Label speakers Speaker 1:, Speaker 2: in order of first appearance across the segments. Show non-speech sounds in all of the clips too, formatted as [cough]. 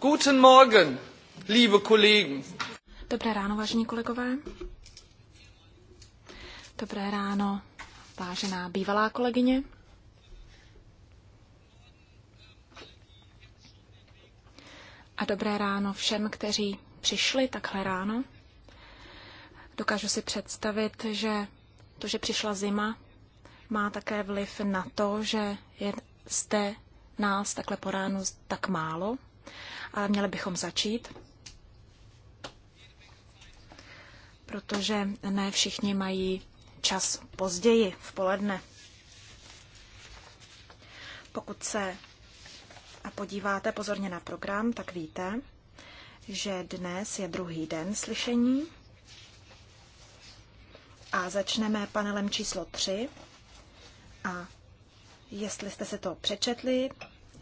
Speaker 1: Guten Morgen, liebe Kollegen.
Speaker 2: Dobré ráno, vážení kolegové. Dobré ráno, vážená bývalá kolegyně. A dobré ráno všem, kteří přišli takhle ráno. Dokážu si představit, že to, že přišla zima, má také vliv na to, že je zde nás takhle po ránu tak málo. Ale měli bychom začít, protože ne všichni mají čas později v poledne. Pokud se a podíváte pozorně na program, tak víte, že dnes je druhý den slyšení a začneme panelem číslo 3. A jestli jste se to přečetli,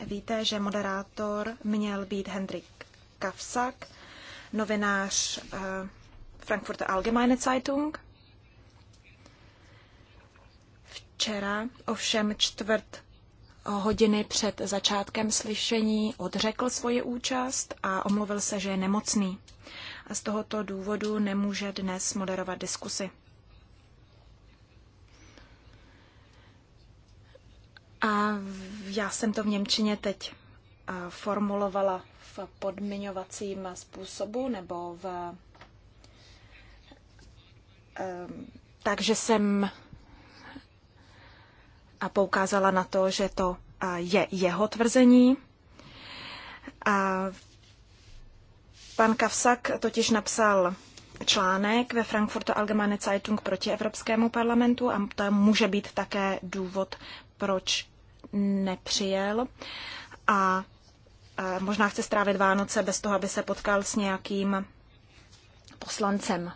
Speaker 2: Víte, že moderátor měl být Hendrik Kavsak, novinář eh, Frankfurter Allgemeine Zeitung. Včera ovšem čtvrt hodiny před začátkem slyšení odřekl svoji účast a omluvil se, že je nemocný. A z tohoto důvodu nemůže dnes moderovat diskusy. A já jsem to v Němčině teď eh, formulovala v podmiňovacím způsobu nebo v. Ehm, takže jsem a poukázala na to, že to eh, je jeho tvrzení. A pan Kavsak totiž napsal článek ve Frankfurtu Allgemeine Zeitung proti Evropskému parlamentu a to může být také důvod, proč nepřijel a možná chce strávit Vánoce bez toho, aby se potkal s nějakým poslancem.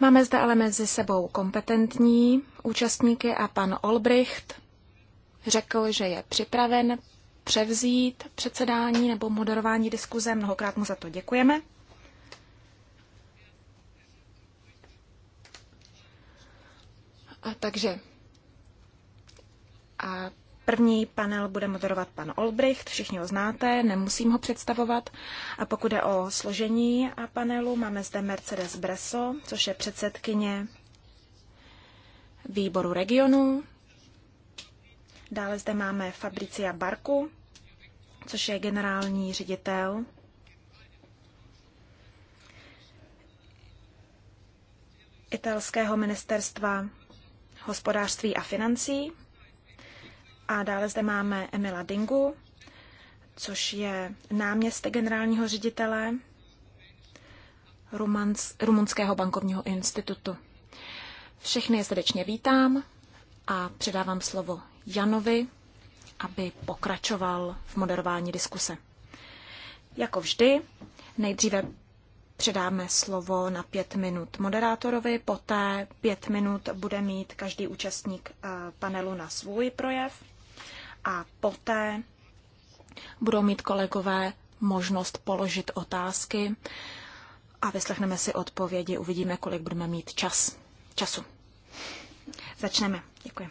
Speaker 2: Máme zde ale mezi sebou kompetentní účastníky a pan Olbricht řekl, že je připraven převzít předsedání nebo moderování diskuze. Mnohokrát mu za to děkujeme. A takže a První panel bude moderovat pan Olbricht, všichni ho znáte, nemusím ho představovat. A pokud je o složení a panelu, máme zde Mercedes Bresso, což je předsedkyně výboru regionu. Dále zde máme Fabricia Barku, což je generální ředitel italského ministerstva hospodářství a financí. A dále zde máme Emila Dingu, což je náměstek generálního ředitele Rumans, Rumunského bankovního institutu. Všechny je srdečně vítám a předávám slovo Janovi, aby pokračoval v moderování diskuse. Jako vždy, nejdříve Předáme slovo na pět minut moderátorovi, poté pět minut bude mít každý účastník eh, panelu na svůj projev a poté budou mít kolegové možnost položit otázky a vyslechneme si odpovědi. Uvidíme, kolik budeme mít čas, času. Začneme. Děkuji.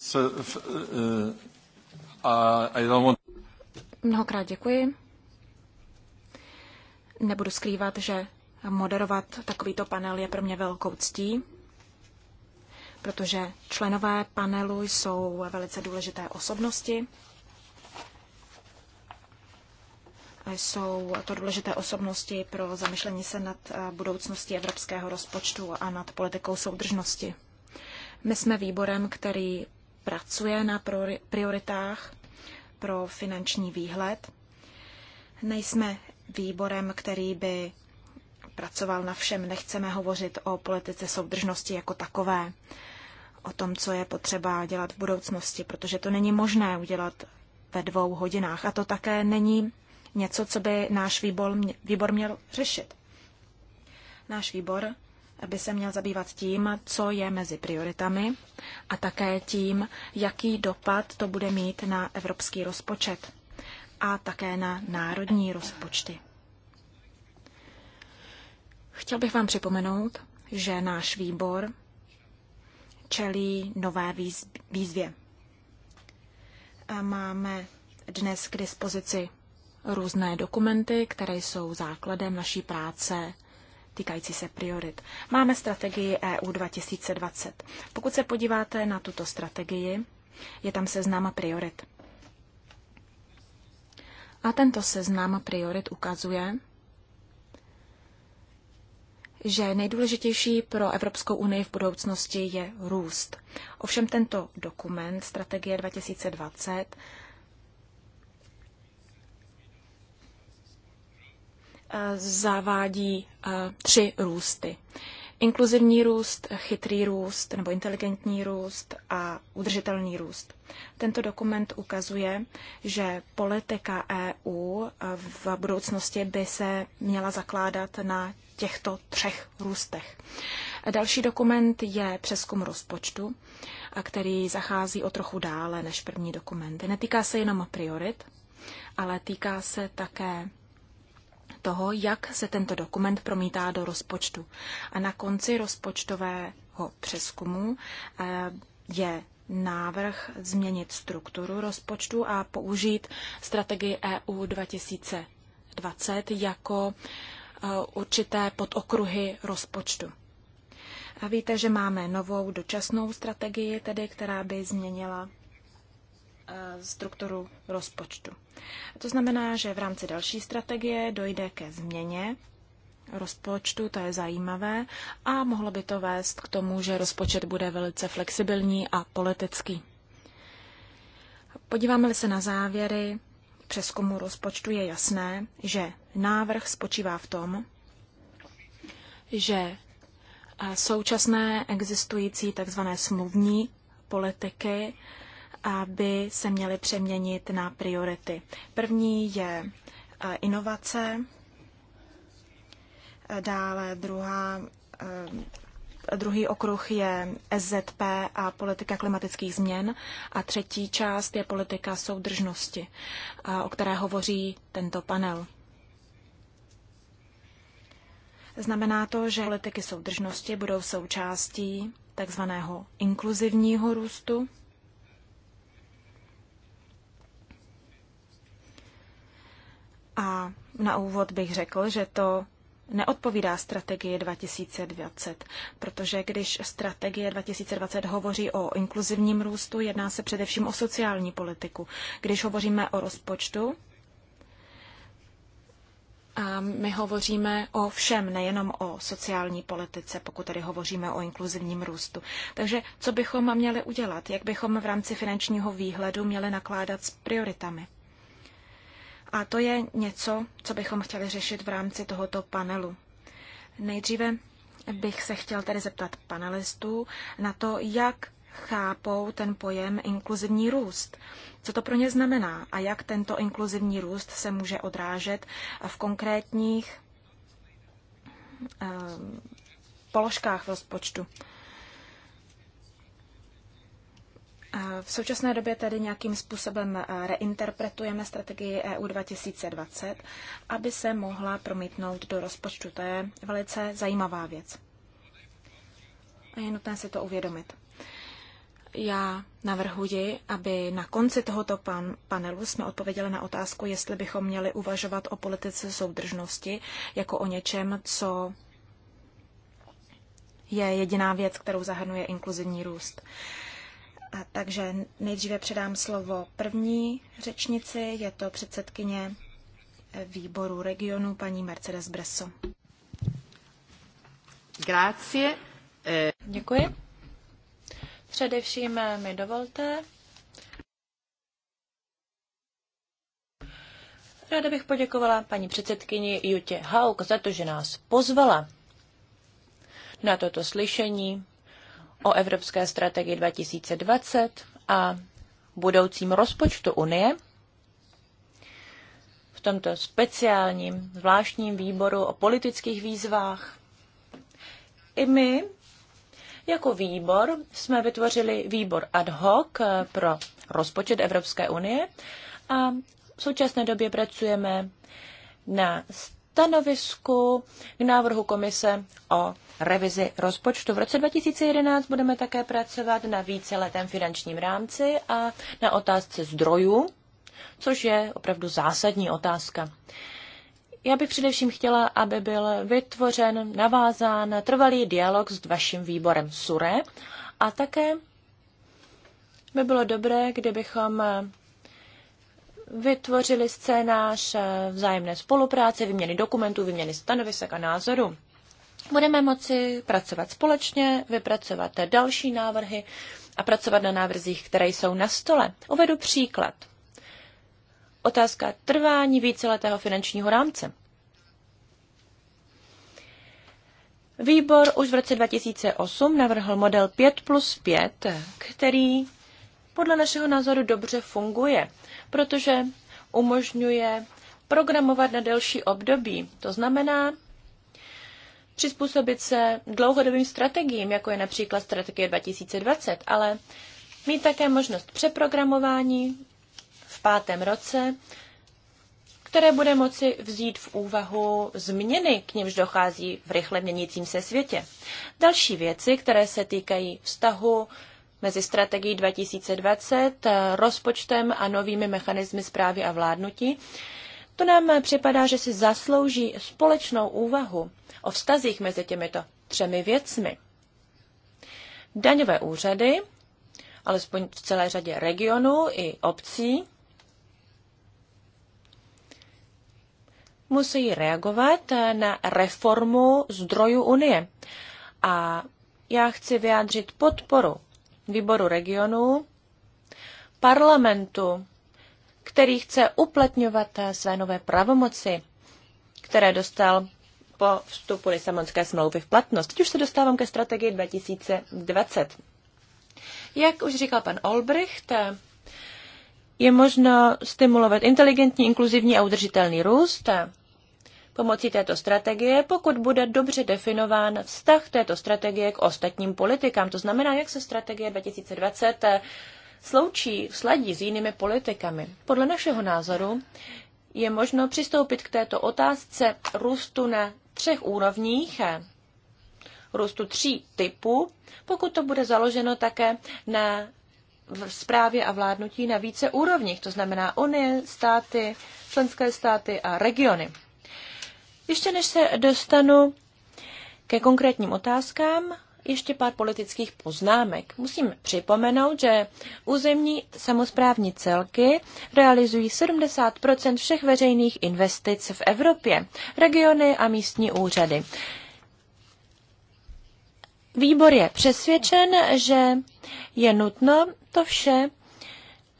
Speaker 1: So, f, uh, uh, want...
Speaker 2: Mnohokrát děkuji. Nebudu skrývat, že moderovat takovýto panel je pro mě velkou ctí protože členové panelu jsou velice důležité osobnosti. Jsou to důležité osobnosti pro zamyšlení se nad eh, budoucností evropského rozpočtu a nad politikou soudržnosti. My jsme výborem, který pracuje na prioritách pro finanční výhled. Nejsme výborem, který by pracoval na všem. Nechceme hovořit o politice soudržnosti jako takové o tom, co je potřeba dělat v budoucnosti, protože to není možné udělat ve dvou hodinách. A to také není něco, co by náš výbor, výbor měl řešit. Náš výbor by se měl zabývat tím, co je mezi prioritami a také tím, jaký dopad to bude mít na evropský rozpočet a také na národní rozpočty. Chtěl bych vám připomenout, že náš výbor čelí nové výzvě. A máme dnes k dispozici různé dokumenty, které jsou základem naší práce týkající se priorit. Máme strategii EU 2020. Pokud se podíváte na tuto strategii, je tam seznam priorit. A tento seznam priorit ukazuje, že nejdůležitější pro Evropskou unii v budoucnosti je růst. Ovšem tento dokument, Strategie 2020, eh, zavádí eh, tři růsty. Inkluzivní růst, chytrý růst nebo inteligentní růst a udržitelný růst. Tento dokument ukazuje, že politika EU v budoucnosti by se měla zakládat na těchto třech růstech. Další dokument je přeskum rozpočtu, který zachází o trochu dále než první dokument. Netýká se jenom priorit, ale týká se také toho, jak se tento dokument promítá do rozpočtu. A na konci rozpočtového přeskumu eh, je návrh změnit strukturu rozpočtu a použít strategii EU 2020 jako eh, určité podokruhy rozpočtu. A víte, že máme novou dočasnou strategii, tedy, která by změnila Eh, strukturu rozpočtu. To znamená, že v rámci další strategie dojde ke změně rozpočtu, to je zajímavé, a mohlo by to vést k tomu, že rozpočet bude velice flexibilní a politický. Podíváme-li se na závěry přeskumu rozpočtu, je jasné, že návrh spočívá v tom, že eh, současné existující tzv. smluvní politiky aby se měly přeměnit na priority. První je eh, inovace, eh, dále druhá, eh, druhý okruh je SZP a politika klimatických změn a třetí část je politika soudržnosti, o které hovoří tento panel. Znamená to, že politiky soudržnosti budou součástí takzvaného inkluzivního růstu A na úvod bych řekl, že to neodpovídá strategii 2020, protože když strategie 2020 hovoří o inkluzivním růstu, jedná se především o sociální politiku. Když hovoříme o rozpočtu, a my hovoříme o všem, nejenom o sociální politice, pokud tady hovoříme o inkluzivním růstu. Takže co bychom měli udělat? Jak bychom v rámci finančního výhledu měli nakládat s prioritami? A to je něco, co bychom chtěli řešit v rámci tohoto panelu. Nejdříve bych se chtěl tedy zeptat panelistů na to, jak chápou ten pojem inkluzivní růst. Co to pro ně znamená a jak tento inkluzivní růst se může odrážet v konkrétních eh, položkách v rozpočtu. V současné době tedy nějakým způsobem eh, reinterpretujeme strategii EU 2020, aby se mohla promítnout do rozpočtu. To je velice zajímavá věc. A je nutné si to uvědomit. Já navrhuji, aby na konci tohoto pan, panelu jsme odpověděli na otázku, jestli bychom měli uvažovat o politice soudržnosti jako o něčem, co je jediná věc, kterou zahrnuje inkluzivní růst. Uh, a takže nejdříve předám slovo první řečnici, je to předsedkyně výboru regionu paní Mercedes Bresso. Grácie.
Speaker 3: Eh. Děkuji. Především mi dovolte. Ráda bych poděkovala paní předsedkyni Jutě Hauk za to, že nás pozvala na toto slyšení o Evropské strategii 2020 a budoucím rozpočtu Unie. V tomto speciálním zvláštním výboru o politických výzvách. I my jako výbor jsme vytvořili výbor ad hoc eh, pro rozpočet Evropské unie a v současné době pracujeme na stanovisku k návrhu komise o revizi rozpočtu. V roce 2011 budeme také pracovat na víceletém finančním rámci a na otázce zdrojů, což je opravdu zásadní otázka. Já bych především chtěla, aby byl vytvořen, navázán trvalý dialog s vaším výborem SURE a také by bylo dobré, kdybychom vytvořili scénář eh, vzájemné spolupráce, vyměny dokumentů, vyměny stanovisek a názorů. Budeme moci pracovat společně, vypracovat další návrhy a pracovat na návrzích, které jsou na stole. Uvedu příklad. Otázka trvání víceletého finančního rámce. Výbor už v roce 2008 navrhl model 5 plus 5, který podle našeho názoru dobře funguje protože umožňuje programovat na delší období. To znamená přizpůsobit se dlouhodobým strategiím, jako je například strategie 2020, ale mít také možnost přeprogramování v pátém roce, které bude moci vzít v úvahu změny, k němž dochází v rychle měnícím se světě. Další věci, které se týkají vztahu mezi strategií 2020, rozpočtem a novými mechanismy zprávy a vládnutí. To nám připadá, že si zaslouží společnou úvahu o vztazích mezi těmito třemi věcmi. Daňové úřady, alespoň v celé řadě regionů i obcí, musí reagovat na reformu zdrojů Unie. A já chci vyjádřit podporu výboru regionů, parlamentu, který chce uplatňovat své nové pravomoci, které dostal po vstupu Lisabonské smlouvy v platnost. Teď už se dostávám ke strategii 2020. Jak už říkal pan Olbricht, je možno stimulovat inteligentní, inkluzivní a udržitelný růst pomocí této strategie, pokud bude dobře definován vztah této strategie k ostatním politikám. To znamená, jak se strategie 2020 eh, sloučí, sladí s jinými politikami. Podle našeho názoru je možno přistoupit k této otázce růstu na třech úrovních, eh, růstu tří typů, pokud to bude založeno také na v správě a vládnutí na více úrovních, to znamená Unie, státy, členské státy a regiony. Ještě než se dostanu ke konkrétním otázkám, ještě pár politických poznámek. Musím připomenout, že územní samozprávní celky realizují 70 všech veřejných investic v Evropě, regiony a místní úřady. Výbor je přesvědčen, že je nutno to vše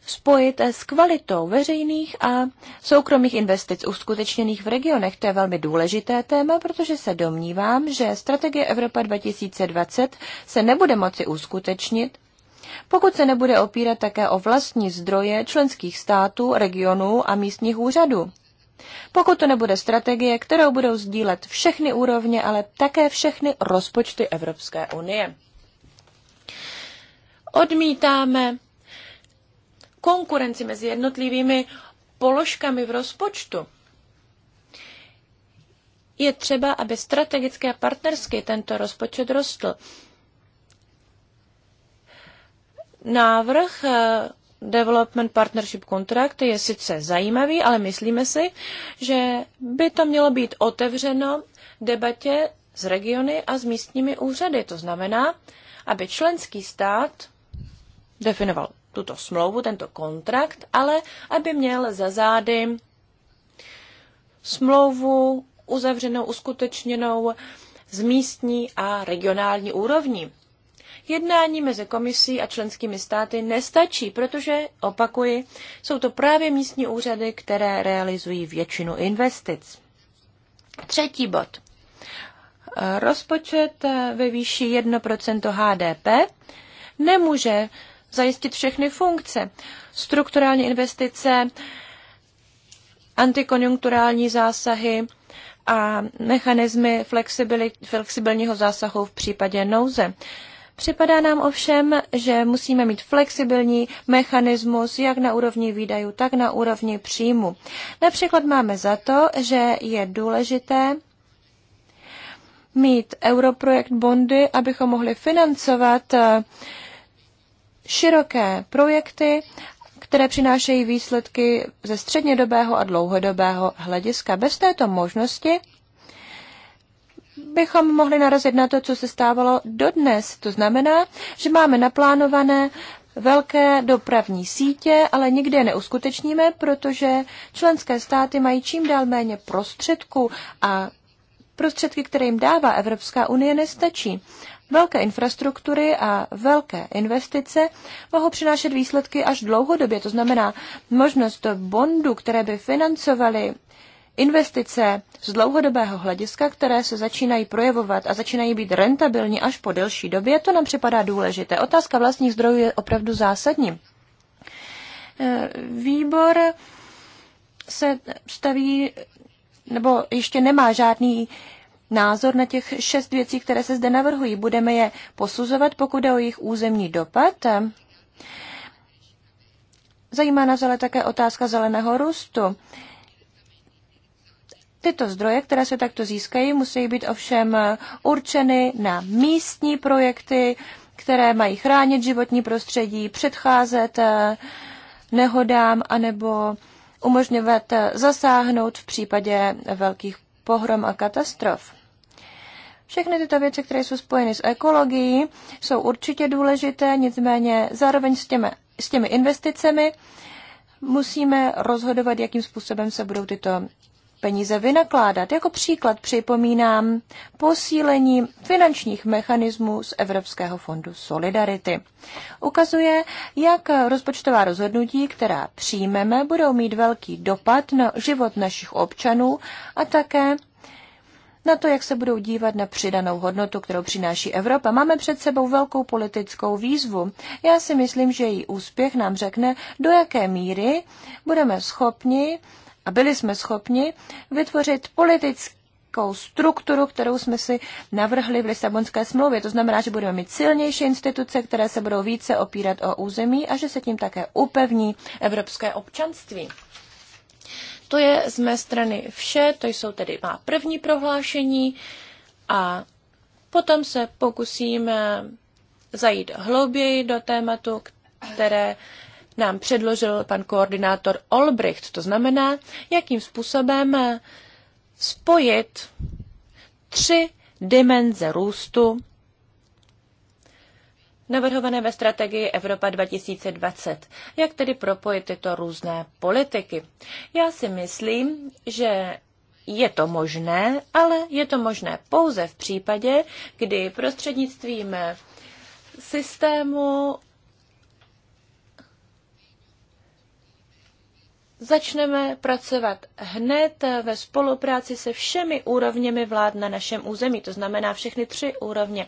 Speaker 3: spojit s kvalitou veřejných a soukromých investic uskutečněných v regionech. To je velmi důležité téma, protože se domnívám, že strategie Evropa 2020 se nebude moci uskutečnit, pokud se nebude opírat také o vlastní zdroje členských států, regionů a místních úřadů. Pokud to nebude strategie, kterou budou sdílet všechny úrovně, ale také všechny rozpočty Evropské unie. Odmítáme konkurenci mezi jednotlivými položkami v rozpočtu, je třeba, aby strategicky a partnersky tento rozpočet rostl. Návrh eh, Development Partnership Contract je sice zajímavý, ale myslíme si, že by to mělo být otevřeno debatě s regiony a s místními úřady. To znamená, aby členský stát definoval tuto smlouvu, tento kontrakt, ale aby měl za zády smlouvu uzavřenou, uskutečněnou z místní a regionální úrovní. Jednání mezi komisí a členskými státy nestačí, protože, opakuji, jsou to právě místní úřady, které realizují většinu investic. Třetí bod. Rozpočet ve výši 1% HDP nemůže zajistit všechny funkce. Strukturální investice, antikonjunkturální zásahy a mechanismy flexibilního zásahu v případě nouze. Připadá nám ovšem, že musíme mít flexibilní mechanismus jak na úrovni výdajů, tak na úrovni příjmu. Například máme za to, že je důležité mít europrojekt bondy, abychom mohli financovat uh, široké projekty, které přinášejí výsledky ze střednědobého a dlouhodobého hlediska. Bez této možnosti bychom mohli narazit na to, co se stávalo dodnes. To znamená, že máme naplánované velké dopravní sítě, ale nikdy je neuskutečníme, protože členské státy mají čím dál méně prostředků a prostředky, které jim dává Evropská unie, nestačí. Velké infrastruktury a velké investice mohou přinášet výsledky až dlouhodobě. To znamená možnost bondů, které by financovaly investice z dlouhodobého hlediska, které se začínají projevovat a začínají být rentabilní až po delší době, to nám připadá důležité. Otázka vlastních zdrojů je opravdu zásadní. Eh, výbor se staví nebo ještě nemá žádný názor na těch šest věcí, které se zde navrhují. Budeme je posuzovat, pokud je o jejich územní dopad. Zajímá nás ale také otázka zeleného růstu. Tyto zdroje, které se takto získají, musí být ovšem určeny na místní projekty, které mají chránit životní prostředí, předcházet nehodám anebo umožňovat zasáhnout v případě velkých pohrom a katastrof. Všechny tyto věci, které jsou spojeny s ekologií, jsou určitě důležité, nicméně zároveň s těmi, s těmi investicemi musíme rozhodovat, jakým způsobem se budou tyto peníze vynakládat. Jako příklad připomínám posílení finančních mechanismů z Evropského fondu Solidarity. Ukazuje, jak rozpočtová rozhodnutí, která přijmeme, budou mít velký dopad na život našich občanů a také na to, jak se budou dívat na přidanou hodnotu, kterou přináší Evropa. Máme před sebou velkou politickou výzvu. Já si myslím, že její úspěch nám řekne, do jaké míry budeme schopni a byli jsme schopni vytvořit politický strukturu, kterou jsme si navrhli v Lisabonské smlouvě. To znamená, že budeme mít silnější instituce, které se budou více opírat o území a že se tím také upevní evropské občanství. To je z mé strany vše, to jsou tedy má první prohlášení a potom se pokusíme eh, zajít hlouběji do tématu, které nám předložil pan koordinátor Olbricht. To znamená, jakým způsobem eh, spojit tři dimenze růstu navrhované ve strategii Evropa 2020. Jak tedy propojit tyto různé politiky? Já si myslím, že je to možné, ale je to možné pouze v případě, kdy prostřednictvím systému Začneme pracovat hned ve spolupráci se všemi úrovněmi vlád na našem území, to znamená všechny tři úrovně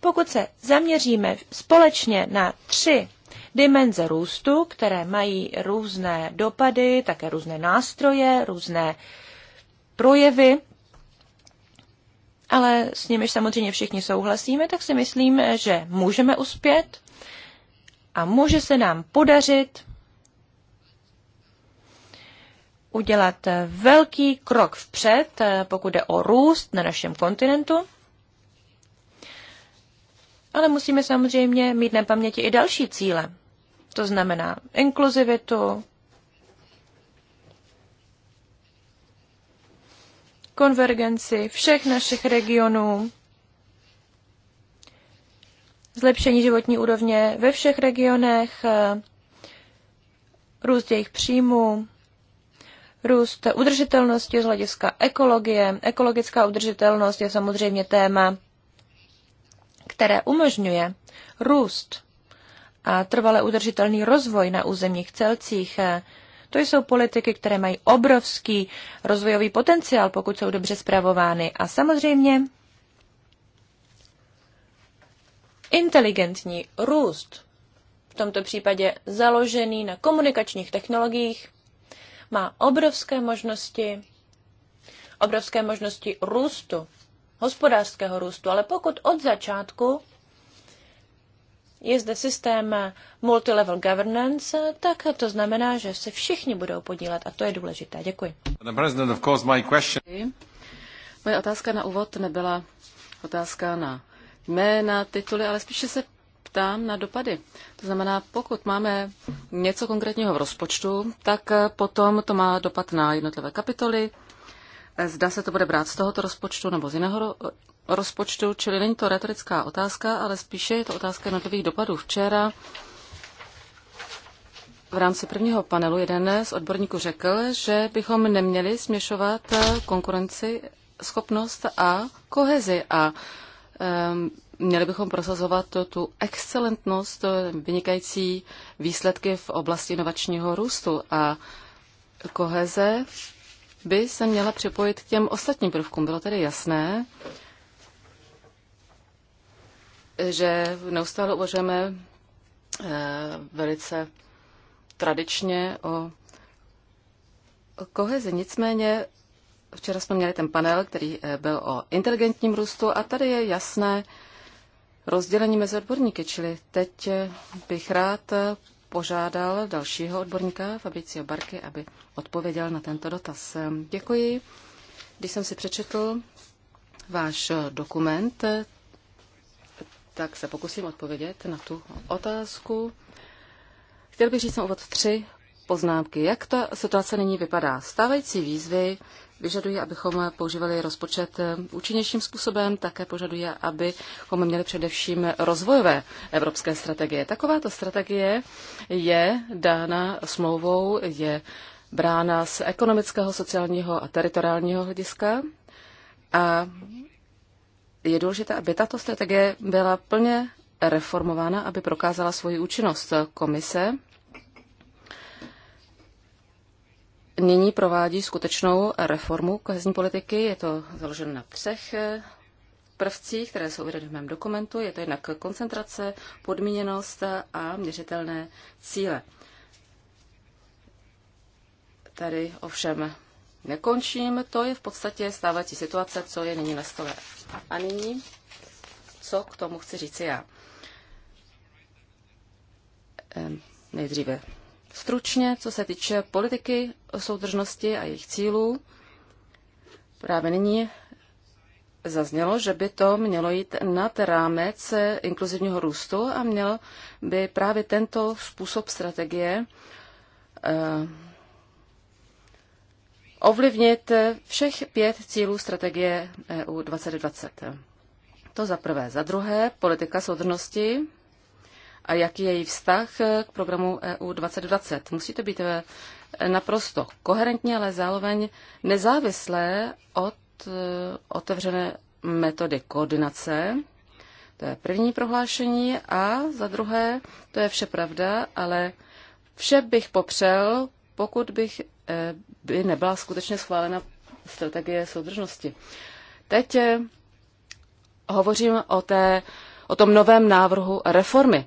Speaker 3: pokud se zaměříme společně na tři dimenze růstu, které mají různé dopady, také různé nástroje, různé projevy, ale s nimiž samozřejmě všichni souhlasíme, tak si myslím, že můžeme uspět a může se nám podařit udělat velký krok vpřed, pokud jde o růst na našem kontinentu. Ale musíme samozřejmě mít na paměti i další cíle. To znamená inkluzivitu, konvergenci všech našich regionů, zlepšení životní úrovně ve všech regionech, růst jejich příjmů, růst udržitelnosti z hlediska ekologie. Ekologická udržitelnost je samozřejmě téma, které umožňuje růst a trvale udržitelný rozvoj na územních celcích. To jsou politiky, které mají obrovský rozvojový potenciál, pokud jsou dobře zpravovány. A samozřejmě inteligentní růst, v tomto případě založený na komunikačních technologiích, má obrovské možnosti, obrovské možnosti růstu hospodářského růstu. Ale pokud od začátku je zde systém multilevel governance, tak to znamená, že se všichni budou podílet a to je důležité. Děkuji.
Speaker 1: Moje otázka na úvod nebyla otázka na jména, tituly, ale spíše se ptám na dopady. To znamená, pokud máme něco konkrétního v rozpočtu, tak potom to má dopad na jednotlivé kapitoly, Zda se to bude brát z tohoto rozpočtu nebo z jiného rozpočtu, čili není to retorická otázka, ale spíše je to otázka jednotlivých dopadů. Včera v rámci prvního panelu jeden z odborníků řekl, že bychom neměli směšovat eh, konkurenci, schopnost a kohezi a um, měli bychom prosazovat to, tu excelentnost, to eh, vynikající výsledky v oblasti inovačního růstu a koheze by se měla připojit k těm ostatním prvkům. Bylo tedy jasné, že neustále uvažujeme eh, velice tradičně o kohezi. Nicméně včera jsme měli ten panel, který eh, byl o inteligentním růstu a tady je jasné rozdělení mezi odborníky, čili teď eh, bych rád požádal dalšího odborníka, Fabricio Barky, aby odpověděl na tento dotaz. Děkuji. Když jsem si přečetl váš dokument, tak se pokusím odpovědět na tu otázku. Chtěl bych říct na úvod tři poznámky. Jak ta situace nyní vypadá? Stávající výzvy vyžadují, abychom používali rozpočet eh, účinnějším způsobem, také požaduje, abychom měli především rozvojové evropské strategie. Takováto strategie je dána smlouvou, je brána z ekonomického, sociálního a teritoriálního hlediska a je důležité, aby tato strategie byla plně reformována, aby prokázala svoji účinnost. Komise nyní provádí skutečnou reformu kohezní politiky. Je to založeno na třech eh, prvcích, které jsou uvedeny v mém dokumentu. Je to jednak koncentrace, podmíněnost a měřitelné cíle. Tady ovšem nekončím. To je v podstatě stávající situace, co je nyní na stole. A nyní, co k tomu chci říci já? Nejdříve Stručně, co se týče politiky soudržnosti a jejich cílů, právě nyní zaznělo, že by to mělo jít nad rámec inkluzivního růstu a měl by právě tento způsob strategie eh, ovlivnit všech pět cílů strategie EU 2020. To za prvé. Za druhé, politika soudrnosti a jaký je její vztah k programu EU 2020. Musí to být eh, naprosto koherentní, ale zároveň nezávislé od eh, otevřené metody koordinace. To je první prohlášení a za druhé, to je vše pravda, ale vše bych popřel, pokud bych, eh, by nebyla skutečně schválena strategie soudržnosti. Teď hovořím o, té, o tom novém návrhu reformy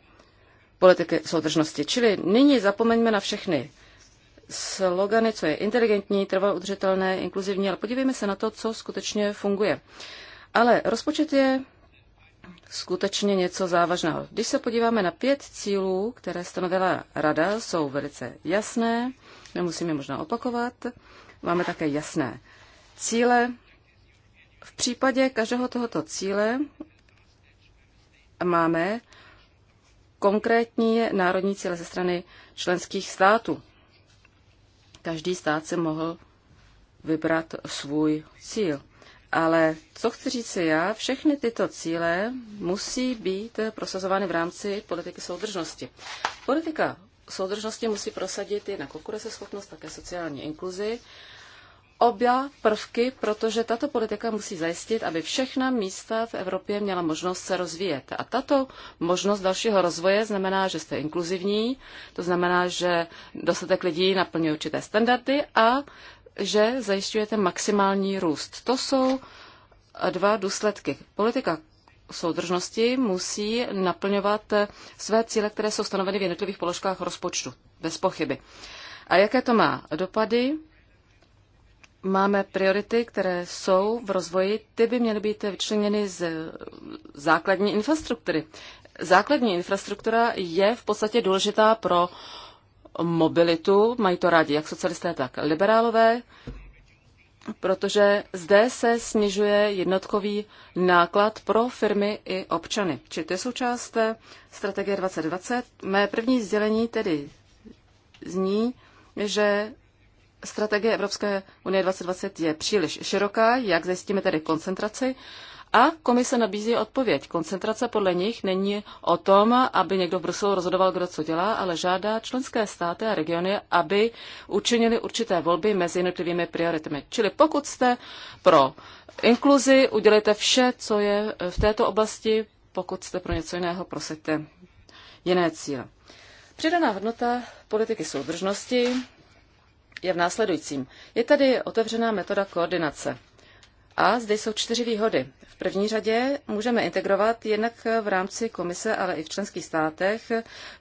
Speaker 1: politiky soudržnosti. Čili nyní zapomeňme na všechny slogany, co je inteligentní, trvalo udržitelné, inkluzivní, ale podívejme se na to, co skutečně funguje. Ale rozpočet je skutečně něco závažného. Když se podíváme na pět cílů, které stanovila rada, jsou velice jasné, nemusím je možná opakovat. Máme také jasné cíle. V případě každého tohoto cíle máme konkrétní národní cíle ze strany členských států. Každý stát si mohl vybrat svůj cíl. Ale co chci říct si já, všechny tyto cíle musí být prosazovány v rámci politiky soudržnosti. Politika soudržnosti musí prosadit i na konkurenceschopnost, také sociální inkluzi oba prvky, protože tato politika musí zajistit, aby všechna místa v Evropě měla možnost se rozvíjet. A tato možnost dalšího rozvoje znamená, že jste inkluzivní, to znamená, že dostatek lidí naplňuje určité standardy a že zajišťujete maximální růst. To jsou dva důsledky. Politika soudržnosti musí naplňovat své cíle, které jsou stanoveny v jednotlivých položkách rozpočtu, bez pochyby. A jaké to má dopady? máme priority, které jsou v rozvoji, ty by měly být vyčleněny z základní infrastruktury. Základní infrastruktura je v podstatě důležitá pro mobilitu, mají to rádi jak socialisté, tak liberálové, protože zde se snižuje jednotkový náklad pro firmy i občany. Či to je součást strategie 2020. Mé první sdělení tedy zní, že strategie Evropské unie 2020 je příliš široká, jak zajistíme tedy koncentraci. A komise nabízí odpověď. Koncentrace podle nich není o tom, aby někdo v Bruselu rozhodoval, kdo co dělá, ale žádá členské státy a regiony, aby učinili určité volby mezi jednotlivými prioritami. Čili pokud jste pro inkluzi, udělejte vše, co je v této oblasti, pokud jste pro něco jiného, prosaďte jiné cíle. Přidaná hodnota politiky soudržnosti je v následujícím. Je tady otevřená metoda koordinace. A zde jsou čtyři výhody. V první řadě můžeme integrovat jednak v rámci komise, ale i v členských státech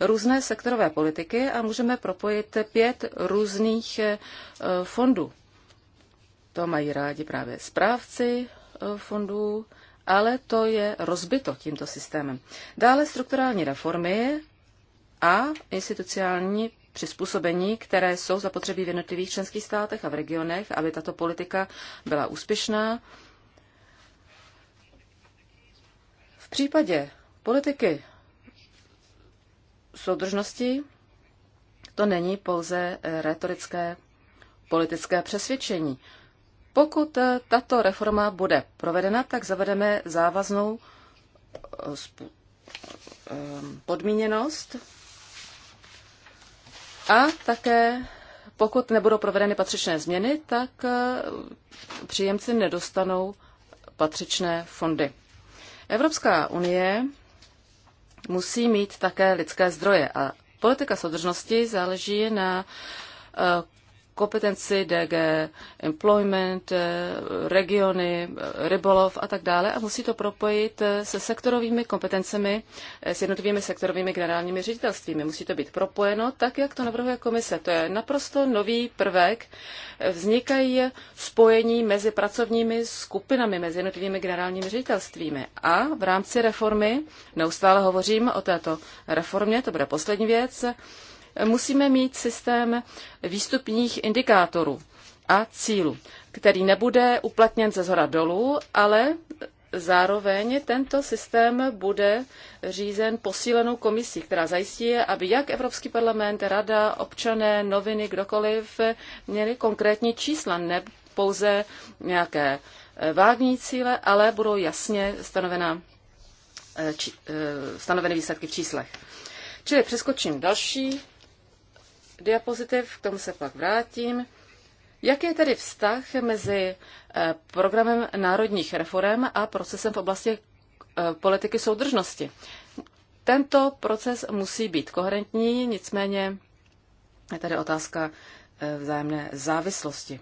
Speaker 1: různé sektorové politiky a můžeme propojit pět různých eh, fondů. To mají rádi právě správci eh, fondů, ale to je rozbito tímto systémem. Dále strukturální reformy a institucionální přizpůsobení, které jsou zapotřebí v jednotlivých členských státech a v regionech, aby tato politika byla úspěšná. V případě politiky soudržnosti to není pouze eh, retorické politické přesvědčení. Pokud eh, tato reforma bude provedena, tak zavedeme závaznou eh, podmíněnost a také pokud nebudou provedeny patřičné změny, tak eh, příjemci nedostanou patřičné fondy. Evropská unie musí mít také lidské zdroje a politika soudržnosti záleží na eh, kompetenci DG Employment, eh, regiony, eh, rybolov a tak dále a musí to propojit eh, se sektorovými kompetencemi, s jednotlivými sektorovými generálními ředitelstvími. Musí to být propojeno tak, jak to navrhuje komise. To je naprosto nový prvek. Vznikají spojení mezi pracovními skupinami, mezi jednotlivými generálními ředitelstvími. A v rámci reformy, neustále hovořím o této reformě, to bude poslední věc, musíme mít systém výstupních indikátorů a cílů, který nebude uplatněn ze zhora dolů, ale Zároveň tento systém bude řízen posílenou komisí, která zajistí, aby jak Evropský parlament, rada, občané, noviny, kdokoliv měli konkrétní čísla, ne pouze nějaké eh, vágní cíle, ale budou jasně stanovena, eh, či, eh, stanoveny výsledky v číslech. Čili přeskočím další diapozitiv, k tomu se pak vrátím. Jaký je tedy vztah mezi eh, programem národních reform a procesem v oblasti eh, politiky soudržnosti? Tento proces musí být koherentní, nicméně je tady otázka eh, vzájemné závislosti.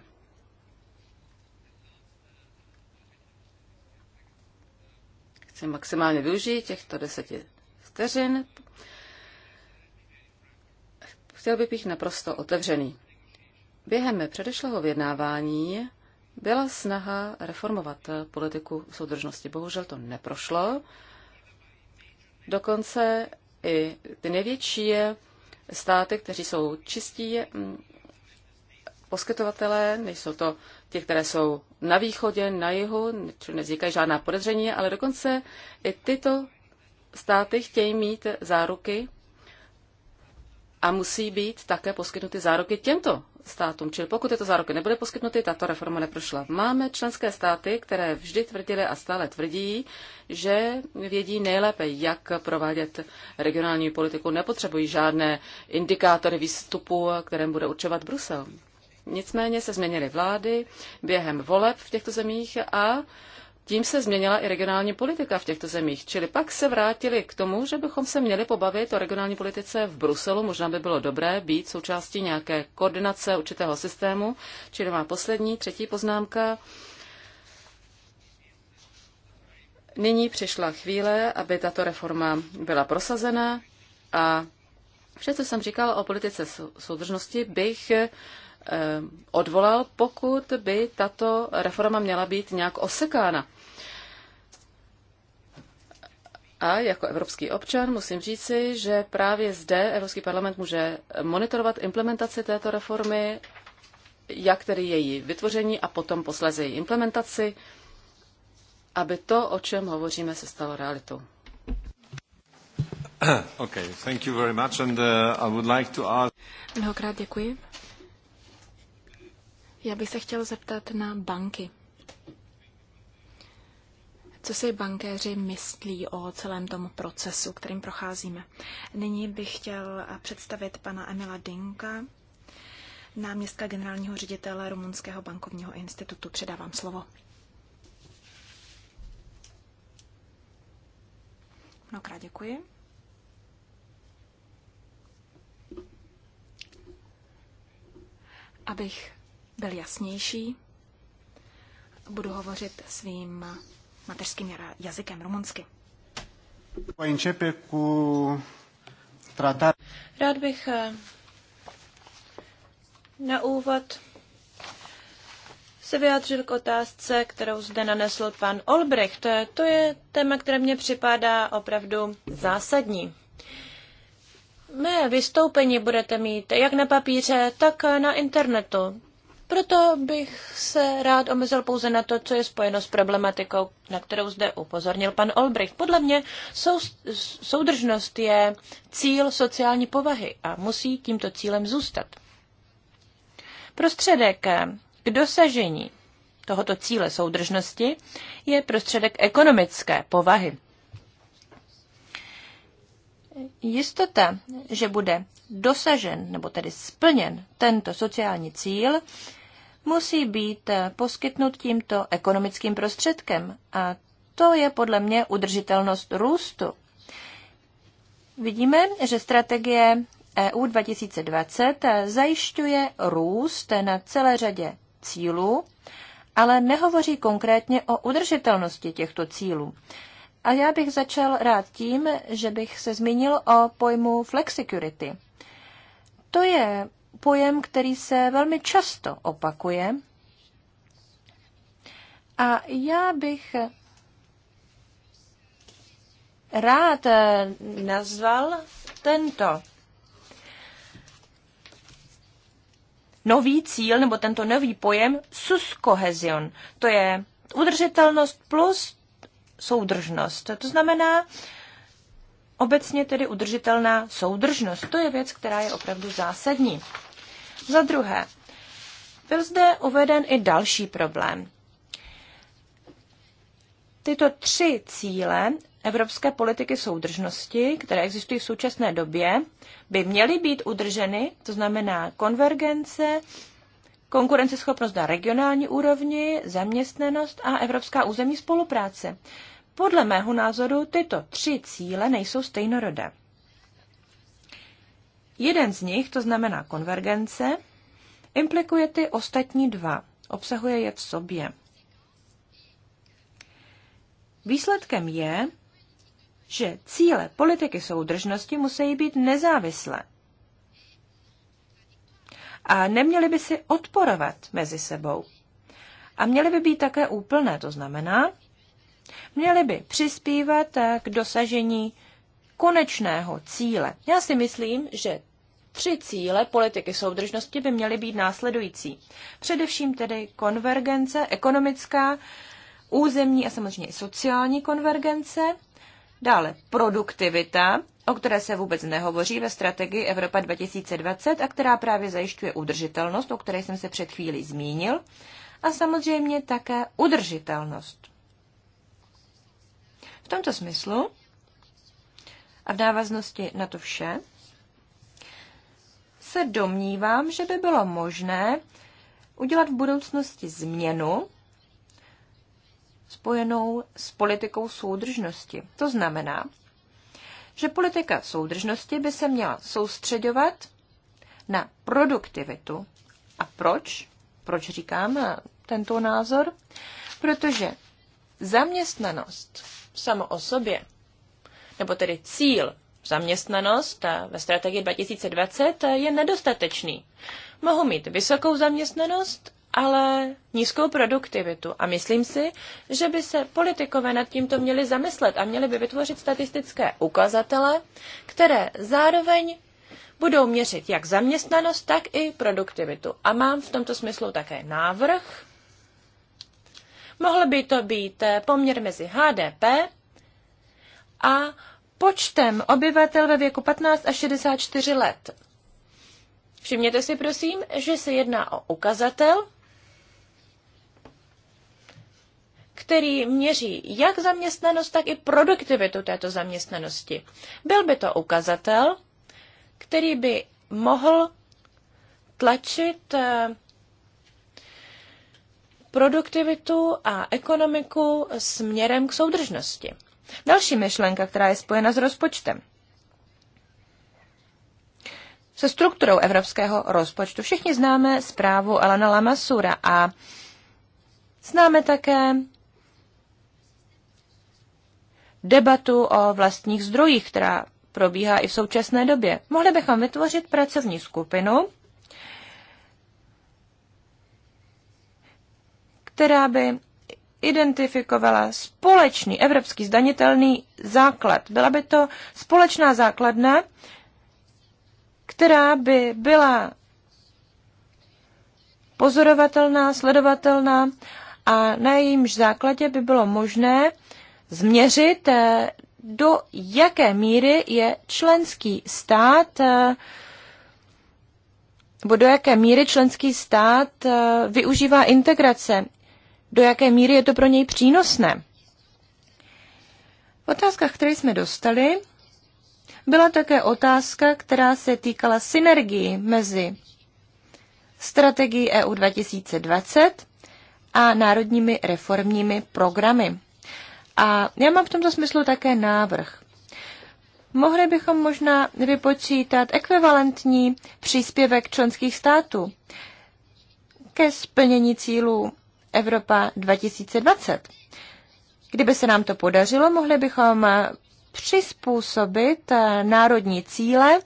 Speaker 1: Chci maximálně využít těchto deseti vteřin chtěl bych být naprosto otevřený. Během předešlého vyjednávání byla snaha reformovat politiku soudržnosti. Bohužel to neprošlo. Dokonce i ty největší státy, kteří jsou čistí mm, poskytovatelé, nejsou to ti, které jsou na východě, na jihu, čili nevznikají žádná podezření, ale dokonce i tyto státy chtějí mít záruky a musí být také poskytnuty záruky těmto státům. Čili pokud tyto záruky nebyly poskytnuty, tato reforma neprošla. Máme členské státy, které vždy tvrdily a stále tvrdí, že vědí nejlépe, jak provádět regionální politiku. Nepotřebují žádné indikátory výstupu, kterém bude určovat Brusel. Nicméně se změnily vlády během voleb v těchto zemích a tím se změnila i regionální politika v těchto zemích. Čili pak se vrátili k tomu, že bychom se měli pobavit o regionální politice v Bruselu. Možná by bylo dobré být součástí nějaké koordinace určitého systému. Čili má poslední, třetí poznámka. Nyní přišla chvíle, aby tato reforma byla prosazena a vše, co jsem říkal o politice soudržnosti, bych eh, odvolal, pokud by tato reforma měla být nějak osekána. A jako evropský občan musím říci, že právě zde Evropský parlament může monitorovat implementaci této reformy, jak tedy její vytvoření a potom posléze její implementaci, aby to, o čem hovoříme, se stalo realitou. [coughs] Okay, thank you very much and uh, I would like to ask...
Speaker 2: Mnohokrát děkuji. Já bych se chtěl zeptat na banky co si bankéři myslí o celém tom procesu, kterým procházíme. Nyní bych chtěl představit pana Emila Dinka, náměstka generálního ředitele Rumunského bankovního institutu. Předávám slovo. Mnohokrát děkuji. Abych byl jasnější, budu hovořit svým mateřským jazykem rumunsky. Rád bych eh,
Speaker 3: na úvod se vyjádřil k otázce, kterou zde nanesl pan Olbrecht. To je téma, které mě připadá opravdu zásadní. Mé vystoupení budete mít jak na papíře, tak na internetu. Proto bych se rád omezil pouze na to, co je spojeno s problematikou, na kterou zde upozornil pan Olbrich. Podle mě sou, soudržnost je cíl sociální povahy a musí tímto cílem zůstat. Prostředek k dosažení tohoto cíle soudržnosti je prostředek ekonomické povahy. Jistota, že bude dosažen nebo tedy splněn tento sociální cíl, musí být eh, poskytnut tímto ekonomickým prostředkem. A to je podle mě udržitelnost růstu. Vidíme, že strategie EU 2020 eh, zajišťuje růst na celé řadě cílů, ale nehovoří konkrétně o udržitelnosti těchto cílů. A já bych začal rád tím, že bych se zmínil o pojmu flexicurity. To je pojem, který se velmi často opakuje. A já bych rád eh, nazval tento nový cíl nebo tento nový pojem suskohezion. To je udržitelnost plus soudržnost. To znamená obecně tedy udržitelná soudržnost. To je věc, která je opravdu zásadní. Za druhé, byl zde uveden i další problém. Tyto tři cíle evropské politiky soudržnosti, které existují v současné době, by měly být udrženy, to znamená konvergence, konkurenceschopnost na regionální úrovni, zaměstnanost a evropská územní spolupráce. Podle mého názoru tyto tři cíle nejsou stejnorodé. Jeden z nich, to znamená konvergence, implikuje ty ostatní dva, obsahuje je v sobě. Výsledkem je, že cíle politiky soudržnosti musí být nezávislé. A neměly by si odporovat mezi sebou. A měly by být také úplné, to znamená, měly by přispívat k dosažení konečného cíle. Já si myslím, že Tři cíle politiky soudržnosti by měly být následující. Především tedy konvergence ekonomická, územní a samozřejmě i sociální konvergence, dále produktivita, o které se vůbec nehovoří ve strategii Evropa 2020 a která právě zajišťuje udržitelnost, o které jsem se před chvílí zmínil, a samozřejmě také udržitelnost. V tomto smyslu a v návaznosti na to vše se domnívám, že by bylo možné udělat v budoucnosti změnu spojenou s politikou soudržnosti. To znamená, že politika soudržnosti by se měla soustředovat na produktivitu. A proč? Proč říkám tento názor? Protože zaměstnanost samo o sobě, nebo tedy cíl zaměstnanost ve strategii 2020 je nedostatečný. Mohu mít vysokou zaměstnanost, ale nízkou produktivitu. A myslím si, že by se politikové nad tímto měli zamyslet a měli by vytvořit statistické ukazatele, které zároveň budou měřit jak zaměstnanost, tak i produktivitu. A mám v tomto smyslu také návrh. Mohl by to být poměr mezi HDP a počtem obyvatel ve věku 15 až 64 let. Všimněte si prosím, že se jedná o ukazatel, který měří jak zaměstnanost, tak i produktivitu této zaměstnanosti. Byl by to ukazatel, který by mohl tlačit eh, produktivitu a ekonomiku směrem k soudržnosti. Další myšlenka, která je spojena s rozpočtem. Se strukturou evropského rozpočtu. Všichni známe zprávu Elena Lamasura a známe také debatu o vlastních zdrojích, která probíhá i v současné době. Mohli bychom vytvořit pracovní skupinu, která by identifikovala společný evropský zdanitelný základ. Byla by to společná základna, která by byla pozorovatelná, sledovatelná a na jejímž základě by bylo možné změřit, eh, do jaké míry je členský stát eh, nebo do jaké míry členský stát eh, využívá integrace do jaké míry je to pro něj přínosné. V otázkách, které jsme dostali, byla také otázka, která se týkala synergii mezi strategií EU 2020 a národními reformními programy. A já mám v tomto smyslu také návrh. Mohli bychom možná vypočítat ekvivalentní příspěvek členských států ke splnění cílů Evropa 2020. Kdyby se nám to podařilo, mohli bychom přizpůsobit eh, národní cíle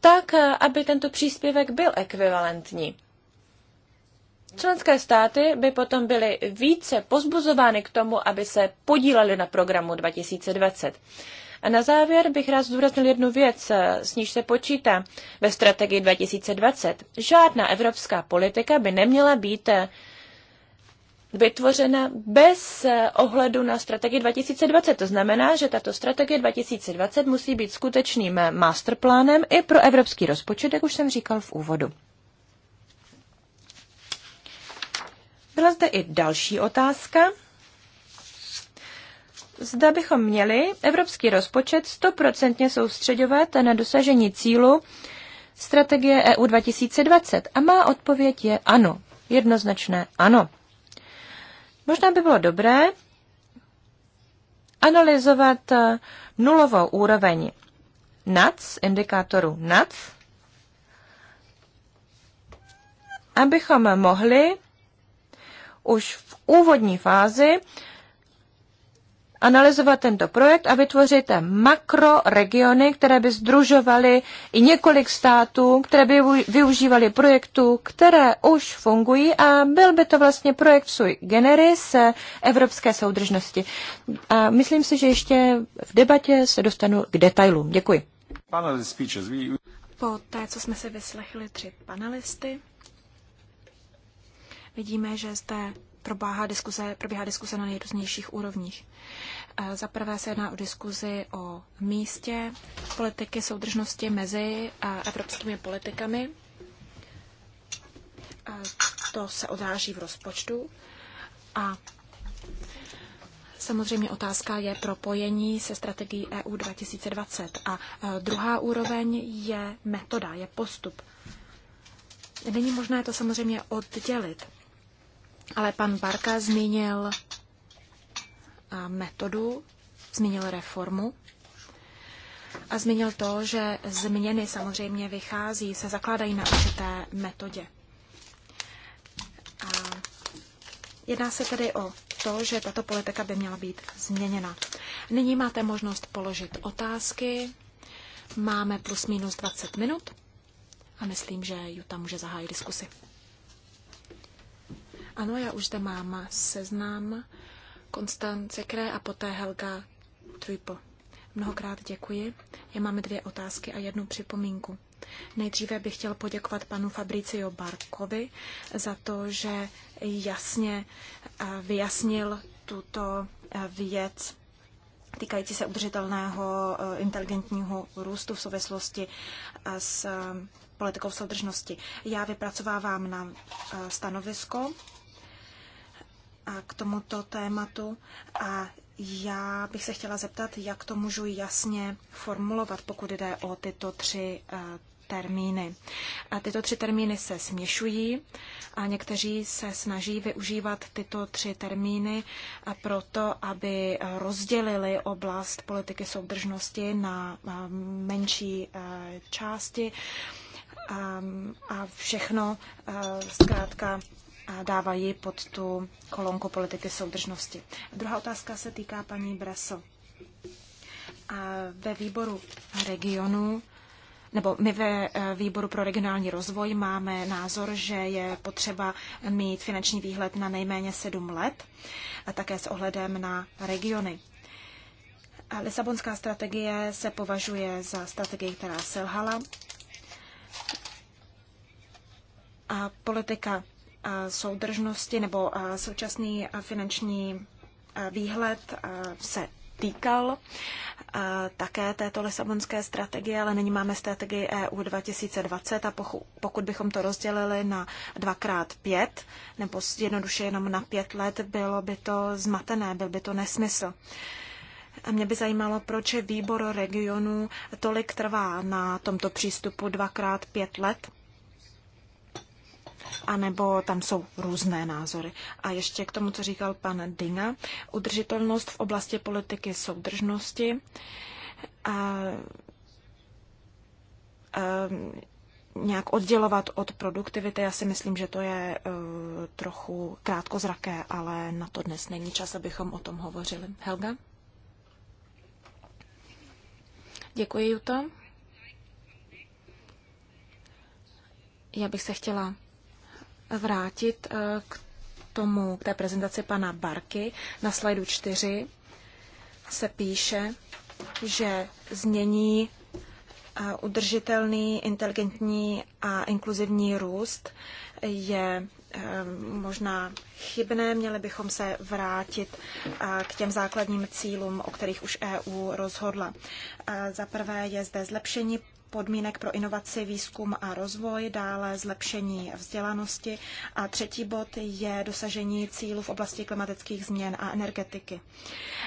Speaker 3: tak, eh, aby tento příspěvek byl ekvivalentní. Členské státy by potom byly více pozbuzovány k tomu, aby se podílely na programu 2020. A na závěr bych rád zdůraznil jednu věc, eh, s níž se počítá ve strategii 2020. Žádná evropská politika by neměla být vytvořena bez eh, ohledu na strategii 2020. To znamená, že tato strategie 2020 musí být skutečným eh, masterplánem i pro evropský rozpočet, jak už jsem říkal v úvodu. Byla zde i další otázka. Zda bychom měli evropský rozpočet stoprocentně soustředovat na dosažení cílu strategie EU 2020. A má odpověď je ano, jednoznačné ano. Možná by bylo dobré analyzovat eh, nulovou úroveň NAC, indikátoru NAC, abychom mohli už v úvodní fázi analyzovat tento projekt a vytvořit makroregiony, které by združovaly i několik států, které by využívaly projektů, které už fungují a byl by to vlastně projekt sui generis evropské soudržnosti. A myslím si, že ještě v debatě se dostanu k detailům. Děkuji.
Speaker 2: Po té, co jsme si vyslechli tři panelisty, vidíme, že zde probáhá diskuze, probíhá diskuze na nejrůznějších úrovních. Eh, za prvé se jedná o diskuzi o místě politiky soudržnosti mezi eh, evropskými politikami. Eh, to se odráží v rozpočtu. A samozřejmě otázka je propojení se strategií EU 2020. A druhá úroveň je metoda, je postup. Není možné to samozřejmě oddělit ale pan Barka zmínil metodu, zmínil reformu a zmínil to, že změny samozřejmě vychází, se zakládají na určité metodě. A jedná se tedy o to, že tato politika by měla být změněna. Nyní máte možnost položit otázky. Máme plus minus 20 minut a myslím, že Juta může zahájit diskusi. Ano, já už zde mám Seznám Konstance Kré a poté Helga Trujpo. Mnohokrát děkuji. Já mám dvě otázky a jednu připomínku. Nejdříve bych chtěl poděkovat panu Fabricio Barkovi za to, že jasně eh, vyjasnil tuto eh, věc týkající se udržitelného eh, inteligentního růstu v souvislosti s politikou soudržnosti. Já vypracovávám na stanovisko k tomuto tématu a já bych se chtěla zeptat, jak to můžu jasně formulovat, pokud jde o tyto tři eh, termíny. A tyto tři termíny se směšují a někteří se snaží využívat tyto tři termíny eh, proto, aby rozdělili oblast politiky soudržnosti na eh, menší části a všechno zkrátka dávají pod tu kolonku politiky soudržnosti. Druhá otázka se týká paní Breso. A ve výboru regionu nebo my ve eh, výboru pro regionální rozvoj máme názor, že je potřeba mít finanční výhled na nejméně sedm let, a také s ohledem na regiony. A Lisabonská strategie se považuje za strategii, která selhala. A politika soudržnosti nebo současný finanční výhled se týkal také této Lisabonské strategie, ale nyní máme strategii EU 2020 a pokud bychom to rozdělili na dvakrát pět, nebo jednoduše jenom na pět let, bylo by to zmatené, byl by to nesmysl. A mě by zajímalo, proč výbor regionu tolik trvá na tomto přístupu dvakrát pět let anebo tam jsou různé názory. A ještě k tomu, co říkal pan Dinga, udržitelnost v oblasti politiky soudržnosti. A, a, nějak oddělovat od produktivity, já si myslím, že to je uh, trochu krátkozraké, ale na to dnes není čas, abychom o tom hovořili. Helga? Děkuji, Juto. Já bych se chtěla vrátit eh, k tomu, k té prezentaci pana Barky. Na slajdu 4 se píše, že změní eh, udržitelný, inteligentní a inkluzivní růst je eh, možná chybné. Měli bychom se vrátit k těm základním cílům, o kterých už EU rozhodla. Za prvé je zde zlepšení podmínek pro inovaci, výzkum a rozvoj, dále zlepšení vzdělanosti a třetí bod je dosažení cílů v oblasti klimatických změn a energetiky.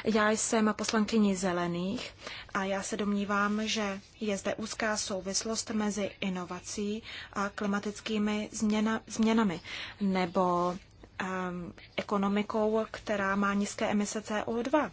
Speaker 2: Já jsem poslankyní zelených a já se domnívám, že je zde úzká souvislost mezi inovací a klimatickými změna, změnami nebo um, ekonomikou, která má nízké emise CO2.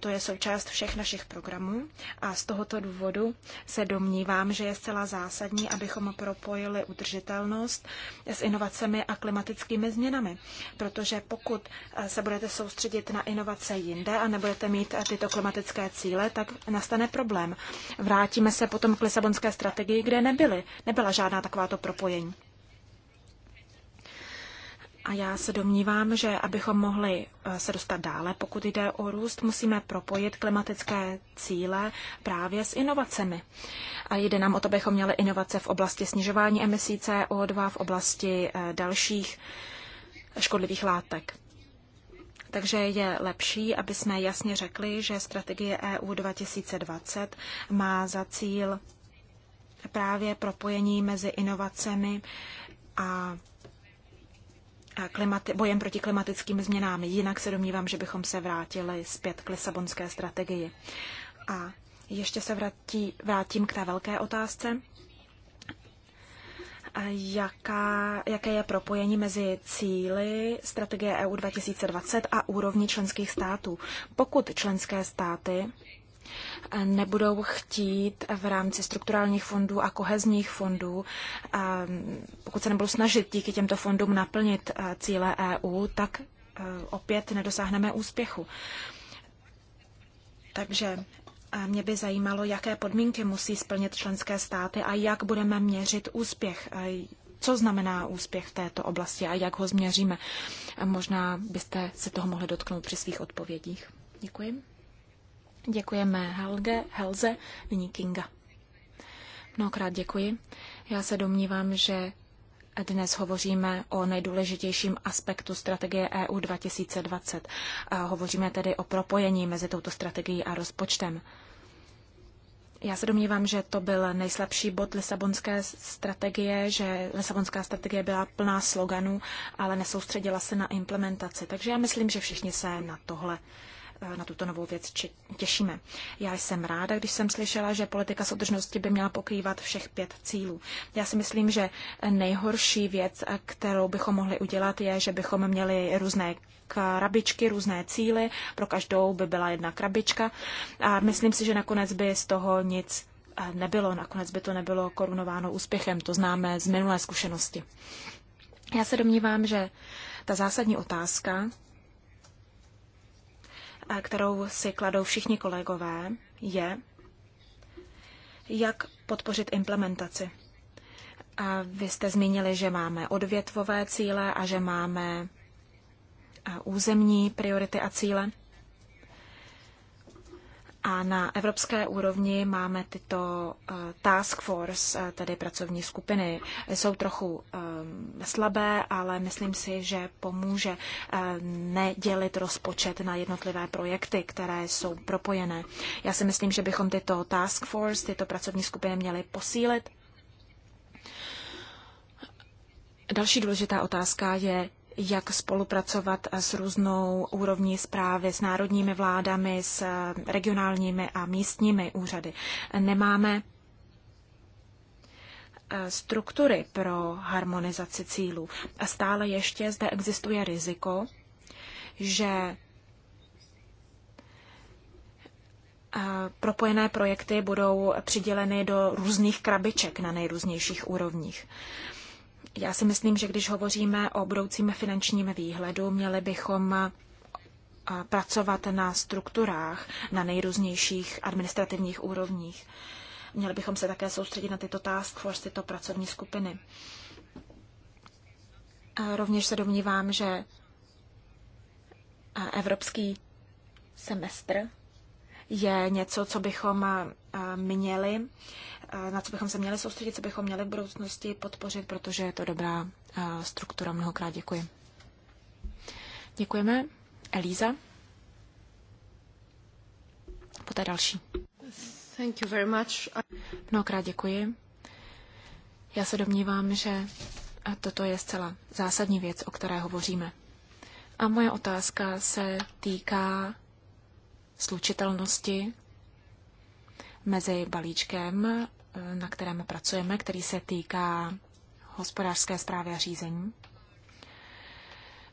Speaker 2: To je součást všech našich programů a z tohoto důvodu se domnívám, že je zcela zásadní, abychom propojili udržitelnost s inovacemi a klimatickými změnami. Protože pokud eh, se budete soustředit na inovace jinde a nebudete mít eh, tyto klimatické cíle, tak nastane problém. Vrátíme se potom k Lisabonské strategii, kde nebyly, nebyla žádná takováto propojení. A já se domnívám, že abychom mohli eh, se dostat dále, pokud jde o růst, musíme propojit klimatické cíle právě s inovacemi. A jde nám o to, abychom měli inovace v oblasti snižování emisí CO2, v oblasti eh, dalších škodlivých látek. Takže je lepší, aby jsme jasně řekli, že strategie EU 2020 má za cíl právě propojení mezi inovacemi a klimati- bojem proti klimatickým změnám. Jinak se domnívám, že bychom se vrátili zpět k Lisabonské strategii. A ještě se vrátí, vrátím k té velké otázce. Jaká, jaké je propojení mezi cíly strategie EU 2020 a úrovní členských států? Pokud členské státy nebudou chtít v rámci strukturálních fondů a kohezních fondů, pokud se nebudou snažit díky těmto fondům naplnit cíle EU, tak e, opět nedosáhneme úspěchu. Takže mě by zajímalo, jaké podmínky musí splnit členské státy a jak budeme měřit úspěch. Co znamená úspěch v této oblasti a jak ho změříme? Možná byste se toho mohli dotknout při svých odpovědích. Děkuji. Děkujeme Helge, Helze, nyní Kinga. Mnohokrát děkuji. Já se domnívám, že dnes hovoříme o nejdůležitějším aspektu strategie EU 2020. A hovoříme tedy o propojení mezi touto strategií a rozpočtem. Já se domnívám, že to byl nejslabší bod Lisabonské strategie, že Lisabonská strategie byla plná sloganů, ale nesoustředila se na implementaci. Takže já myslím, že všichni se na tohle Eh, na tuto novou věc těšíme. Já jsem ráda, když jsem slyšela, že politika soudržnosti by měla pokrývat všech pět cílů. Já si myslím, že nejhorší věc, eh, kterou bychom mohli udělat, je, že bychom měli různé krabičky, různé cíly. Pro každou by byla jedna krabička. A myslím si, že nakonec by z toho nic eh, nebylo. Nakonec by to nebylo korunováno úspěchem. To známe z minulé zkušenosti. Já se domnívám, že ta zásadní otázka, kterou si kladou všichni kolegové, je, jak podpořit implementaci. A vy jste zmínili, že máme odvětvové cíle a že máme územní priority a cíle. A na evropské úrovni máme tyto eh, task force, eh, tedy pracovní skupiny. Jsou trochu eh, slabé, ale myslím si, že pomůže nedělit rozpočet na jednotlivé projekty, které jsou propojené. Já si myslím, že bychom tyto task force, tyto pracovní skupiny měli posílit. Další důležitá otázka je jak spolupracovat s různou úrovní zprávy, s národními vládami, s regionálními a místními úřady. Nemáme eh, struktury pro harmonizaci cílů. A stále ještě zde existuje riziko, že eh, propojené projekty budou přiděleny do různých krabiček na nejrůznějších úrovních. Já si myslím, že když hovoříme o budoucím finančním výhledu, měli bychom pracovat na strukturách, na nejrůznějších administrativních úrovních. Měli bychom se také soustředit na tyto task force, tyto pracovní skupiny. A rovněž se domnívám, že evropský semestr je něco, co bychom měli Eh, na co bychom se měli soustředit, co bychom měli v budoucnosti podpořit, protože je to dobrá eh, struktura. Mnohokrát děkuji. Děkujeme. Elíza. Poté další. Thank you very much. Mnohokrát děkuji. Já se domnívám, že eh, toto je zcela zásadní věc, o které hovoříme. A moje otázka se týká slučitelnosti mezi balíčkem, eh, na kterém pracujeme, který se týká hospodářské zprávy a řízení.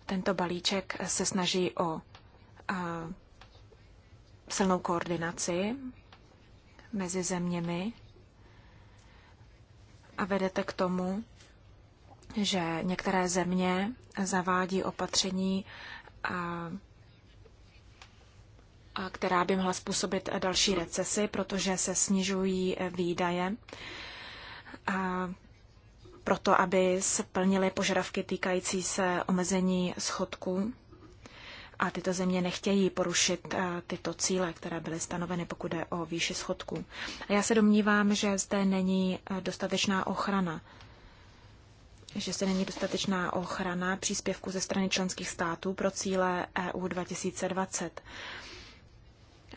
Speaker 2: Tento balíček se snaží o eh, silnou koordinaci mezi zeměmi a vedete k tomu, že některé země zavádí opatření a která by mohla způsobit další recesi, protože se snižují výdaje a proto, aby splnily požadavky týkající se omezení schodků. A tyto země nechtějí porušit eh, tyto cíle, které byly stanoveny, pokud jde o výši schodků. A já se domnívám, že zde není eh, dostatečná ochrana že se není dostatečná ochrana příspěvku ze strany členských států pro cíle EU 2020.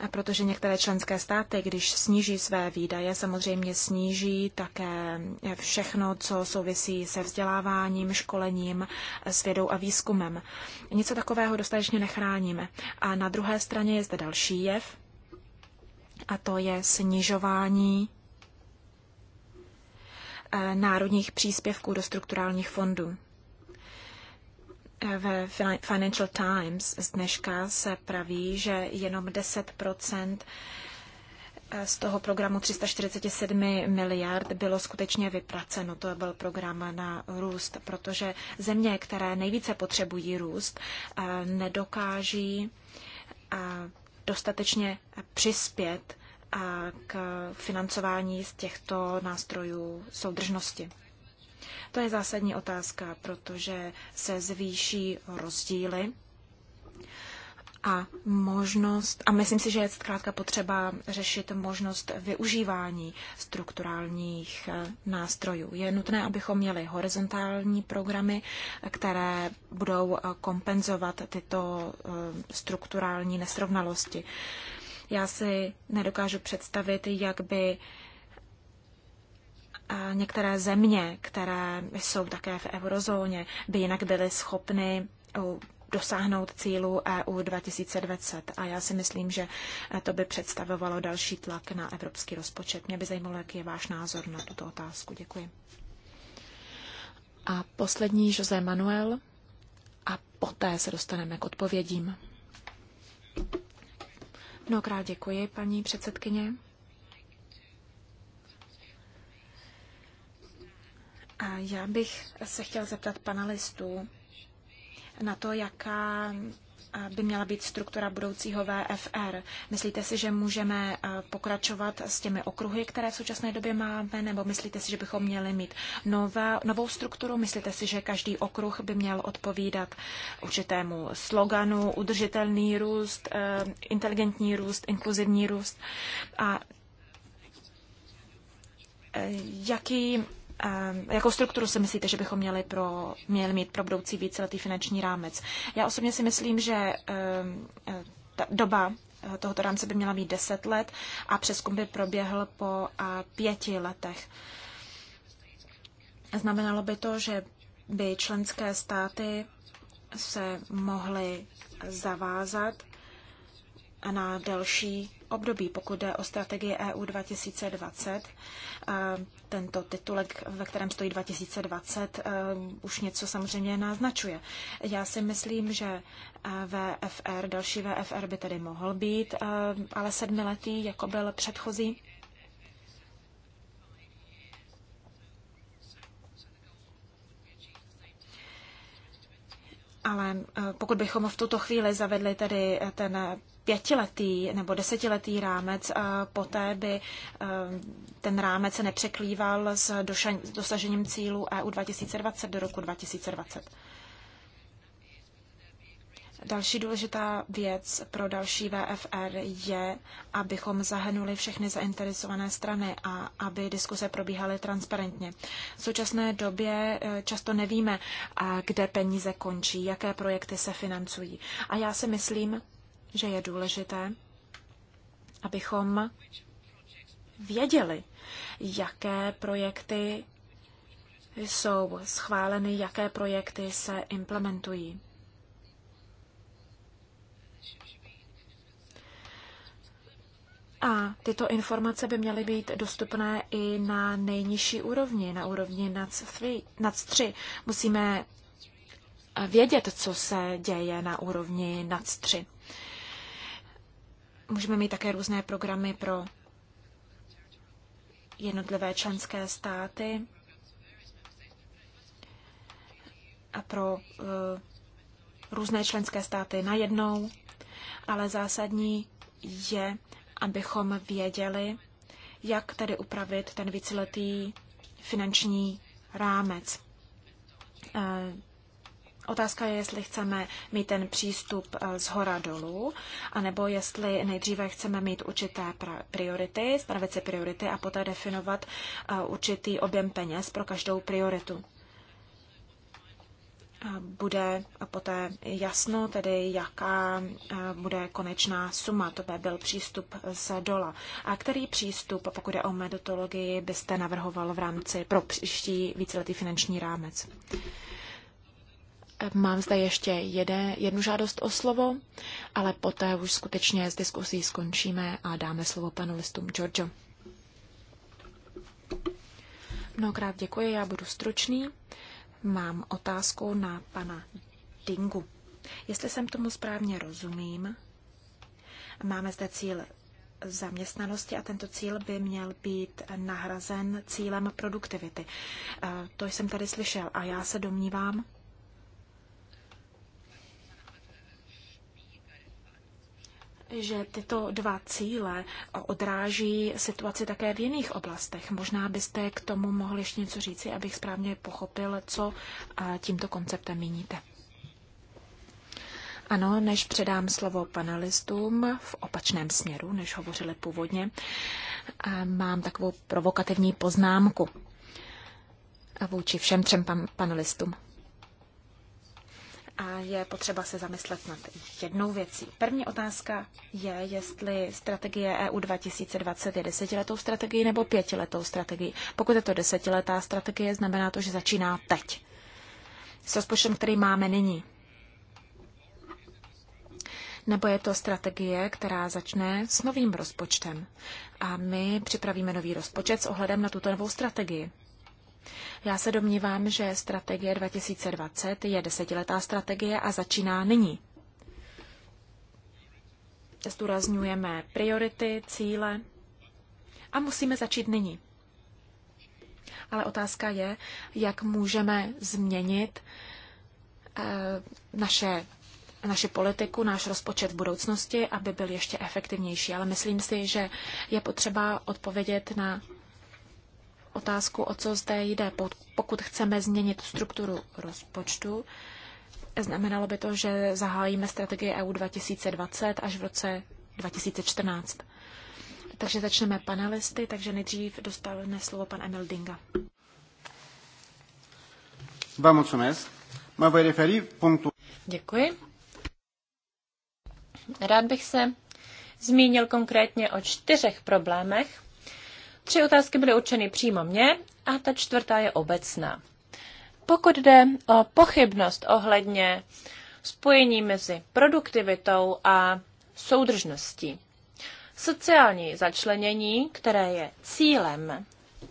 Speaker 2: A protože některé členské státy, když sníží své výdaje, samozřejmě sníží také všechno, co souvisí se vzděláváním, školením, s vědou a výzkumem. Něco takového dostatečně nechráníme. A na druhé straně je zde další jev, a to je snižování eh, národních příspěvků do strukturálních fondů. Ve Financial Times z dneška se praví, že jenom 10 eh, z toho programu 347 miliard bylo skutečně vypraceno. To byl program na růst, protože země, které nejvíce potřebují růst, eh, nedokáží eh, dostatečně přispět k financování z těchto nástrojů soudržnosti. To je zásadní otázka, protože se zvýší rozdíly a možnost, a myslím si, že je zkrátka potřeba řešit možnost využívání strukturálních eh, nástrojů. Je nutné, abychom měli horizontální programy, které budou eh, kompenzovat tyto eh, strukturální nesrovnalosti. Já si nedokážu představit, jak by některé země, které jsou také v eurozóně, by jinak byly schopny dosáhnout cílu EU 2020. A já si myslím, že to by představovalo další tlak na evropský rozpočet. Mě by zajímalo, jaký je váš názor na tuto otázku. Děkuji. A poslední José Manuel a poté se dostaneme k odpovědím. Mnohokrát děkuji, paní předsedkyně. Já bych se chtěl zeptat panelistů na to, jaká by měla být struktura budoucího VFR. Myslíte si, že můžeme pokračovat s těmi okruhy, které v současné době máme, nebo myslíte si, že bychom měli mít nová, novou strukturu? Myslíte si, že každý okruh by měl odpovídat určitému sloganu, udržitelný růst, inteligentní růst, inkluzivní růst? A jaký Ehm, jakou strukturu si myslíte, že bychom měli, pro, měli mít pro budoucí víceletý finanční rámec? Já osobně si myslím, že ehm, eh, ta doba eh, tohoto rámce by měla být 10 let a přeskum by proběhl po pěti letech. Znamenalo by to, že by členské státy se mohly zavázat na další období, pokud jde o strategii EU 2020. Tento titulek, ve kterém stojí 2020, už něco samozřejmě naznačuje. Já si myslím, že VFR, další VFR by tedy mohl být, ale sedmiletý, jako byl předchozí. Ale pokud bychom v tuto chvíli zavedli tedy ten pětiletý nebo desetiletý rámec, poté by e, ten rámec se nepřeklíval s dosažením cílů EU 2020 do roku 2020. Další důležitá věc pro další VFR je, abychom zahrnuli všechny zainteresované strany a aby diskuse probíhaly transparentně. V současné době e, často nevíme, kde peníze končí, jaké projekty se financují. A já si myslím, že je důležité, abychom věděli, jaké projekty jsou schváleny, jaké projekty se implementují. A tyto informace by měly být dostupné i na nejnižší úrovni, na úrovni nad 3. Musíme vědět, co se děje na úrovni nad 3. Můžeme mít také různé programy pro jednotlivé členské státy a pro e, různé členské státy najednou, ale zásadní je, abychom věděli, jak tedy upravit ten víceletý finanční rámec. E, Otázka je, jestli chceme mít ten přístup eh, z hora dolů, anebo jestli nejdříve chceme mít určité priority, stanovit si priority a poté definovat eh, určitý objem peněz pro každou prioritu. Eh, bude poté jasno, tedy jaká bude konečná suma, to by byl přístup z dola. A který přístup, pokud je o metodologii, byste navrhoval v rámci pro příští víceletý finanční rámec? Mám zde ještě jedné, jednu žádost o slovo, ale poté už skutečně s diskusí skončíme a dáme slovo panelistům Giorgio. Mnohokrát děkuji, já budu stručný. Mám otázku na pana Dingu. Jestli jsem tomu správně rozumím, máme zde cíl zaměstnanosti a tento cíl by měl být nahrazen cílem produktivity. Eh, to jsem tady slyšel a já se domnívám, že tyto dva cíle odráží situaci také v jiných oblastech. Možná byste k tomu mohli ještě něco říci, abych správně pochopil, co tímto konceptem míníte. Ano, než předám slovo panelistům v opačném směru, než hovořili původně, mám takovou provokativní poznámku vůči všem třem pan- panelistům a je potřeba se zamyslet nad jednou věcí. První otázka je, jestli strategie EU 2020 je desetiletou strategii nebo pětiletou strategii. Pokud je to desetiletá strategie, znamená to, že začíná teď. S rozpočtem, který máme nyní. Nebo je to strategie, která začne s novým rozpočtem. A my připravíme nový rozpočet s ohledem na tuto novou strategii. Já se domnívám, že strategie 2020 je desetiletá strategie a začíná nyní. Zdůrazňujeme priority, cíle a musíme začít nyní. Ale otázka je, jak můžeme změnit eh, naše, naše politiku, náš rozpočet v budoucnosti, aby byl ještě efektivnější. Ale myslím si, že je potřeba odpovědět na otázku, o co zde jde. Pokud chceme změnit strukturu rozpočtu, znamenalo by to, že zahájíme strategii EU 2020 až v roce 2014. Takže začneme panelisty, takže nejdřív dostane slovo pan Emil Dinga. Vám Děkuji. Rád bych
Speaker 3: se zmínil konkrétně o čtyřech problémech, Tři otázky byly určeny přímo mně a ta čtvrtá je obecná. Pokud jde o pochybnost ohledně spojení mezi produktivitou a soudržností, sociální začlenění, které je cílem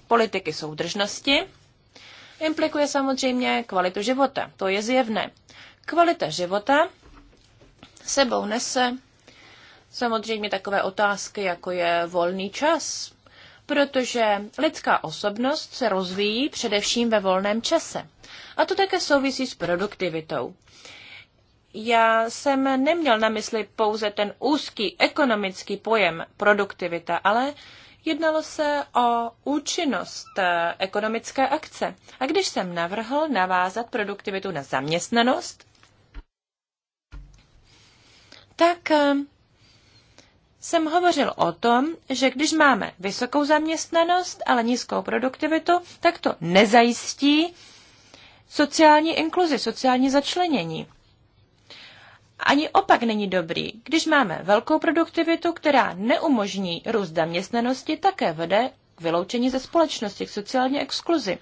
Speaker 3: politiky soudržnosti, implikuje samozřejmě kvalitu života. To je zjevné. Kvalita života sebou nese samozřejmě takové otázky, jako je volný čas, protože lidská osobnost se rozvíjí především ve volném čase. A to také souvisí s produktivitou. Já jsem neměl na mysli pouze ten úzký ekonomický pojem produktivita, ale jednalo se o účinnost eh, ekonomické akce. A když jsem navrhl navázat produktivitu na zaměstnanost, tak eh, jsem hovořil o tom, že když máme vysokou zaměstnanost, ale nízkou produktivitu, tak to nezajistí sociální inkluzi, sociální začlenění. Ani opak není dobrý. Když máme velkou produktivitu, která neumožní růst zaměstnanosti, také vede k vyloučení ze společnosti, k sociální exkluzi.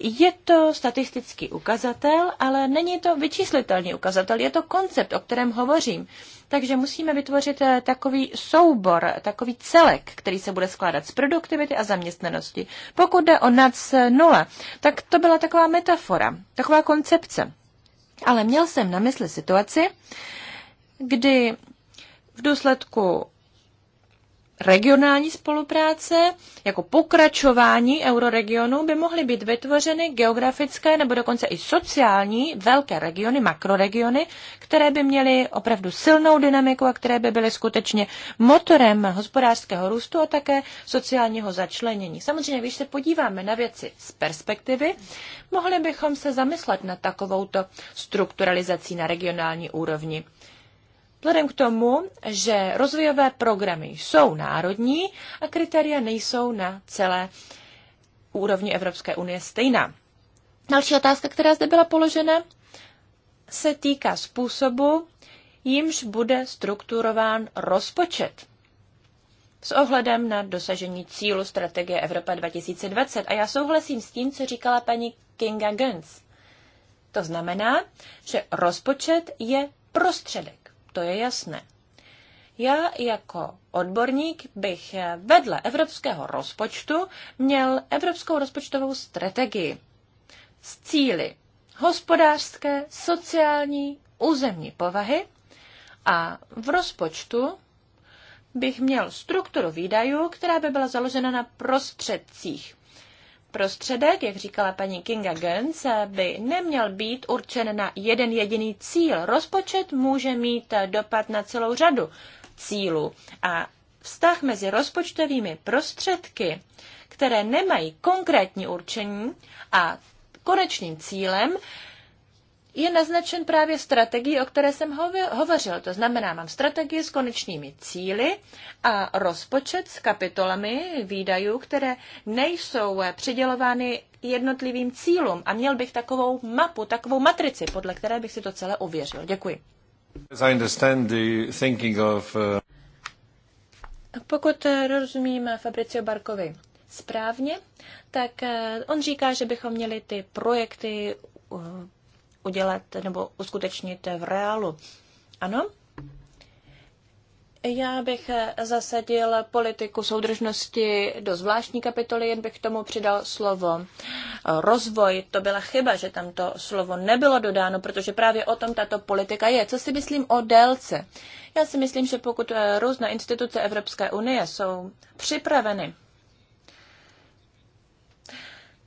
Speaker 3: Je to statistický ukazatel, ale není to vyčíslitelný ukazatel, je to koncept, o kterém hovořím. Takže musíme vytvořit eh, takový soubor, takový celek, který se bude skládat z produktivity a zaměstnanosti. Pokud jde o NAC 0, tak to byla taková metafora, taková koncepce. Ale měl jsem na mysli situaci, kdy v důsledku regionální spolupráce jako pokračování euroregionu by mohly být vytvořeny geografické nebo dokonce i sociální velké regiony, makroregiony, které by měly opravdu silnou dynamiku a které by byly skutečně motorem hospodářského růstu a také sociálního začlenění. Samozřejmě, když se podíváme na věci z perspektivy, mohli bychom se zamyslet nad takovouto strukturalizací na regionální úrovni. Vzhledem k tomu, že rozvojové programy jsou národní a kritéria nejsou na celé úrovni Evropské unie stejná. Další otázka, která zde byla položena, se týká způsobu, jimž bude strukturován rozpočet s ohledem na dosažení cílu strategie Evropa 2020. A já souhlasím s tím, co říkala paní Kinga Gens. To znamená, že rozpočet je prostředek to je jasné. Já jako odborník bych vedle evropského rozpočtu měl evropskou rozpočtovou strategii s cíly hospodářské, sociální, územní povahy a v rozpočtu bych měl strukturu výdajů, která by byla založena na prostředcích. Prostředek, jak říkala paní Kinga Gens, by neměl být určen na jeden jediný cíl. Rozpočet může mít dopad na celou řadu cílů a vztah mezi rozpočtovými prostředky, které nemají konkrétní určení a konečným cílem, je naznačen právě strategií, o které jsem hovořil. To znamená, mám strategii s konečnými cíly a rozpočet s kapitolami výdajů, které nejsou přidělovány jednotlivým cílům. A měl bych takovou mapu, takovou matrici, podle které bych si to celé ověřil. Děkuji. Uh, pokud rozumím Fabricio Barkovi správně, tak eh, on říká, že bychom měli ty projekty eh, udělat nebo uskutečnit v reálu. Ano? Já bych zasadil politiku soudržnosti do zvláštní kapitoly, jen bych k tomu přidal slovo rozvoj. To byla chyba, že tam to slovo nebylo dodáno, protože právě o tom tato politika je. Co si myslím o délce? Já si myslím, že pokud různé instituce Evropské unie jsou připraveny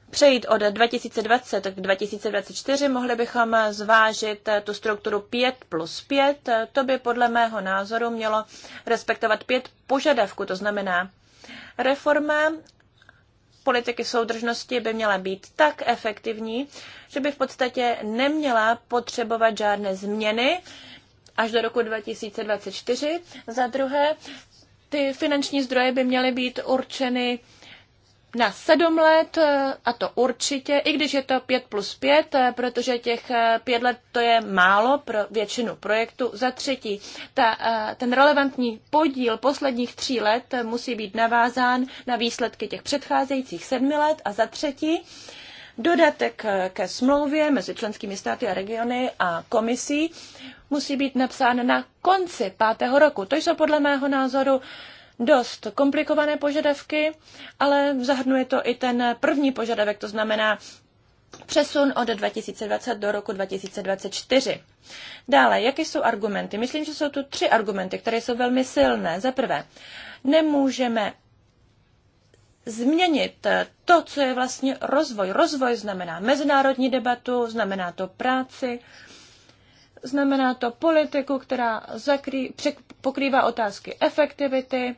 Speaker 3: přejít od 2020 k 2024, mohli bychom zvážit eh, tu strukturu 5 plus 5. To by podle mého názoru mělo respektovat pět požadavků, to znamená reforma politiky soudržnosti by měla být tak efektivní, že by v podstatě neměla potřebovat žádné změny až do roku 2024. Za druhé, ty finanční zdroje by měly být určeny na sedm let, eh, a to určitě, i když je to pět plus pět, eh, protože těch eh, pět let to je málo pro většinu projektu. Za třetí, ta, ten relevantní podíl posledních tří let musí být navázán na výsledky těch předcházejících sedmi let. A za třetí, dodatek ke smlouvě mezi členskými státy a regiony a komisí musí být napsán na konci pátého roku. To jsou podle mého názoru dost komplikované požadavky, ale zahrnuje to i ten první požadavek, to znamená přesun od 2020 do roku 2024. Dále, jaké jsou argumenty? Myslím, že jsou tu tři argumenty, které jsou velmi silné. Za prvé, nemůžeme změnit to, co je vlastně rozvoj. Rozvoj znamená mezinárodní debatu, znamená to práci, Znamená to politiku, která zakrý, pokrývá otázky efektivity,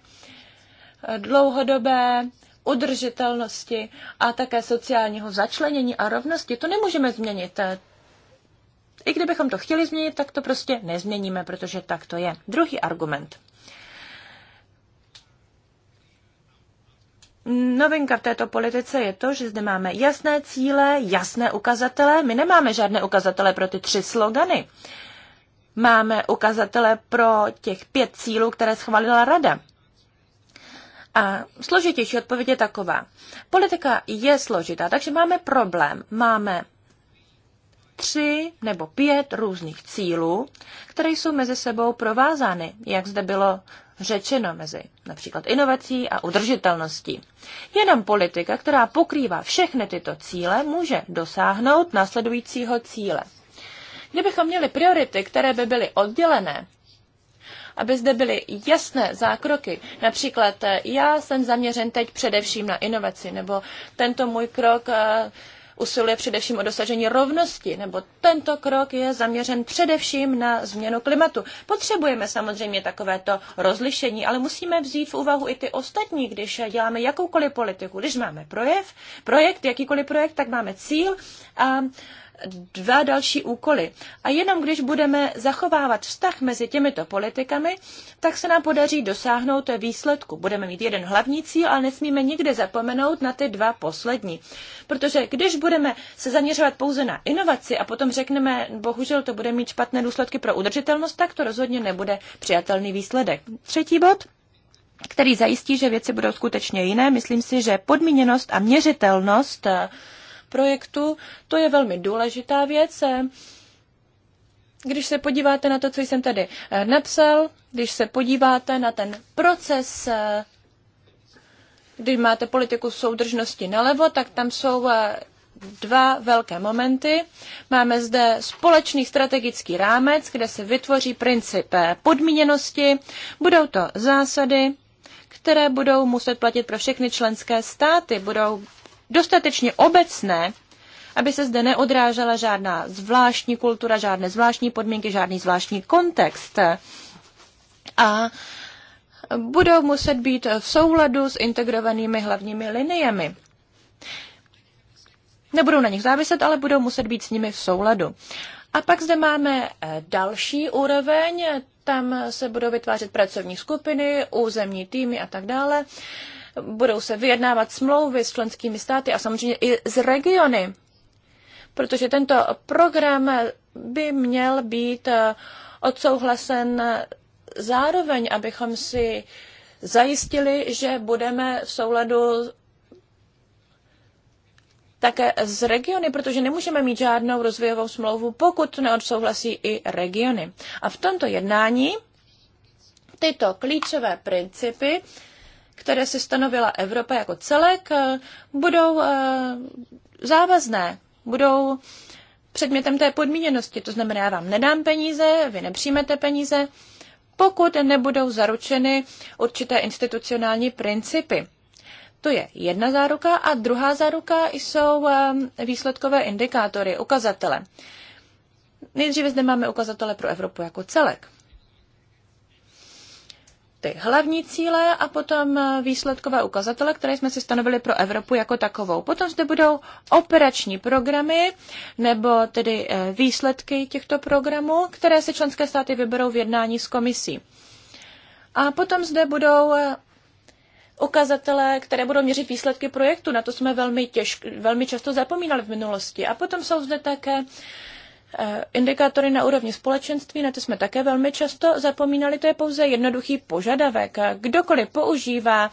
Speaker 3: dlouhodobé udržitelnosti a také sociálního začlenění a rovnosti. To nemůžeme změnit. I kdybychom to chtěli změnit, tak to prostě nezměníme, protože tak to je. Druhý argument. novinka v této politice je to, že zde máme jasné cíle, jasné ukazatele. My nemáme žádné ukazatele pro ty tři slogany. Máme ukazatele pro těch pět cílů, které schválila Rada. A složitější odpověď je taková. Politika je složitá, takže máme problém. Máme tři nebo pět různých cílů, které jsou mezi sebou provázány, jak zde bylo řečeno mezi například inovací a udržitelností. Jenom politika, která pokrývá všechny tyto cíle, může dosáhnout následujícího cíle. Kdybychom měli priority, které by byly oddělené, aby zde byly jasné zákroky. Například eh, já jsem zaměřen teď především na inovaci, nebo tento můj krok eh, usiluje především o dosažení rovnosti, nebo tento krok je zaměřen především na změnu klimatu. Potřebujeme samozřejmě takovéto rozlišení, ale musíme vzít v úvahu i ty ostatní, když děláme jakoukoliv politiku. Když máme projev, projekt, jakýkoliv projekt, tak máme cíl a dva další úkoly. A jenom když budeme zachovávat vztah mezi těmito politikami, tak se nám podaří dosáhnout výsledku. Budeme mít jeden hlavní cíl, ale nesmíme nikde zapomenout na ty dva poslední. Protože když budeme se zaměřovat pouze na inovaci a potom řekneme, bohužel to bude mít špatné důsledky pro udržitelnost, tak to rozhodně nebude přijatelný výsledek. Třetí bod který zajistí, že věci budou skutečně jiné. Myslím si, že podmíněnost a měřitelnost projektu. To je velmi důležitá věc. Když se podíváte na to, co jsem tady eh, napsal, když se podíváte na ten proces, eh, když máte politiku soudržnosti nalevo, tak tam jsou eh, dva velké momenty. Máme zde společný strategický rámec, kde se vytvoří princip podmíněnosti. Budou to zásady, které budou muset platit pro všechny členské státy. Budou dostatečně obecné, aby se zde neodrážela žádná zvláštní kultura, žádné zvláštní podmínky, žádný zvláštní kontext. A budou muset být v souladu s integrovanými hlavními liniemi. Nebudou na nich záviset, ale budou muset být s nimi v souladu. A pak zde máme eh, další úroveň, tam se budou vytvářet pracovní skupiny, územní týmy a tak dále budou se vyjednávat smlouvy s členskými státy a samozřejmě i z regiony, protože tento program by měl být eh, odsouhlasen zároveň, abychom si zajistili, že budeme v souladu také z regiony, protože nemůžeme mít žádnou rozvojovou smlouvu, pokud neodsouhlasí i regiony. A v tomto jednání tyto klíčové principy které si stanovila Evropa jako celek, eh, budou eh, závazné, budou předmětem té podmíněnosti. To znamená, já vám nedám peníze, vy nepřijmete peníze, pokud nebudou zaručeny určité institucionální principy. To je jedna záruka a druhá záruka jsou eh, výsledkové indikátory, ukazatele. Nejdříve zde máme ukazatele pro Evropu jako celek ty hlavní cíle a potom eh, výsledkové ukazatele, které jsme si stanovili pro Evropu jako takovou. Potom zde budou operační programy nebo tedy eh, výsledky těchto programů, které si členské státy vyberou v jednání s komisí. A potom zde budou eh, ukazatele, které budou měřit výsledky projektu. Na to jsme velmi, těžk, velmi často zapomínali v minulosti. A potom jsou zde také Eh, indikátory na úrovni společenství, na to jsme také velmi často zapomínali, to je pouze jednoduchý požadavek. Kdokoliv používá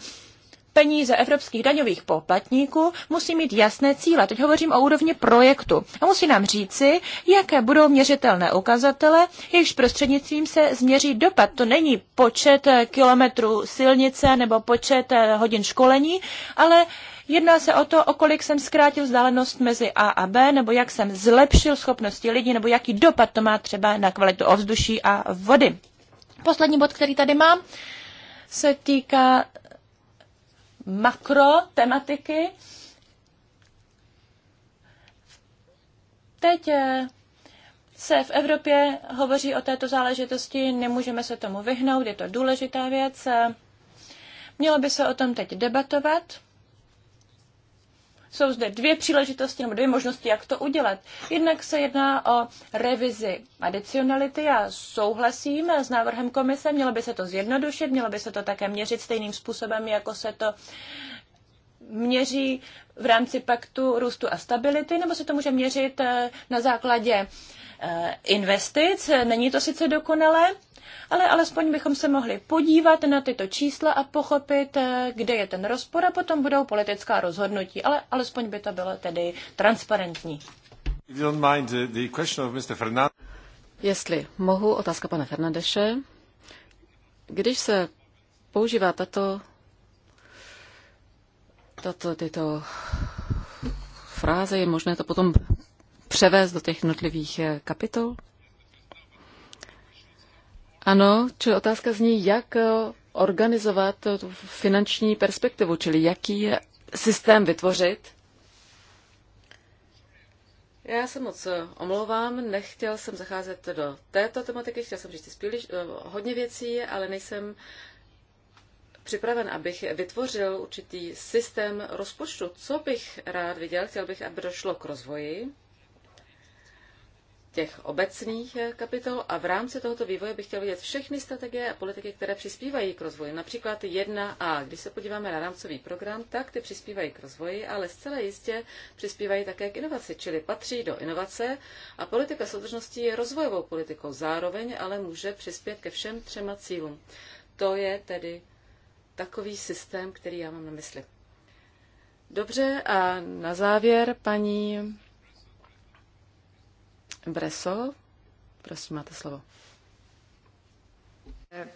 Speaker 3: peníze evropských daňových poplatníků, musí mít jasné cíle. Teď hovořím o úrovni projektu. A musí nám říci, jaké budou měřitelné ukazatele, jejichž prostřednictvím se změří dopad. To není počet kilometrů silnice nebo počet eh, hodin školení, ale Jedná se o to, o kolik jsem zkrátil vzdálenost mezi A a B, nebo jak jsem zlepšil schopnosti lidí, nebo jaký dopad to má třeba na kvalitu ovzduší a vody. Poslední bod, který tady mám, se týká makro tematiky. Teď eh, se v Evropě hovoří o této záležitosti, nemůžeme se tomu vyhnout, je to důležitá věc. Mělo by se o tom teď debatovat. Jsou zde dvě příležitosti nebo dvě možnosti, jak to udělat. Jednak se jedná o revizi adicionality. Já souhlasím s návrhem komise, mělo by se to zjednodušit, mělo by se to také měřit stejným způsobem, jako se to měří v rámci paktu růstu a stability, nebo se to může měřit eh, na základě eh, investic. Není to sice dokonalé, ale alespoň bychom se mohli podívat na tyto čísla a pochopit, eh, kde je ten rozpor a potom budou politická rozhodnutí, ale alespoň by to bylo tedy transparentní.
Speaker 1: Eh, Jestli mohu, otázka pana
Speaker 3: Fernandeše.
Speaker 1: Když se používá tato, tato tyto fráze, je možné to potom převést do těch jednotlivých eh, kapitol? Ano, či otázka zní, jak eh, organizovat eh, tu finanční perspektivu, čili jaký systém vytvořit. Já se moc eh, omlouvám, nechtěl jsem zacházet do této tematiky, chtěl jsem říct spíliš, hodně věcí, ale nejsem připraven, abych vytvořil určitý systém rozpočtu. Co bych rád viděl, chtěl bych, aby došlo k rozvoji těch obecných eh, kapitol a v rámci tohoto vývoje bych chtěl vidět všechny strategie a politiky, které přispívají k rozvoji. Například 1A, když se podíváme na rámcový program, tak ty přispívají k rozvoji, ale zcela jistě přispívají také k inovaci, čili patří do inovace a politika soudržnosti je rozvojovou politikou zároveň, ale může přispět ke všem třema cílům. To je tedy takový systém, který já mám na mysli. Dobře, a na závěr paní Breso, prosím, máte slovo.
Speaker 3: Eh,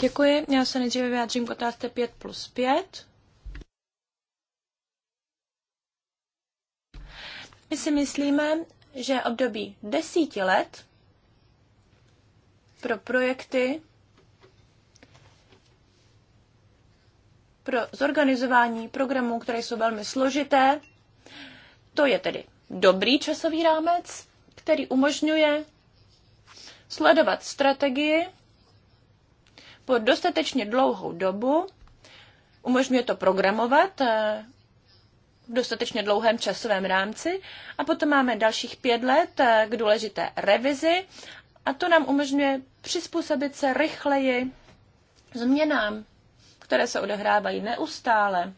Speaker 3: Děkuji. Já se nejdříve vyjádřím k otázce 5 plus 5. My si myslíme, že období desíti let pro projekty pro zorganizování programů, které jsou velmi složité. To je tedy dobrý časový rámec, který umožňuje sledovat strategii po dostatečně dlouhou dobu, umožňuje to programovat eh, v dostatečně dlouhém časovém rámci a potom máme dalších pět let eh, k důležité revizi a to nám umožňuje přizpůsobit se rychleji změnám které se odehrávají neustále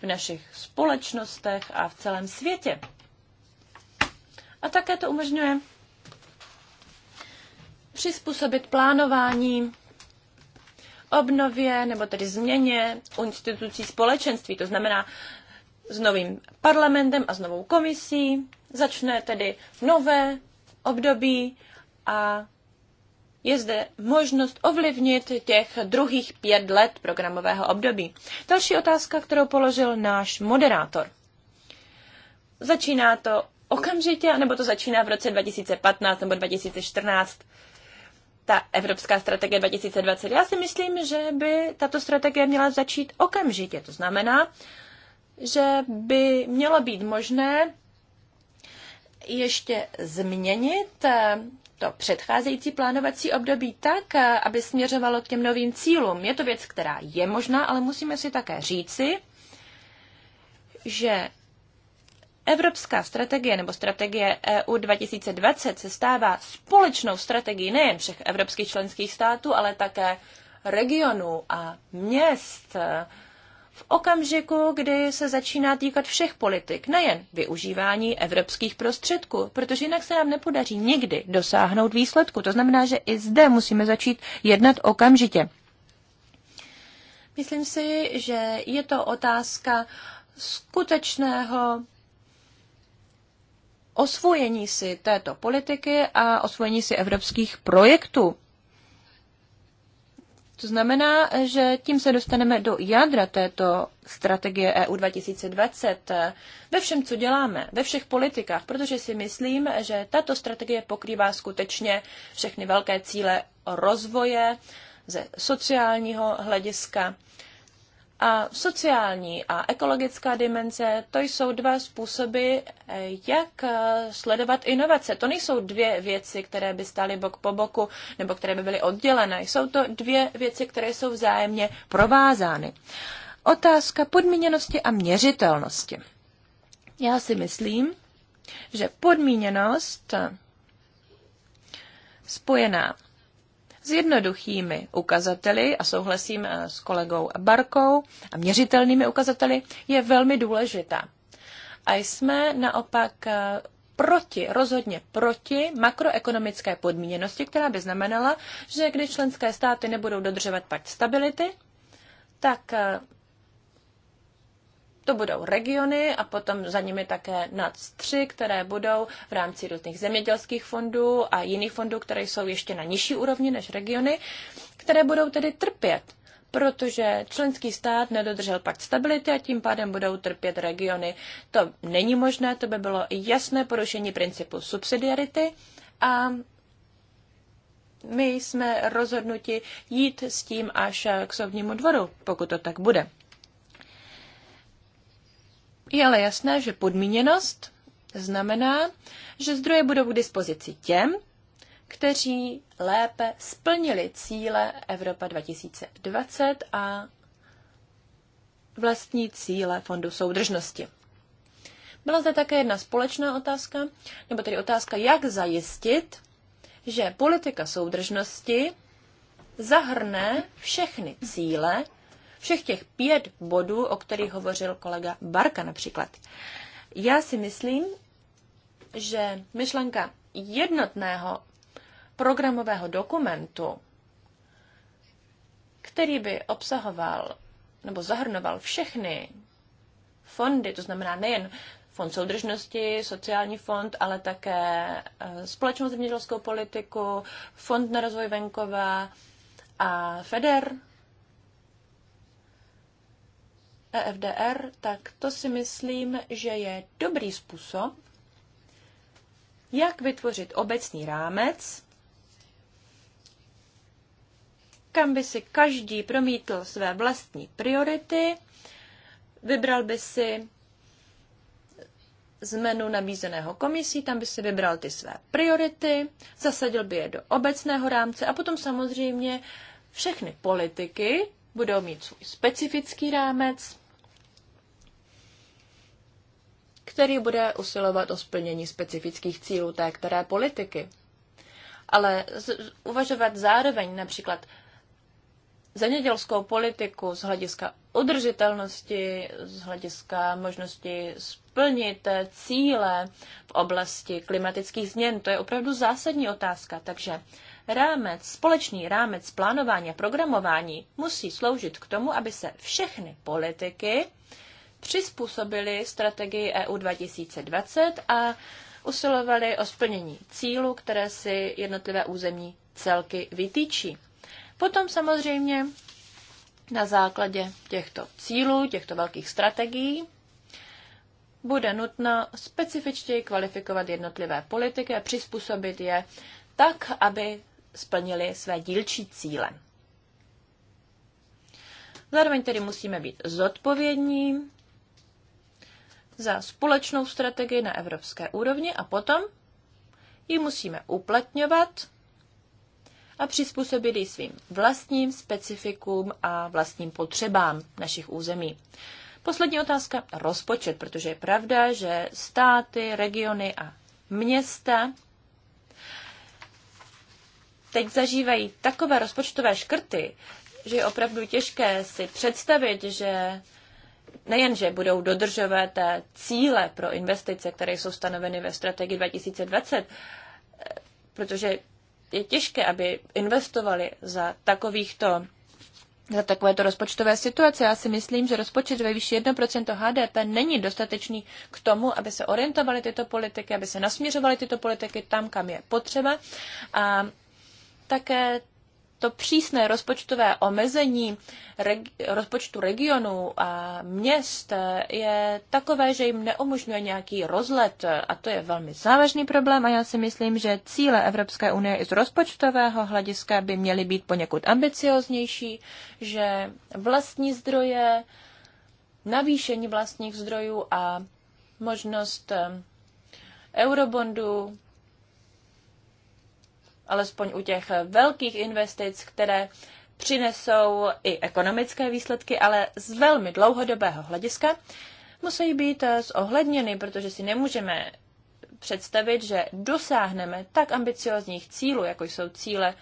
Speaker 3: v našich společnostech a v celém světě. A také to umožňuje přizpůsobit plánování obnově nebo tedy změně institucí společenství. To znamená, s novým parlamentem a s novou komisí začne tedy nové období a je zde možnost ovlivnit těch druhých pět let programového období. Další otázka, kterou položil náš moderátor. Začíná to okamžitě, nebo to začíná v roce 2015 nebo 2014? ta Evropská strategie 2020. Já si myslím, že by tato strategie měla začít okamžitě. To znamená, že by mělo být možné ještě změnit eh, to předcházející plánovací období tak, eh, aby směřovalo k těm novým cílům. Je to věc, která je možná, ale musíme si také říci, že Evropská strategie nebo strategie EU 2020 se stává společnou strategií nejen všech evropských členských států, ale také regionů a měst v okamžiku, kdy se začíná týkat všech politik, nejen využívání evropských prostředků, protože jinak se nám nepodaří nikdy dosáhnout výsledku. To znamená, že i zde musíme začít jednat okamžitě. Myslím si, že je to otázka skutečného osvojení si této politiky a osvojení si evropských projektů. To znamená, že tím se dostaneme do jádra této strategie EU 2020 ve všem, co děláme, ve všech politikách, protože si myslím, že tato strategie pokrývá skutečně všechny velké cíle rozvoje ze sociálního hlediska a sociální a ekologická dimenze, to jsou dva způsoby, eh, jak eh, sledovat inovace. To nejsou dvě věci, které by stály bok po boku nebo které by byly oddělené. Jsou to dvě věci, které jsou vzájemně provázány. Otázka podmíněnosti a měřitelnosti. Já si myslím, že podmíněnost spojená s jednoduchými ukazateli, a souhlasím eh, s kolegou Barkou, a měřitelnými ukazateli, je velmi důležitá. A jsme naopak eh, proti, rozhodně proti makroekonomické podmíněnosti, která by znamenala, že když členské státy nebudou dodržovat pakt stability, tak eh, to budou regiony a potom za nimi také NAC 3, které budou v rámci různých zemědělských fondů a jiných fondů, které jsou ještě na nižší úrovni než regiony, které budou tedy trpět protože členský stát nedodržel pakt stability a tím pádem budou trpět regiony. To není možné, to by bylo jasné porušení principu subsidiarity a my jsme rozhodnuti jít s tím až k soudnímu dvoru, pokud to tak bude. Je ale jasné, že podmíněnost znamená, že zdroje budou k dispozici těm, kteří lépe splnili cíle Evropa 2020 a vlastní cíle Fondu soudržnosti. Byla zde také jedna společná otázka, nebo tedy otázka, jak zajistit, že politika soudržnosti zahrne všechny cíle, všech těch pět bodů, o kterých hovořil kolega Barka například. Já si myslím, že myšlenka jednotného programového dokumentu, který by obsahoval nebo zahrnoval všechny fondy, to znamená nejen fond soudržnosti, sociální fond, ale také eh, společnou zemědělskou politiku, fond na rozvoj venkova a FEDER, EFDR, tak to si myslím, že je dobrý způsob, jak vytvořit obecný rámec, kam by si každý promítl své vlastní priority, vybral by si z menu nabízeného komisí, tam by si vybral ty své priority, zasadil by je do obecného rámce a potom samozřejmě všechny politiky budou mít svůj specifický rámec, který bude usilovat o splnění specifických cílů té které politiky. Ale z- uvažovat zároveň například zemědělskou politiku z hlediska udržitelnosti, z hlediska možnosti splnit cíle v oblasti klimatických změn. To je opravdu zásadní otázka. Takže rámec, společný rámec plánování a programování musí sloužit k tomu, aby se všechny politiky přizpůsobili strategii EU 2020 a usilovali o splnění cílů, které si jednotlivé územní celky vytýčí. Potom samozřejmě na základě těchto cílů, těchto velkých strategií, bude nutno specifičtěji kvalifikovat jednotlivé politiky a přizpůsobit je tak, aby splnili své dílčí cíle. Zároveň tedy musíme být zodpovědní za společnou strategii na evropské úrovni a potom ji musíme uplatňovat a přizpůsobit ji svým vlastním specifikům a vlastním potřebám našich území. Poslední otázka, rozpočet, protože je pravda, že státy, regiony a města teď zažívají takové rozpočtové škrty, že je opravdu těžké si představit, že nejenže budou dodržovat cíle pro investice, které jsou stanoveny ve strategii 2020, eh, protože je těžké, aby investovali za takovýchto za takovéto rozpočtové situace. Já si myslím, že rozpočet ve výši 1% HDP není dostatečný k tomu, aby se orientovaly tyto politiky, aby se nasměřovaly tyto politiky tam, kam je potřeba. A také to přísné rozpočtové omezení reg- rozpočtu regionů a měst eh, je takové, že jim neumožňuje nějaký rozlet eh, a to je velmi závažný problém a já si myslím, že cíle Evropské unie i z rozpočtového hlediska by měly být poněkud ambicioznější, že vlastní zdroje, navýšení vlastních zdrojů a možnost eh, eurobondů alespoň u těch velkých investic, které přinesou i ekonomické výsledky, ale z velmi dlouhodobého hlediska, musí být zohledněny, protože si nemůžeme představit, že dosáhneme tak ambiciozních cílů, jako jsou cíle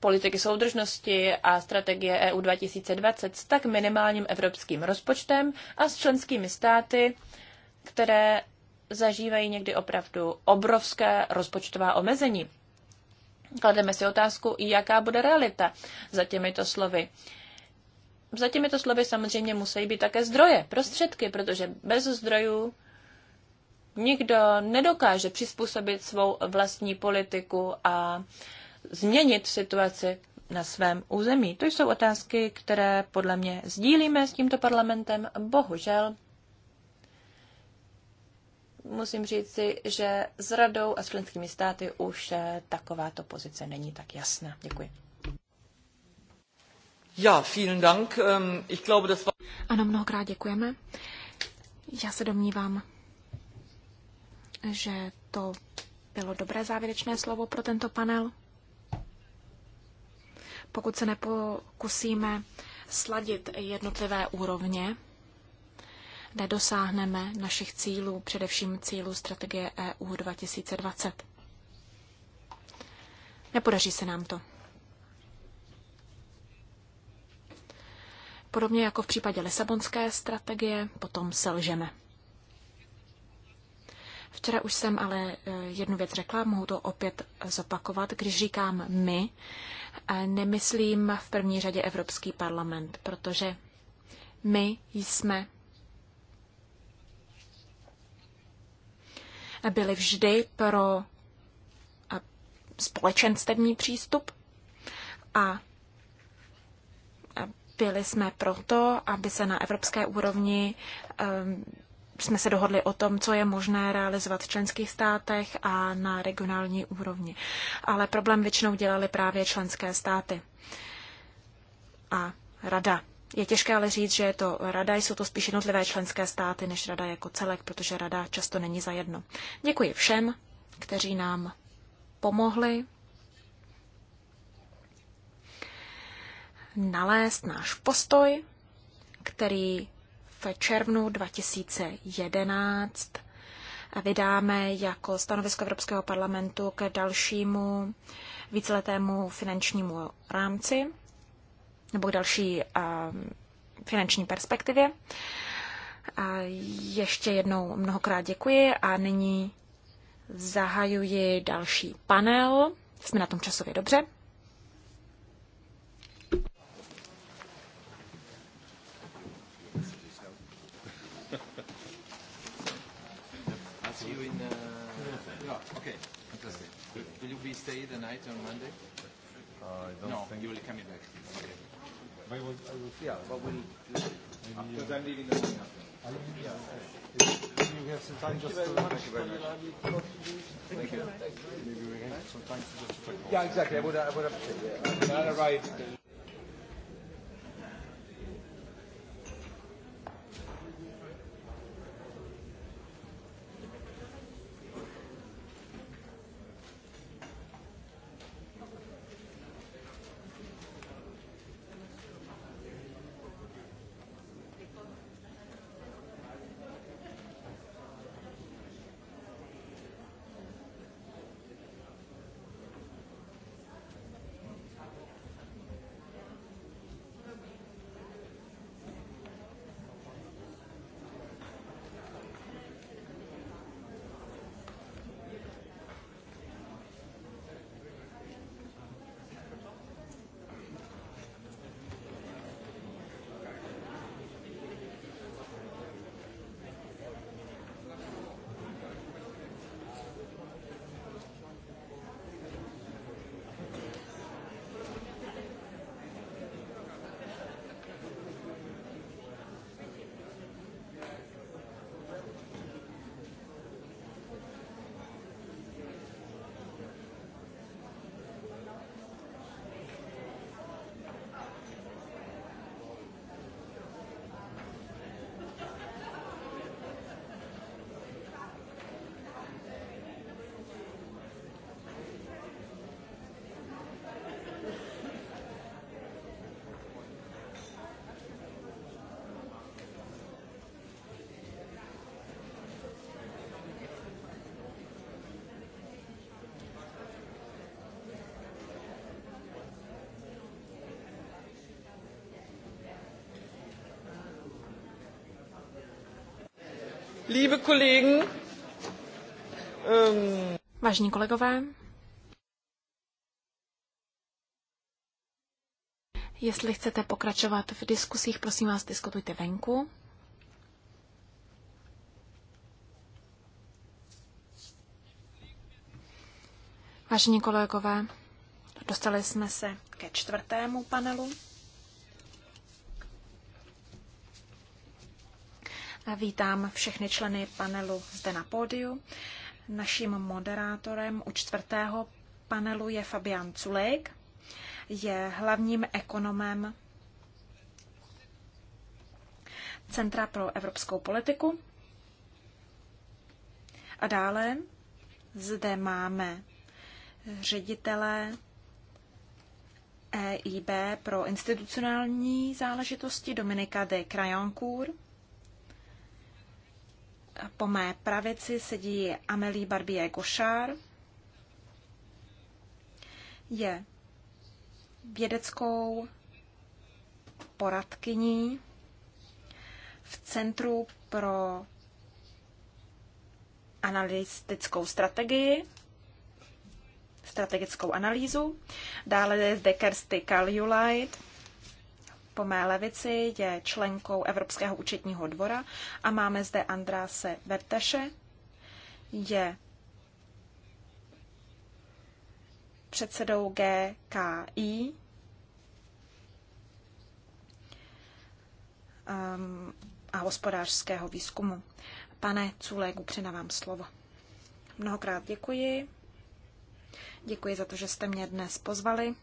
Speaker 3: politiky soudržnosti a strategie EU 2020 s tak minimálním evropským rozpočtem a s členskými státy, které zažívají někdy opravdu obrovské rozpočtová omezení. Klademe si otázku, jaká bude realita za těmito slovy. Za těmito slovy samozřejmě musí být také zdroje, prostředky, protože bez zdrojů nikdo nedokáže přizpůsobit svou vlastní politiku a změnit situaci na svém území. To jsou otázky, které podle mě sdílíme s tímto parlamentem. Bohužel musím říci, že s radou a s členskými státy už eh, takováto pozice není tak jasná. Děkuji.
Speaker 1: Ja, vielen Dank. Ähm, ich glaube, das war...
Speaker 2: Ano, mnohokrát děkujeme. Já se domnívám, že to bylo dobré závěrečné slovo pro tento panel. Pokud se nepokusíme sladit jednotlivé úrovně, nedosáhneme našich cílů, především cílů strategie EU 2020. Nepodaří se nám to. Podobně jako v případě Lisabonské strategie, potom selžeme. Včera už jsem ale e, jednu věc řekla, mohu to opět zopakovat. Když říkám my, e, nemyslím v první řadě Evropský parlament, protože my jsme byli vždy pro společenstevní přístup a byli jsme proto, aby se na evropské úrovni ehm, jsme se dohodli o tom, co je možné realizovat v členských státech a na regionální úrovni. Ale problém většinou dělali právě členské státy a rada. Je těžké ale říct, že je to rada, jsou to spíš jednotlivé členské státy než rada jako celek, protože rada často není za jedno. Děkuji všem, kteří nám pomohli nalézt náš postoj, který v červnu 2011 vydáme jako stanovisko Evropského parlamentu k dalšímu víceletému finančnímu rámci nebo k další finanční perspektivě. A ještě jednou mnohokrát děkuji a nyní zahajuji další panel. Jsme na tom časově dobře.
Speaker 3: Uh, will you be stay the night on Monday? Uh, I don't
Speaker 2: no,
Speaker 1: think you will come back. Okay. I will,
Speaker 3: I will. Yeah, but we'll. Because I'm uh, leaving the morning after. I'll leave, yeah, okay.
Speaker 1: If you have some time just to. Thank you very much.
Speaker 3: Thank you. Maybe we have some time to just. Yeah, exactly. I would, I would
Speaker 1: have. Yeah. I'll arrive.
Speaker 2: Liebe Kollegen, um... Vážení kolegové, jestli chcete pokračovat v diskusích, prosím vás, diskutujte venku. Vážení kolegové, dostali jsme se ke čtvrtému panelu. Vítám všechny členy panelu zde na pódiu. Naším moderátorem u čtvrtého panelu je Fabian Culejk. Je hlavním ekonomem Centra pro evropskou politiku. A dále zde máme ředitele EIB pro institucionální záležitosti Dominika de Crayoncourt po mé pravici sedí Amélie Barbier Gauchard. Je vědeckou poradkyní v Centru pro analytickou strategii, strategickou analýzu. Dále je zde Kersty Kaljulajt, po mé levici je členkou Evropského účetního dvora a máme zde Andráse Verteše, je předsedou GKI, ehm, a hospodářského výzkumu. Pane Culégu, vám slovo. Mnohokrát děkuji. Děkuji za to, že jste mě dnes pozvali.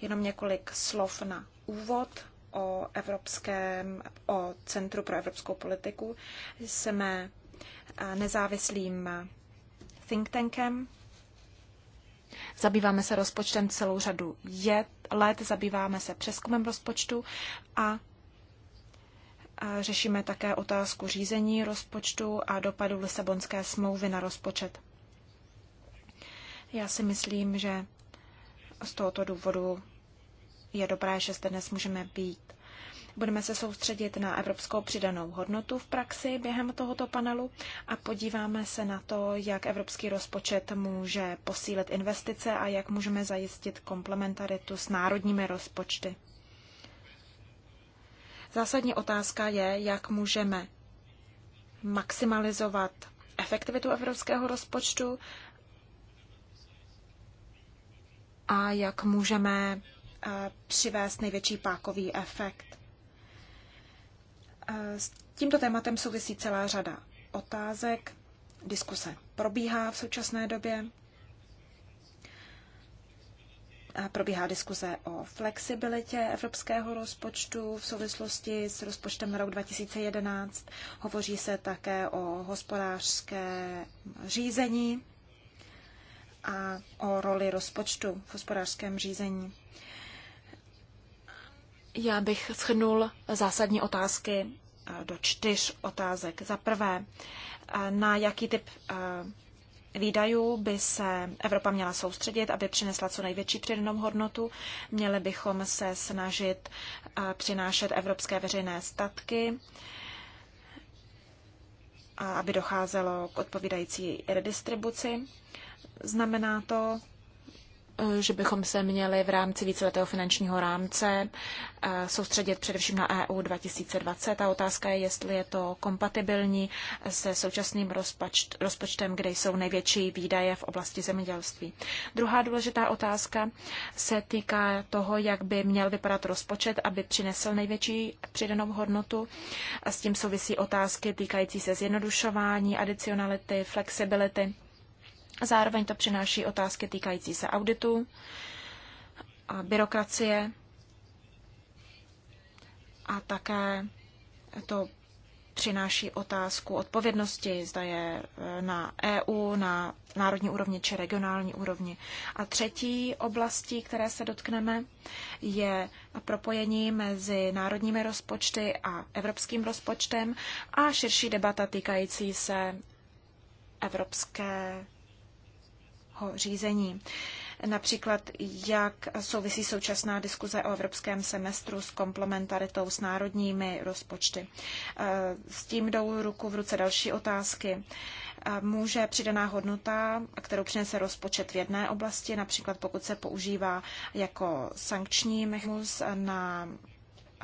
Speaker 2: Jenom několik slov na úvod o Evropském, o Centru pro evropskou politiku. Jsme eh, nezávislým think tankem. Zabýváme se rozpočtem celou řadu let, zabýváme se přeskumem rozpočtu a řešíme také otázku řízení rozpočtu a dopadu Lisabonské smlouvy na rozpočet. Já si myslím, že z tohoto důvodu je dobré, že zde dnes můžeme být. Budeme se soustředit na evropskou přidanou hodnotu v praxi během tohoto panelu a podíváme se na to, jak evropský rozpočet může posílit investice a jak můžeme zajistit komplementaritu s národními rozpočty. Zásadní otázka je, jak můžeme maximalizovat efektivitu evropského rozpočtu a jak můžeme přivést největší pákový efekt. S tímto tématem souvisí celá řada otázek. Diskuse probíhá v současné době. Probíhá diskuze o flexibilitě evropského rozpočtu v souvislosti s rozpočtem na rok 2011. Hovoří se také o hospodářské řízení a o roli rozpočtu v hospodářském řízení. Já bych shrnul zásadní otázky eh, do čtyř otázek. Za prvé, eh, na jaký typ eh, výdajů by se Evropa měla soustředit, aby přinesla co největší přidanou hodnotu. Měli bychom se snažit přinášet evropské veřejné statky, aby docházelo k odpovídající redistribuci. Znamená to, Eh, že bychom se měli v rámci víceletého finančního rámce eh, soustředit především na EU 2020. Ta otázka je, jestli je to kompatibilní se současným rozpočt, rozpočtem, kde jsou největší výdaje v oblasti zemědělství. Druhá důležitá otázka se týká toho, jak by měl vypadat rozpočet, aby přinesl největší přidanou hodnotu. A s tím souvisí otázky týkající se zjednodušování, adicionality, flexibility. Zároveň to přináší otázky týkající se auditu, a byrokracie a také to přináší otázku odpovědnosti, zda je e, na EU, na národní úrovni či regionální úrovni. A třetí oblastí, které se dotkneme, je propojení mezi národními rozpočty a evropským rozpočtem a širší debata týkající se evropské řízení. Například, jak souvisí současná diskuze o evropském semestru s komplementaritou s národními rozpočty. Eh, s tím jdou ruku v ruce další otázky. Eh, může přidaná hodnota, kterou přinese rozpočet v jedné oblasti, například pokud se používá jako sankční mechanismus na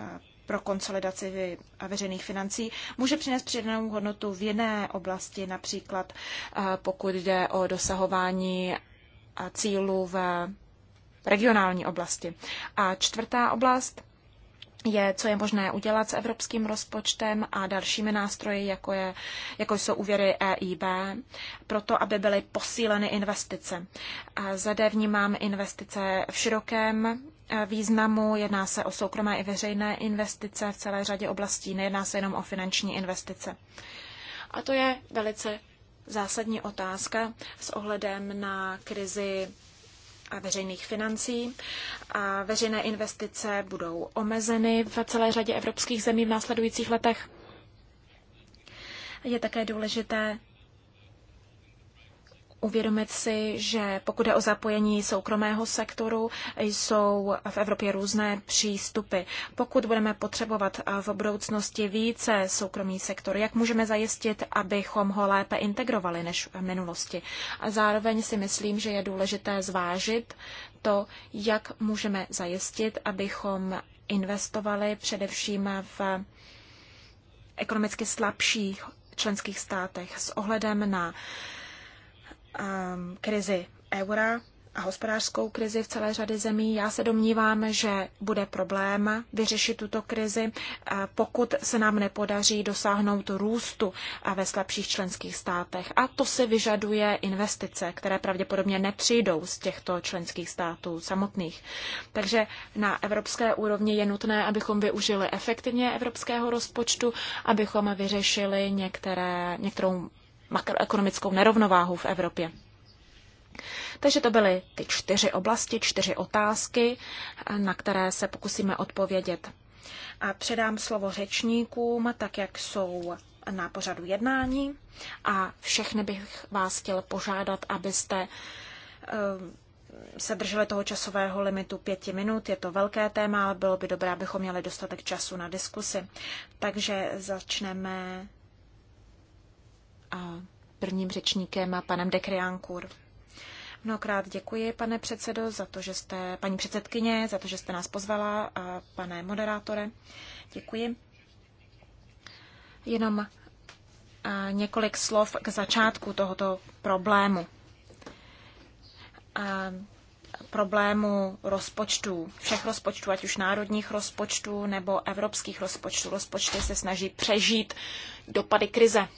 Speaker 2: eh, pro konsolidaci veřejných financí může přinést přidanou hodnotu v jiné oblasti, například eh, pokud jde o dosahování eh, cílů v regionální oblasti. A čtvrtá oblast je, co je možné udělat s evropským rozpočtem a dalšími nástroji, jako, je, jako jsou úvěry EIB, proto aby byly posíleny investice. A zde vnímám investice v širokém Eh, významu, jedná se o soukromé i veřejné investice v celé řadě oblastí, nejedná se jenom o finanční investice. A to je velice zásadní otázka s ohledem na krizi veřejných financí. A veřejné investice budou omezeny v celé řadě evropských zemí v následujících letech. Je také důležité uvědomit si, že pokud je o zapojení soukromého sektoru, jsou v Evropě různé přístupy. Pokud budeme potřebovat eh, v budoucnosti více soukromý sektor, jak můžeme zajistit, abychom ho lépe integrovali než v minulosti? A zároveň si myslím, že je důležité zvážit to, jak můžeme zajistit, abychom investovali především v ekonomicky slabších členských státech s ohledem na Ehm, krizi eura a hospodářskou krizi v celé řady zemí. Já se domnívám, že bude problém vyřešit tuto krizi, eh, pokud se nám nepodaří dosáhnout růstu eh, ve slabších členských státech. A to se vyžaduje investice, které pravděpodobně nepřijdou z těchto členských států samotných. Takže na evropské úrovni je nutné, abychom využili efektivně evropského rozpočtu, abychom vyřešili některé, některou makroekonomickou nerovnováhu v Evropě. Takže to byly ty čtyři oblasti, čtyři otázky, na které se pokusíme odpovědět. A předám slovo řečníkům, tak jak jsou na pořadu jednání. A všechny bych vás chtěl požádat, abyste eh, se drželi toho časového limitu pěti minut. Je to velké téma, ale bylo by dobré, abychom měli dostatek času na diskusi. Takže začneme prvním řečníkem panem de Kriankur. Mnohokrát děkuji, pane předsedo, za to, že jste, paní předsedkyně, za to, že jste nás pozvala, a pane moderátore. Děkuji. Jenom několik slov k začátku tohoto problému. A problému rozpočtů, všech rozpočtů, ať už národních rozpočtů nebo evropských rozpočtů. Rozpočty se snaží přežít dopady krize.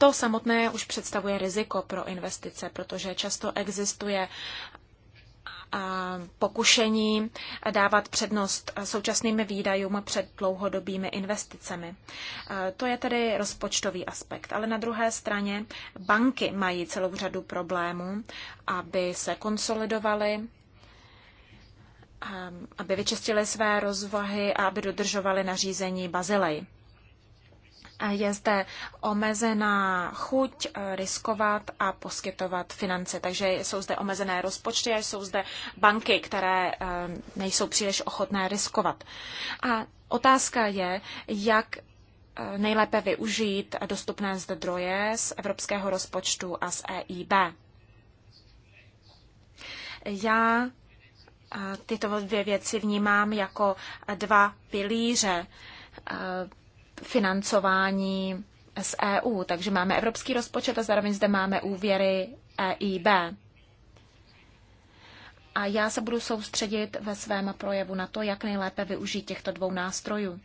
Speaker 2: to samotné už představuje riziko pro investice, protože často existuje pokušení dávat přednost současným výdajům před dlouhodobými investicemi. To je tedy rozpočtový aspekt, ale na druhé straně banky mají celou řadu problémů, aby se konsolidovaly, aby vyčistili své rozvahy a aby dodržovali nařízení Bazilej je zde omezená chuť eh, riskovat a poskytovat finance. Takže jsou zde omezené rozpočty a jsou zde banky, které eh, nejsou příliš ochotné riskovat. A otázka je, jak eh, nejlépe využít dostupné zdroje z evropského rozpočtu a z EIB. Já tyto dvě věci vnímám jako dva pilíře financování z EU. Takže máme evropský rozpočet a zároveň zde máme úvěry EIB. A já se budu soustředit ve svém projevu na to, jak nejlépe využít těchto dvou nástrojů.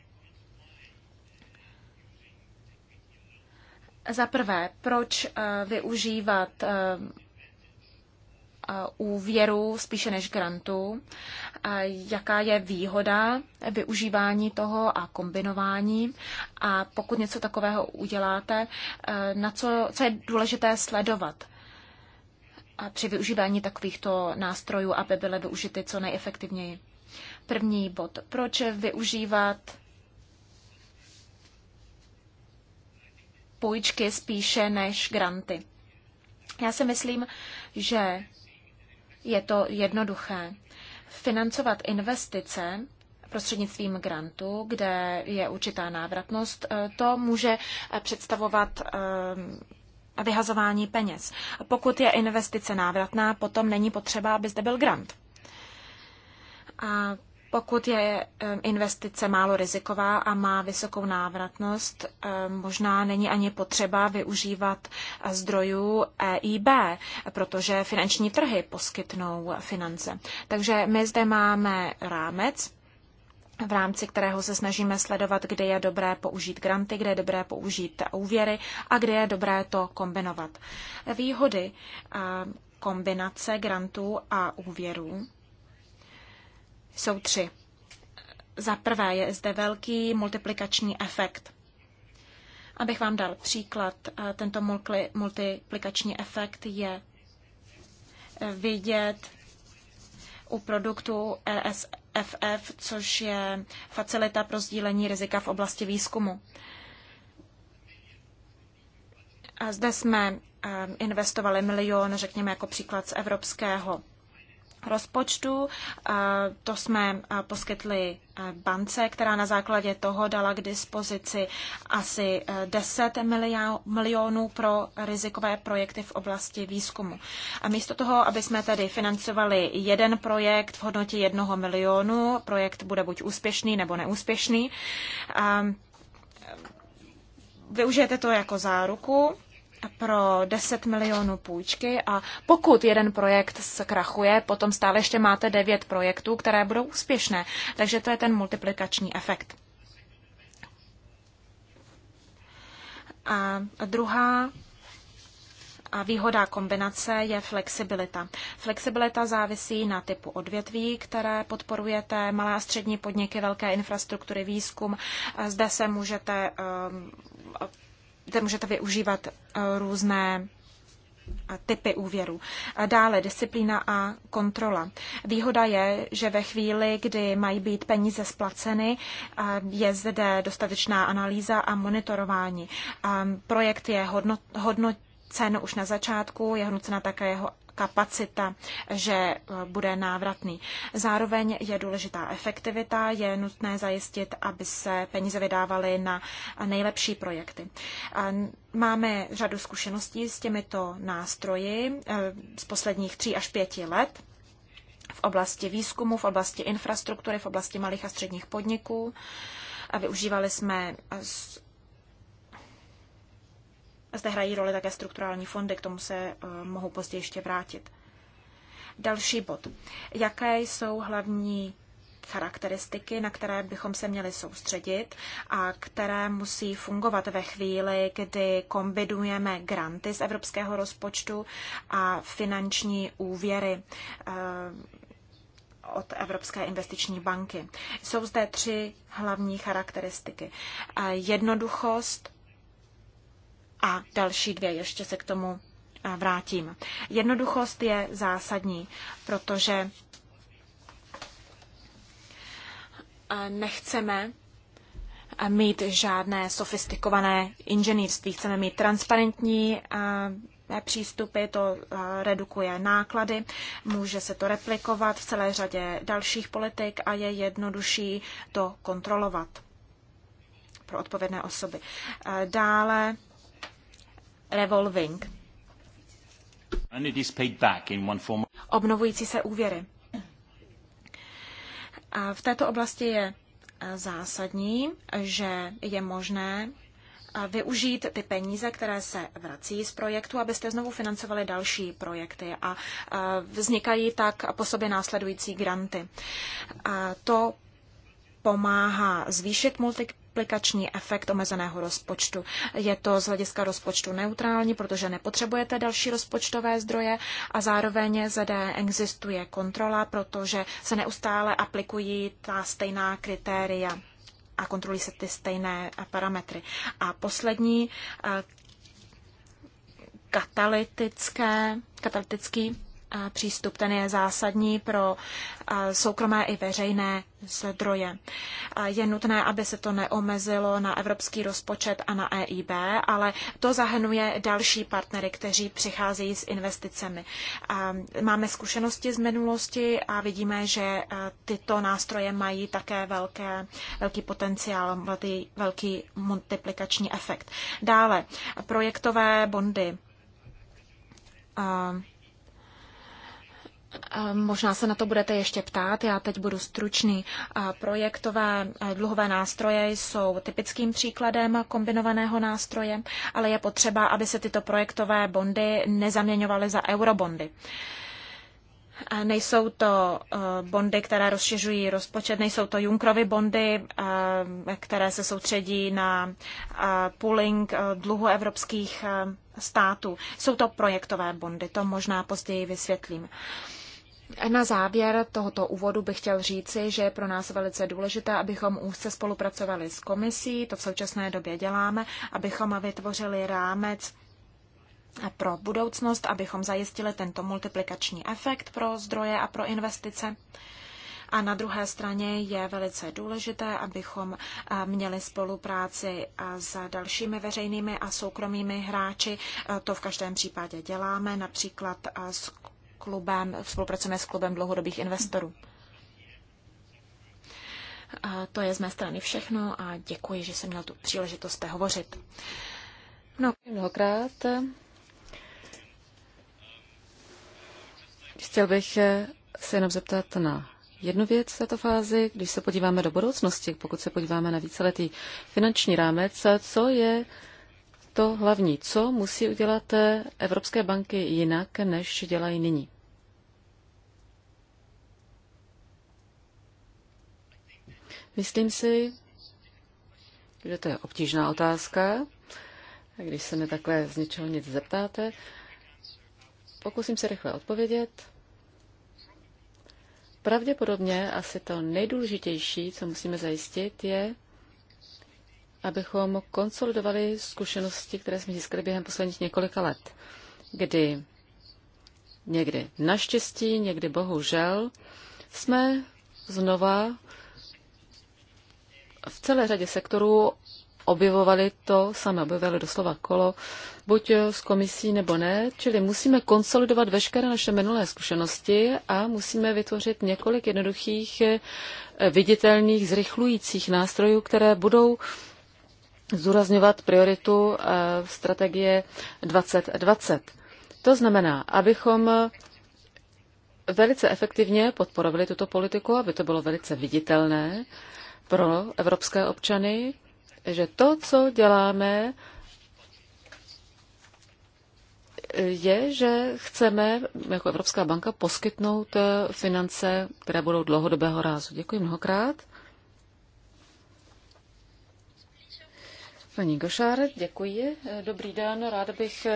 Speaker 2: Za prvé, proč eh, využívat eh, úvěru spíše než grantů. Jaká je výhoda využívání toho a kombinování? A pokud něco takového uděláte, eh, na co, co je důležité sledovat? A při využívání takovýchto nástrojů, aby byly využity co nejefektivněji. První bod. Proč využívat půjčky spíše než granty? Já si myslím, že je to jednoduché. Financovat investice prostřednictvím grantu, kde je určitá návratnost, eh, to může eh, představovat eh, vyhazování peněz. Pokud je investice návratná, potom není potřeba, aby zde byl grant. A pokud je investice málo riziková a má vysokou návratnost, možná není ani potřeba využívat eh, zdrojů EIB, protože finanční trhy poskytnou finance. Takže my zde máme rámec, v rámci kterého se snažíme sledovat, kde je dobré použít granty, kde je dobré použít úvěry a kde je dobré to kombinovat. Výhody eh, kombinace grantů a úvěrů jsou tři. Za prvé je zde velký multiplikační efekt. Abych vám dal příklad, tento multiplikační efekt je vidět u produktu ESFF, což je facilita pro sdílení rizika v oblasti výzkumu. A zde jsme investovali milion, řekněme jako příklad z evropského rozpočtu. To jsme poskytli bance, která na základě toho dala k dispozici asi 10 e, milionů pro rizikové projekty v oblasti výzkumu. A místo toho, aby jsme tedy financovali jeden projekt v hodnotě jednoho milionu, projekt bude buď úspěšný nebo neúspěšný, využijete to jako záruku pro 10 milionů půjčky a pokud jeden projekt zkrachuje, potom stále ještě máte 9 projektů, které budou úspěšné. Takže to je ten multiplikační efekt. A druhá a výhoda kombinace je flexibilita. Flexibilita závisí na typu odvětví, které podporujete, malé a střední podniky, velké infrastruktury, výzkum. Zde se můžete um, zde můžete využívat eh, různé eh, typy úvěru. Dále disciplína a kontrola. Výhoda je, že ve chvíli, kdy mají být peníze splaceny, eh, je zde dostatečná analýza a monitorování. Projekt je hodnot, hodnot už na začátku, je hodnocena také jeho kapacita, že e, bude návratný. Zároveň je důležitá efektivita, je nutné zajistit, aby se peníze vydávaly na nejlepší projekty. Máme řadu zkušeností s těmito nástroji e, z posledních tří až pěti let v oblasti výzkumu, v oblasti infrastruktury, v oblasti malých a středních podniků. Využívali jsme zde hrají roli také strukturální fondy, k tomu se eh, mohou později ještě vrátit. Další bod. Jaké jsou hlavní charakteristiky, na které bychom se měli soustředit a které musí fungovat ve chvíli, kdy kombinujeme granty z evropského rozpočtu a finanční úvěry eh, od Evropské investiční banky. Jsou zde tři hlavní charakteristiky. Eh, jednoduchost, a další dvě, ještě se k tomu vrátím. Jednoduchost je zásadní, protože nechceme mít žádné sofistikované inženýrství. Chceme mít transparentní e, přístupy, to redukuje náklady, může se to replikovat v celé řadě dalších politik a je jednodušší to kontrolovat pro odpovědné osoby. Dále revolving. Obnovující se úvěry. A v této oblasti je e, zásadní, že je možné e, využít ty peníze, které se vrací z projektu, abyste znovu financovali další projekty a e, vznikají tak po sobě následující granty. A to pomáhá zvýšit multiplikaci aplikační efekt omezeného rozpočtu. Je to z hlediska rozpočtu neutrální, protože nepotřebujete další rozpočtové zdroje a zároveň zde existuje kontrola, protože se neustále aplikují ta stejná kritéria a kontrolují se ty stejné parametry. A poslední eh, katalytické, katalytický přístup. Ten je zásadní pro soukromé i veřejné zdroje. Je nutné, aby se to neomezilo na evropský rozpočet a na EIB, ale to zahrnuje další partnery, kteří přicházejí s investicemi. Máme zkušenosti z minulosti a vidíme, že tyto nástroje mají také velké, velký potenciál, velký, velký multiplikační efekt. Dále projektové bondy. Možná se na to budete ještě ptát, já teď budu stručný. Projektové dluhové nástroje jsou typickým příkladem kombinovaného nástroje, ale je potřeba, aby se tyto projektové bondy nezaměňovaly za eurobondy. Nejsou to e, bondy, které rozšiřují rozpočet, nejsou to Junkrovy bondy, e, které se soustředí na e, pooling dluhu evropských států. Jsou to projektové bondy, to možná později vysvětlím. Na závěr tohoto úvodu bych chtěl říci, že je pro nás velice důležité, abychom úzce spolupracovali s komisí, to v současné době děláme, abychom vytvořili rámec pro budoucnost, abychom zajistili tento multiplikační efekt pro zdroje a pro investice. A na druhé straně je velice důležité, abychom eh, měli spolupráci eh, s dalšími veřejnými a soukromými hráči. Eh, to v každém případě děláme, například s klubem, spolupracujeme s klubem dlouhodobých investorů. A to je z mé strany všechno a děkuji, že jsem měl tu příležitost hovořit. No. Mnohokrát.
Speaker 1: Chtěl bych se jenom zeptat na jednu věc v této fázi. Když se podíváme do budoucnosti, pokud se podíváme na víceletý finanční rámec, co je to hlavní? Co musí udělat evropské banky jinak, než dělají nyní? Myslím si, že to je obtížná otázka, když se mi takhle z něčeho nic zeptáte. Pokusím se rychle odpovědět. Pravděpodobně asi to nejdůležitější, co musíme zajistit, je, abychom konsolidovali zkušenosti, které jsme získali během posledních několika let, kdy někdy naštěstí, někdy bohužel jsme znova v celé řadě sektorů objevovali to samé, objevovali doslova kolo, buď s komisí nebo ne, čili musíme konsolidovat veškeré naše minulé zkušenosti a musíme vytvořit několik jednoduchých, eh, viditelných, zrychlujících nástrojů, které budou zdůrazňovat prioritu eh, strategie 2020. To znamená, abychom velice efektivně podporovali tuto politiku, aby to bylo velice viditelné, pro evropské občany, že to, co děláme, je, že chceme jako Evropská banka poskytnout eh, finance, které budou dlouhodobého rázu. Děkuji mnohokrát. Paní Gošár, děkuji. Dobrý den. Ráda bych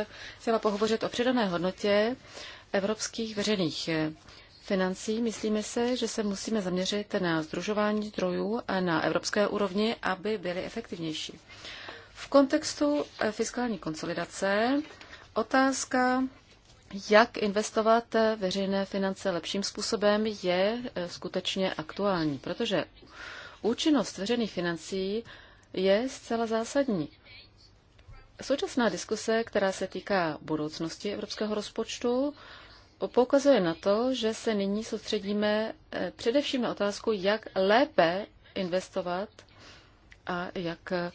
Speaker 1: chtěla pohovořit o přidané hodnotě evropských veřejných financí. Myslíme se, že se musíme zaměřit na združování zdrojů na evropské úrovni, aby byly efektivnější. V kontextu eh, fiskální konsolidace otázka, jak investovat eh, veřejné finance lepším způsobem, je eh, skutečně aktuální, protože účinnost veřejných financí je zcela zásadní. Současná diskuse, která se týká budoucnosti evropského rozpočtu, poukazuje na to, že se nyní soustředíme eh, především na otázku, jak lépe investovat a jak eh,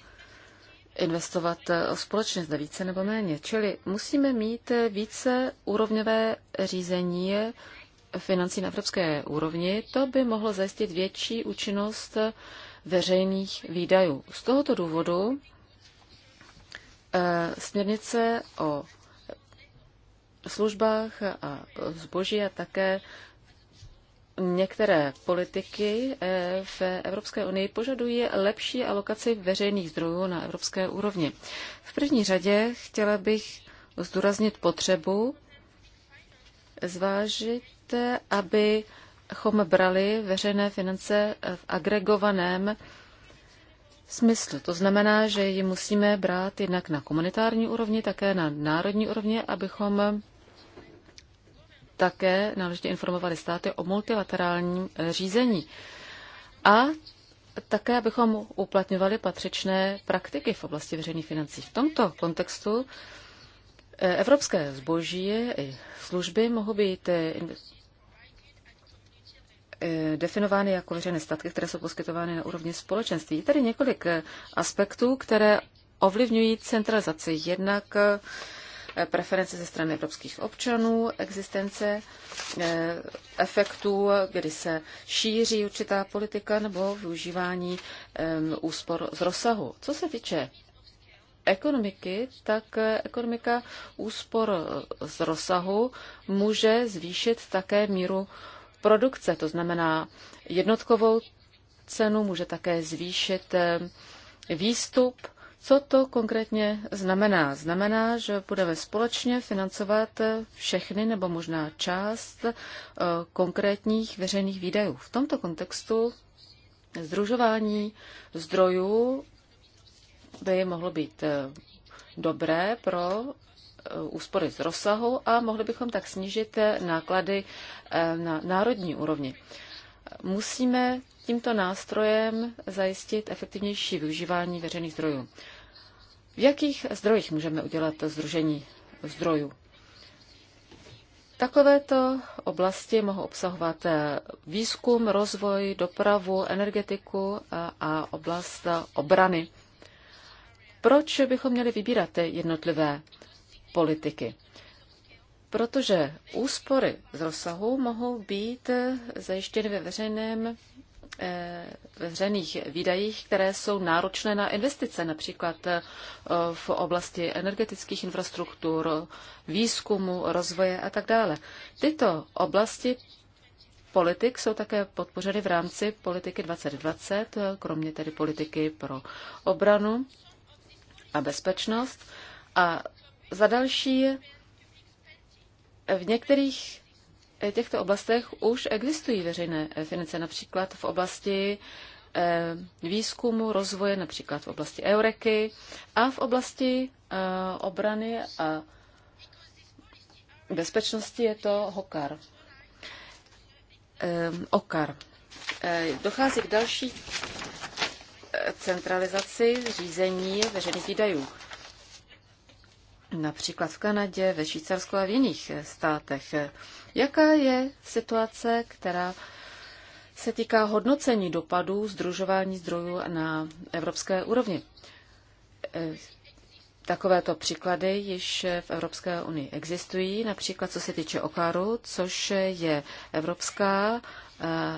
Speaker 1: investovat eh, společně zde více nebo méně. Čili musíme mít více úrovňové řízení financí na evropské úrovni. To by mohlo zajistit větší účinnost veřejných výdajů. Z tohoto důvodu směrnice o službách a zboží a také Některé politiky eh, v Evropské unii požadují lepší alokaci veřejných zdrojů na evropské úrovni. V první řadě chtěla bych zdůraznit potřebu zvážit, abychom brali veřejné finance v agregovaném smyslu. To znamená, že ji musíme brát jednak na komunitární úrovni, také na národní úrovni, abychom také náležitě informovali státy o multilaterálním eh, řízení. A také, abychom uplatňovali patřičné praktiky v oblasti veřejných financí. V tomto kontextu eh, evropské zboží i služby mohou být eh, definovány jako veřejné statky, které jsou poskytovány na úrovni společenství. Je tady několik aspektů, které ovlivňují centralizaci. Jednak preference ze strany evropských občanů, existence eh, efektů, kdy se šíří určitá politika nebo využívání úspor z rozsahu. Co se týče ekonomiky, tak ekonomika úspor z rozsahu může zvýšit také míru produkce, to znamená jednotkovou cenu, může také zvýšit eh, výstup co to konkrétně znamená? Znamená, že budeme společně financovat všechny nebo možná část eh, konkrétních veřejných výdajů. V tomto kontextu združování zdrojů by mohlo být eh, dobré pro eh, úspory z rozsahu a mohli bychom tak snížit náklady na národní úrovni. Musíme tímto nástrojem zajistit efektivnější využívání veřejných zdrojů. V jakých zdrojích můžeme udělat združení zdrojů? Takovéto oblasti mohou obsahovat eh, výzkum, rozvoj, dopravu, energetiku eh, a, oblast eh, obrany. Proč bychom měli vybírat ty jednotlivé politiky? Protože úspory z rozsahu mohou být zajištěny ve veřejném Eh, veřejných výdajích, které jsou náročné na investice, například eh, v oblasti energetických infrastruktur, výzkumu, rozvoje a tak dále. Tyto oblasti politik jsou také podpořeny v rámci politiky 2020, kromě tedy politiky pro obranu a bezpečnost. A za další, v některých těchto oblastech už existují veřejné finance, například v oblasti eh, výzkumu, rozvoje, například v oblasti eureky a v oblasti eh, obrany a bezpečnosti je to HOKAR. Ehm, OKAR. Eh, dochází k další centralizaci řízení veřejných výdajů například v Kanadě, ve Švýcarsku a v jiných eh, státech. Jaká je situace, která se týká hodnocení dopadů združování zdrojů na evropské úrovni? Eh, takovéto příklady již eh, v Evropské unii existují, například co se týče OKARu, což je Evropská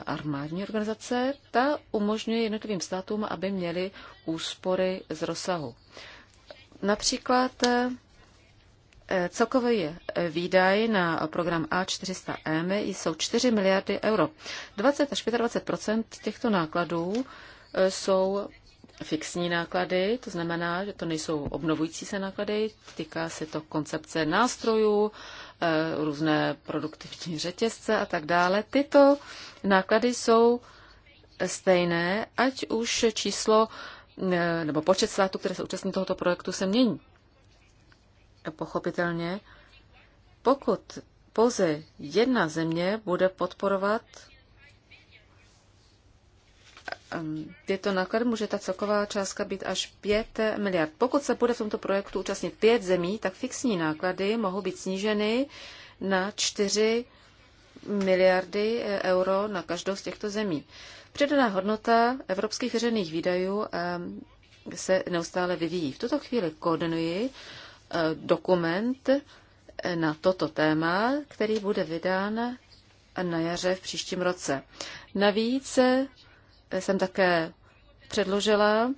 Speaker 1: armádní organizace. Ta umožňuje jednotlivým státům, aby měli úspory z rozsahu. Například Celkový eh, výdaj na program A400M jsou 4 miliardy euro. 20 až 25 těchto nákladů eh, jsou fixní náklady, to znamená, že to nejsou obnovující se náklady, týká se to koncepce nástrojů, eh, různé produktivní řetězce a tak dále. Tyto náklady jsou stejné, ať už číslo nebo počet států, které se účastní tohoto projektu, se mění pochopitelně, pokud pouze jedna země bude podporovat ehm, tyto náklady, může ta celková částka být až 5 miliard. Pokud se bude v tomto projektu účastnit pět zemí, tak fixní náklady mohou být sníženy na 4 miliardy eh, euro na každou z těchto zemí. Předaná hodnota evropských řených výdajů ehm, se neustále vyvíjí. V tuto chvíli koordinuji Eh, dokument eh, na toto téma, který bude vydán na jaře v příštím roce. Navíc eh, jsem také předložila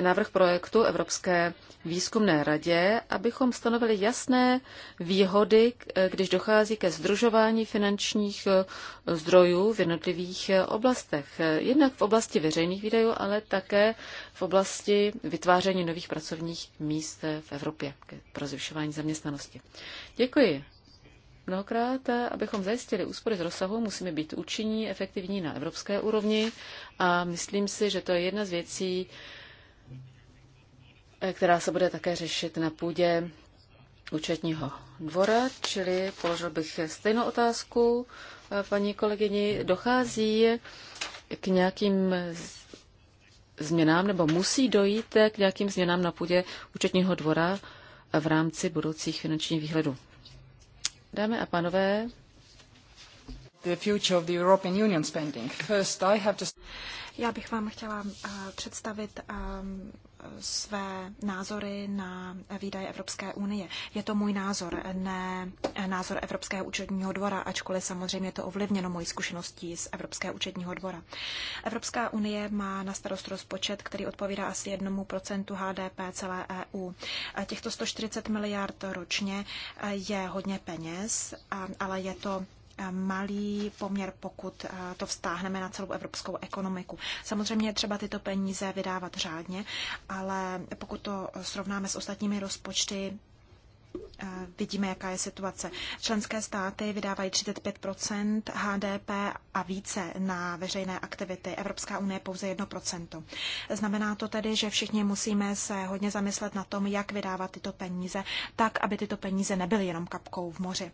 Speaker 1: návrh projektu Evropské výzkumné radě, abychom stanovili jasné výhody, když dochází ke združování finančních eh, zdrojů v jednotlivých eh, oblastech. Jednak v oblasti veřejných výdajů, ale také v oblasti vytváření nových pracovních míst eh, v Evropě pro zvyšování zaměstnanosti. Děkuji. Mnohokrát, abychom zajistili úspory z rozsahu, musíme být účinní, efektivní na evropské úrovni a myslím si, že to je jedna z věcí, která se bude také řešit na půdě účetního dvora, čili položil bych stejnou otázku eh, paní kolegyni. Dochází k nějakým změnám, nebo musí dojít k nějakým změnám na půdě účetního dvora v rámci budoucích finančních výhledů. Dámy a pánové, The future of the European Union spending. First, I have to...
Speaker 2: Já bych vám chtěla uh, představit um, své názory na výdaje Evropské unie. Je to můj názor, ne názor Evropského účetního dvora, ačkoliv samozřejmě je to ovlivněno mojí zkušeností z Evropského účetního dvora. Evropská unie má na starost rozpočet, který odpovídá asi jednomu procentu HDP celé EU. Těchto 140 miliard ročně je hodně peněz, ale je to malý poměr, pokud to vztáhneme na celou evropskou ekonomiku. Samozřejmě je třeba tyto peníze vydávat řádně, ale pokud to srovnáme s ostatními rozpočty, vidíme, jaká je situace. Členské státy vydávají 35 HDP a více na veřejné aktivity. Evropská unie pouze 1 Znamená to tedy, že všichni musíme se hodně zamyslet na tom, jak vydávat tyto peníze, tak, aby tyto peníze nebyly jenom kapkou v moři.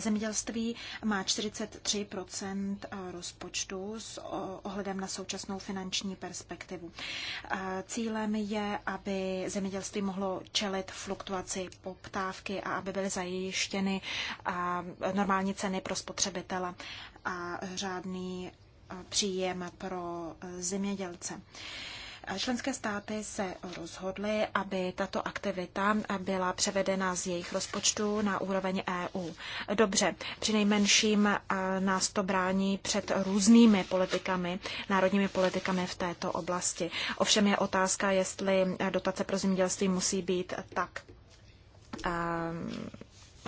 Speaker 2: Zemědělství má 43 eh, rozpočtu s eh, ohledem na současnou finanční perspektivu. Eh, cílem je, aby zemědělství mohlo čelit fluktuaci poptávky a aby byly zajištěny normální ceny pro spotřebitele a řádný příjem pro zemědělce. Členské státy se rozhodly, aby tato aktivita byla převedena z jejich rozpočtu na úroveň EU. Dobře, při nejmenším nás to brání před různými politikami, národními politikami v této oblasti. Ovšem je otázka, jestli dotace pro zemědělství musí být tak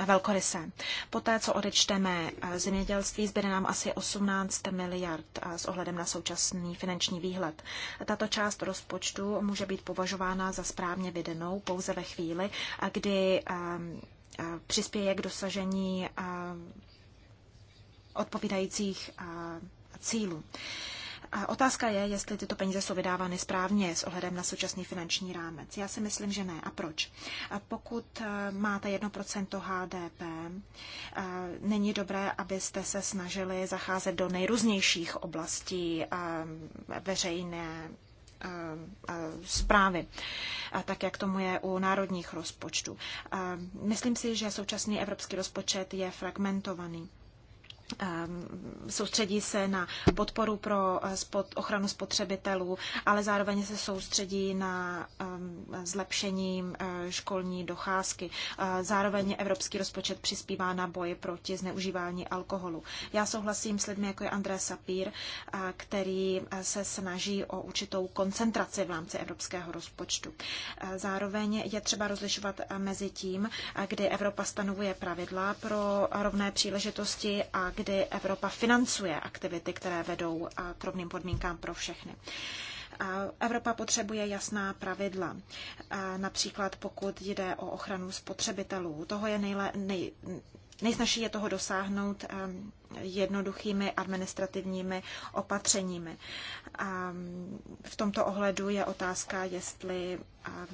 Speaker 2: velkorysé. Poté, co odečteme eh, zemědělství, zbyde nám asi 18 miliard eh, s ohledem na současný finanční výhled. Tato část rozpočtu může být považována za správně vydenou pouze ve chvíli, eh, kdy ehm, přispěje k dosažení odpovídajících cílů. A otázka je, jestli tyto peníze jsou vydávány správně s ohledem na současný finanční rámec. Já si myslím, že ne. A proč? Pokud eh, máte 1% HDP, eh, není dobré, abyste se snažili zacházet do nejrůznějších oblastí eh, veřejné zprávy, tak jak tomu je u národních rozpočtů. Myslím si, že současný evropský rozpočet je fragmentovaný. Ehm, soustředí se na podporu pro eh, spod, ochranu spotřebitelů, ale zároveň se soustředí na ehm, zlepšení eh, školní docházky. Eh, zároveň evropský rozpočet přispívá na boj proti zneužívání alkoholu. Já souhlasím s lidmi, jako je André Sapír, který se snaží o určitou koncentraci v rámci evropského rozpočtu. Zároveň je třeba rozlišovat mezi tím, kdy Evropa stanovuje pravidla pro rovné příležitosti a kdy Evropa financuje aktivity, které vedou k rovným podmínkám pro všechny. Evropa potřebuje jasná pravidla, například pokud jde o ochranu spotřebitelů. Toho je nejle, nej, Nejsnažší je toho dosáhnout ehm, jednoduchými administrativními opatřeními. Ehm, v tomto ohledu je otázka, jestli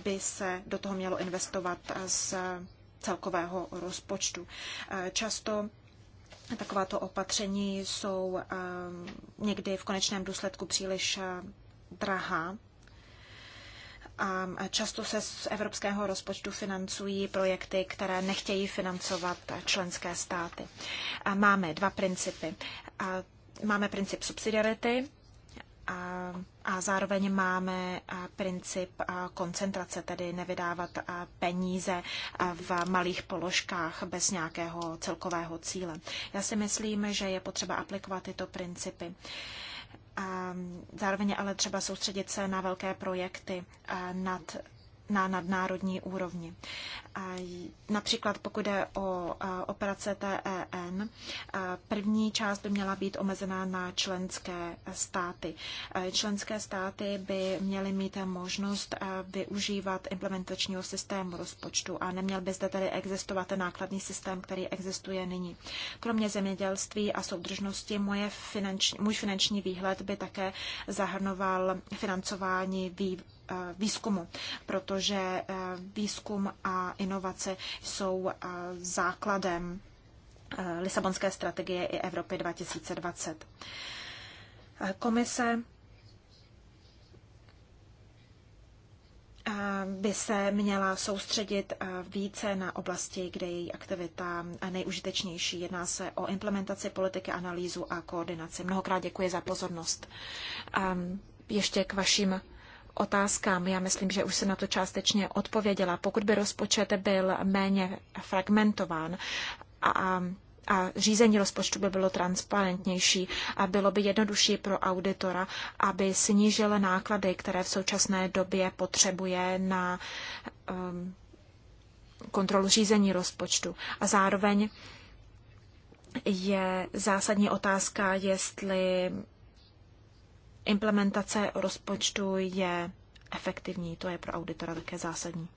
Speaker 2: by se do toho mělo investovat z celkového rozpočtu. Často Takováto opatření jsou eh, někdy v konečném důsledku příliš eh, drahá a eh, často se z evropského rozpočtu financují projekty, které nechtějí financovat členské státy. Máme dva principy. Máme princip subsidiarity a, a zároveň máme princip koncentrace, tedy nevydávat peníze v malých položkách bez nějakého celkového cíle. Já si myslím, že je potřeba aplikovat tyto principy. A zároveň ale třeba soustředit se na velké projekty nad na nadnárodní úrovni. Například pokud jde o operace TEN, první část by měla být omezená na členské státy. Členské státy by měly mít možnost využívat implementačního systému rozpočtu a neměl by zde tedy existovat ten nákladný systém, který existuje nyní. Kromě zemědělství a soudržnosti moje finanční, můj finanční výhled by také zahrnoval financování vý, Eh, výzkumu, protože eh, výzkum a inovace jsou eh, základem Lisabonské strategie i Evropy 2020. Komise by se měla soustředit více na oblasti, kde je její aktivita nejužitečnější. Jedná se o implementaci politiky, analýzu a koordinaci. Mnohokrát děkuji za pozornost. Ehm, ještě k vašim otázkám. Já myslím, že už se na to částečně odpověděla. Pokud by rozpočet byl méně fragmentován a a řízení rozpočtu by bylo transparentnější a bylo by jednodušší pro auditora, aby snížil náklady, které v současné době potřebuje na um, kontrolu řízení rozpočtu. A zároveň je zásadní otázka, jestli implementace rozpočtu je efektivní. To je pro auditora také zásadní.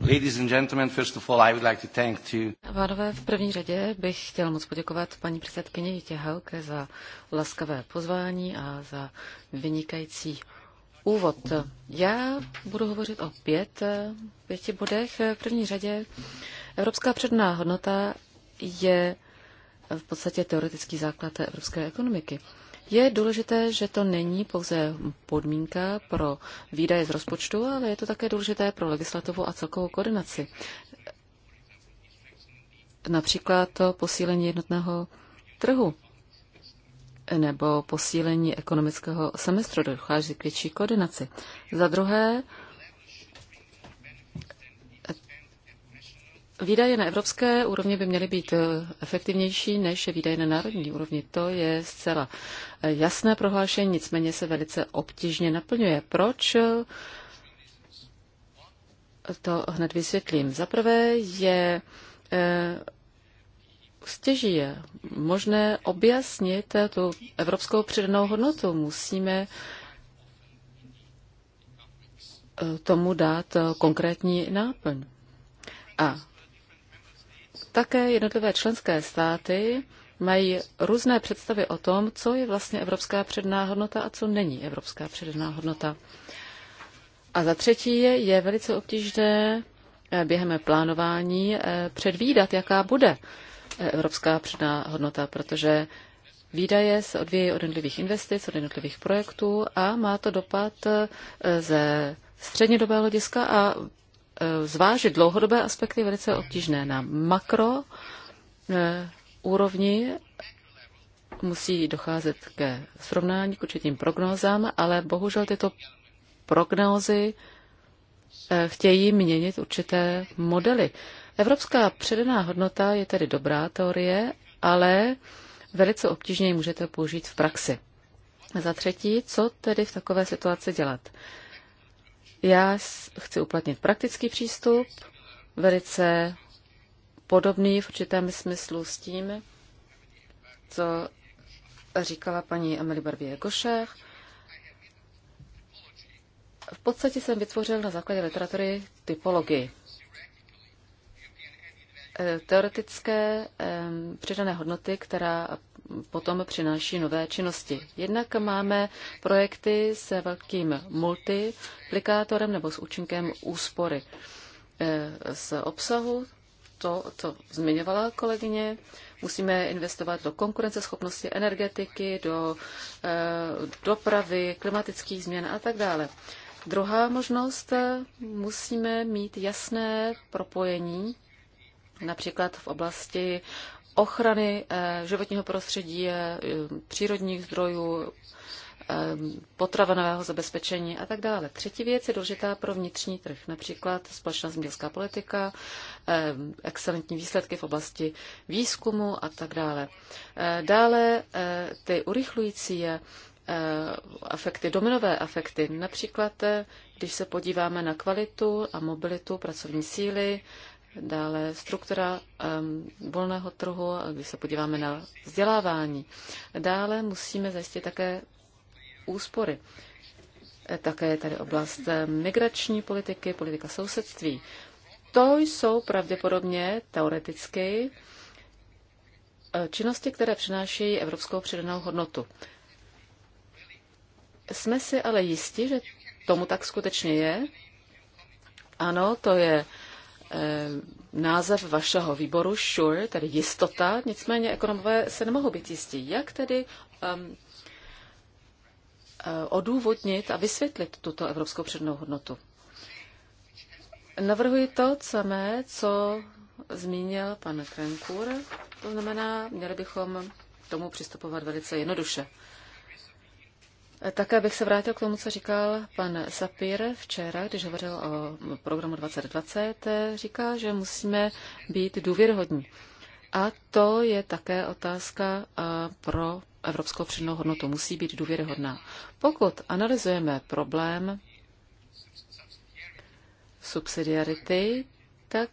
Speaker 3: Ladies and gentlemen, first of all, I would like to thank Pánové, v první
Speaker 1: řadě bych chtěl moc poděkovat paní předsedkyni Jitě Helke za laskavé pozvání a za vynikající úvod. Já budu hovořit o pět, pěti bodech. V první řadě Evropská předná hodnota je v podstatě teoretický základ evropské ekonomiky. Je důležité, že to není pouze podmínka pro výdaje z rozpočtu, ale je to také důležité pro legislativu a celkovou koordinaci. Například to posílení jednotného trhu nebo posílení ekonomického semestru dochází k větší koordinaci. Za druhé, Výdaje na evropské úrovni by měly být eh, efektivnější než výdaje na národní úrovni. To je zcela eh, jasné prohlášení, nicméně se velice obtížně naplňuje. Proč? Eh, to hned vysvětlím. Za prvé je stěží je možné objasnit tu evropskou přidanou hodnotu. Musíme tomu dát konkrétní náplň. A také jednotlivé členské státy mají různé představy o tom, co je vlastně evropská předná hodnota a co není evropská předná hodnota. A za třetí je, je velice obtížné eh, během plánování eh, předvídat, jaká bude eh, evropská předná hodnota, protože výdaje se odvíjí od jednotlivých investic, od jednotlivých projektů a má to dopad ze střednědobého hlediska a Eh, zvážit dlouhodobé aspekty velice obtížné. Na makro eh, úrovni musí docházet ke srovnání, k určitým prognózám, ale bohužel tyto prognózy eh, chtějí měnit určité modely. Evropská předená hodnota je tedy dobrá teorie, ale velice obtížně ji můžete použít v praxi. Za třetí, co tedy v takové situaci dělat? Já chci uplatnit praktický přístup, velice podobný v určitém smyslu s tím, co říkala paní Amelie Barbier Gošer. V podstatě jsem vytvořil na základě literatury typologii. E, teoretické přidané hodnoty, která potom přináší nové činnosti. Jednak máme projekty s velkým multiplikátorem nebo s účinkem úspory eh, z obsahu, to, co zmiňovala kolegyně, musíme investovat do konkurenceschopnosti energetiky, do eh, dopravy, klimatických změn a tak dále. Druhá možnost, eh, musíme mít jasné propojení, například v oblasti ochrany eh, životního prostředí, eh, přírodních zdrojů, eh, potravinového zabezpečení a tak dále. Třetí věc je důležitá pro vnitřní trh, například společná zemědělská politika, excelentní výsledky v oblasti výzkumu a tak dále. Dále ty urychlující efekty, dominové efekty, například když se podíváme na kvalitu a mobilitu pracovní síly, Dále struktura um, volného trhu, když se podíváme na vzdělávání. Dále musíme zajistit také úspory. E, také je tady oblast migrační politiky, politika sousedství. To jsou pravděpodobně teoreticky e, činnosti, které přinášejí evropskou přidanou hodnotu. Jsme si ale jistí, že tomu tak skutečně je. Ano, to je Eh, název vašeho výboru SURE, tedy jistota, nicméně ekonomové se nemohou být jistí. Jak tedy um, odůvodnit a vysvětlit tuto evropskou přednou hodnotu? Navrhuji to samé, co zmínil pan Krenkur, to znamená, měli bychom k tomu přistupovat velice jednoduše. Také bych se vrátil k tomu, co říkal pan Sapir včera, když hovořil o programu 2020. Říká, že musíme být důvěryhodní. A to je také otázka pro evropskou přidanou hodnotu. Musí být důvěryhodná. Pokud analyzujeme problém subsidiarity, tak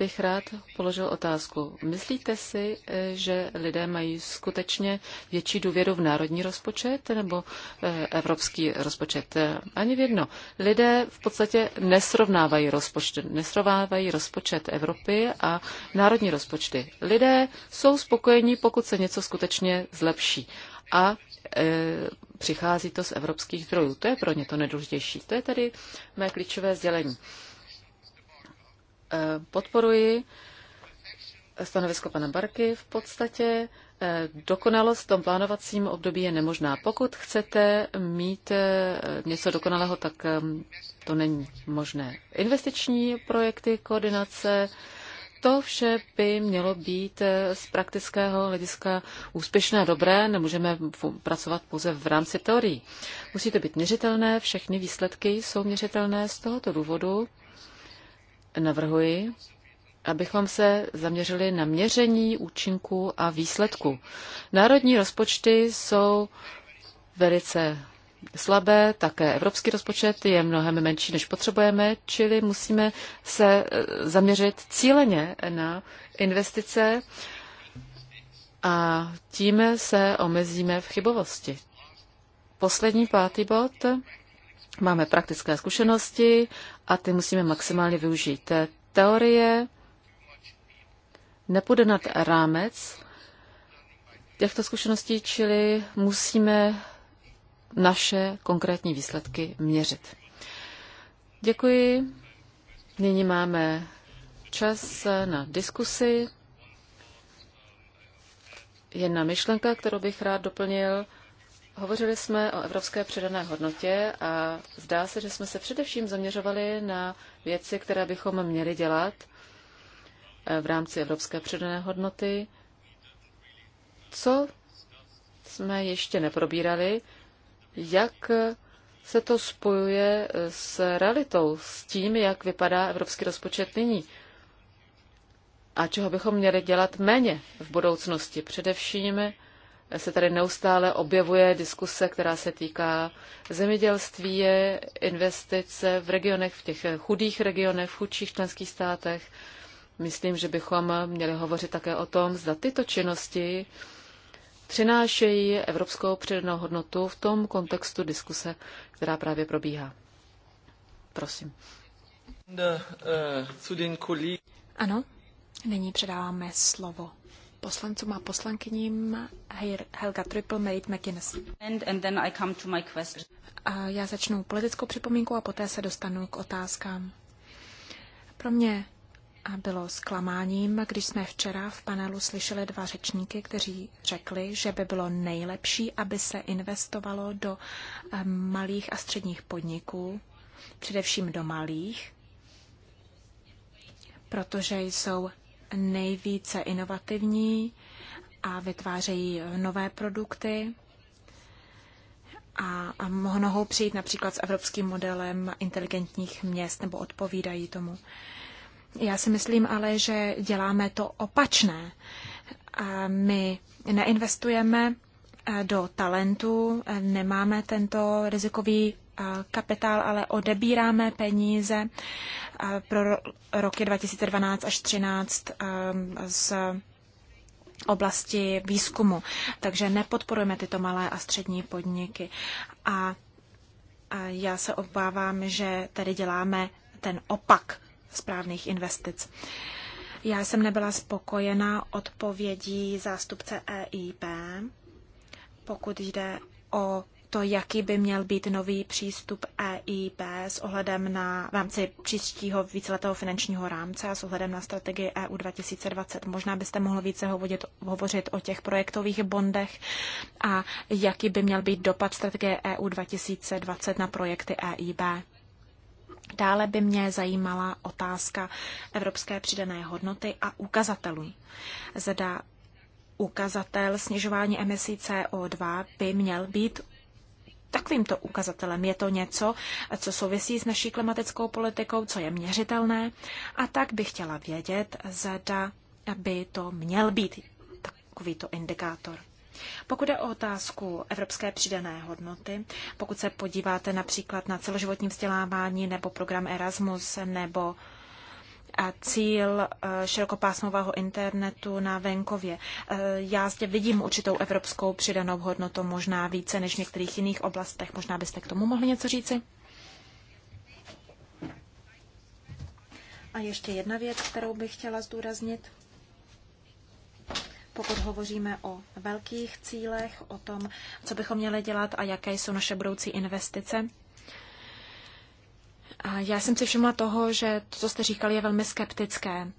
Speaker 1: bych rád položil otázku. Myslíte si, eh, že lidé mají skutečně větší důvěru v národní rozpočet nebo eh, evropský rozpočet? Eh, ani v jedno. Lidé v podstatě nesrovnávají rozpočet, nesrovnávají rozpočet Evropy a národní rozpočty. Lidé jsou spokojení, pokud se něco skutečně zlepší. A přichází to z evropských zdrojů. To je pro ně to nejdůležitější. To je tady mé klíčové sdělení. Eh, podporuji stanovisko pana Barky. V podstatě eh, dokonalost v tom plánovacím období je nemožná. Pokud chcete mít eh, něco dokonalého, tak to není možné. Investiční projekty, koordinace, to vše by mělo být z praktického hlediska úspěšné a dobré. Nemůžeme pracovat pouze v rámci teorií. Musí to být měřitelné, všechny výsledky jsou měřitelné. Z tohoto důvodu navrhuji, abychom se zaměřili na měření účinku a výsledku. Národní rozpočty jsou velice slabé, také evropský rozpočet je mnohem menší, než potřebujeme, čili musíme se eh, zaměřit cíleně na investice a tím se omezíme v chybovosti. Poslední pátý bod Máme praktické zkušenosti a ty musíme maximálně využít. Teorie nepůjde nad rámec těchto zkušeností, čili musíme naše konkrétní výsledky měřit. Děkuji. Nyní máme čas na diskusi. Jedna myšlenka, kterou bych rád doplnil. Hovořili jsme o evropské přidané hodnotě a zdá se, že jsme se především zaměřovali na věci, které bychom měli dělat eh, v rámci evropské přidané hodnoty. Co jsme ještě neprobírali, jak se to spojuje eh, s realitou, s tím, jak vypadá evropský rozpočet nyní a čeho bychom měli dělat méně v budoucnosti. Především se tady neustále objevuje diskuse, která se týká zemědělství, investice v regionech, v těch chudých regionech, v chudších členských státech. Myslím, že bychom měli hovořit také o tom, zda tyto činnosti přinášejí evropskou přidanou hodnotu v tom kontextu diskuse, která právě probíhá. Prosím.
Speaker 2: Ano, nyní předáváme slovo poslancům a poslankyním Helga Triple, Mary McInnes.
Speaker 3: And, and then I come to my
Speaker 2: A já začnu politickou připomínku a poté se dostanu k otázkám. Pro mě bylo zklamáním, když jsme včera v panelu slyšeli dva řečníky, kteří řekli, že by bylo nejlepší, aby se investovalo do malých a středních podniků, především do malých, protože jsou nejvíce inovativní a vytvářejí nové produkty a, a mohou přijít například s evropským modelem inteligentních měst nebo odpovídají tomu. Já si myslím ale, že děláme to opačné. A my neinvestujeme do talentu, nemáme tento rizikový Eh, kapitál, ale odebíráme peníze eh, pro roky 2012 až 2013 eh, z oblasti výzkumu. Takže nepodporujeme tyto malé a střední podniky. A já se obávám, že tady děláme ten opak správných investic. Já jsem nebyla spokojena odpovědí zástupce EIP, pokud jde o to, jaký by měl být nový přístup EIB s ohledem na v rámci příštího víceletého finančního rámce a s ohledem na strategii EU 2020. Možná byste mohl více hovořit, hovořit o těch projektových bondech a jaký by měl být dopad strategie EU 2020 na projekty EIB. Dále by mě zajímala otázka evropské přidané hodnoty a ukazatelů. Zda ukazatel snižování emisí CO2 by měl být takovýmto ukazatelem. Je to něco, co souvisí s naší klimatickou politikou, co je měřitelné a tak bych chtěla vědět, zda by to měl být takovýto indikátor. Pokud je o otázku evropské přidané hodnoty, pokud se podíváte například na celoživotní vzdělávání nebo program Erasmus nebo a cíl eh, širokopásmového internetu na venkově. Eh, já zde vidím určitou evropskou přidanou hodnotu, možná více než v některých jiných oblastech. Možná byste k tomu mohli něco říci? A ještě jedna věc, kterou bych chtěla zdůraznit. Pokud hovoříme o velkých cílech, o tom, co bychom měli dělat a jaké jsou naše budoucí investice, já jsem si všimla toho, že to, co jste říkali, je velmi skeptické.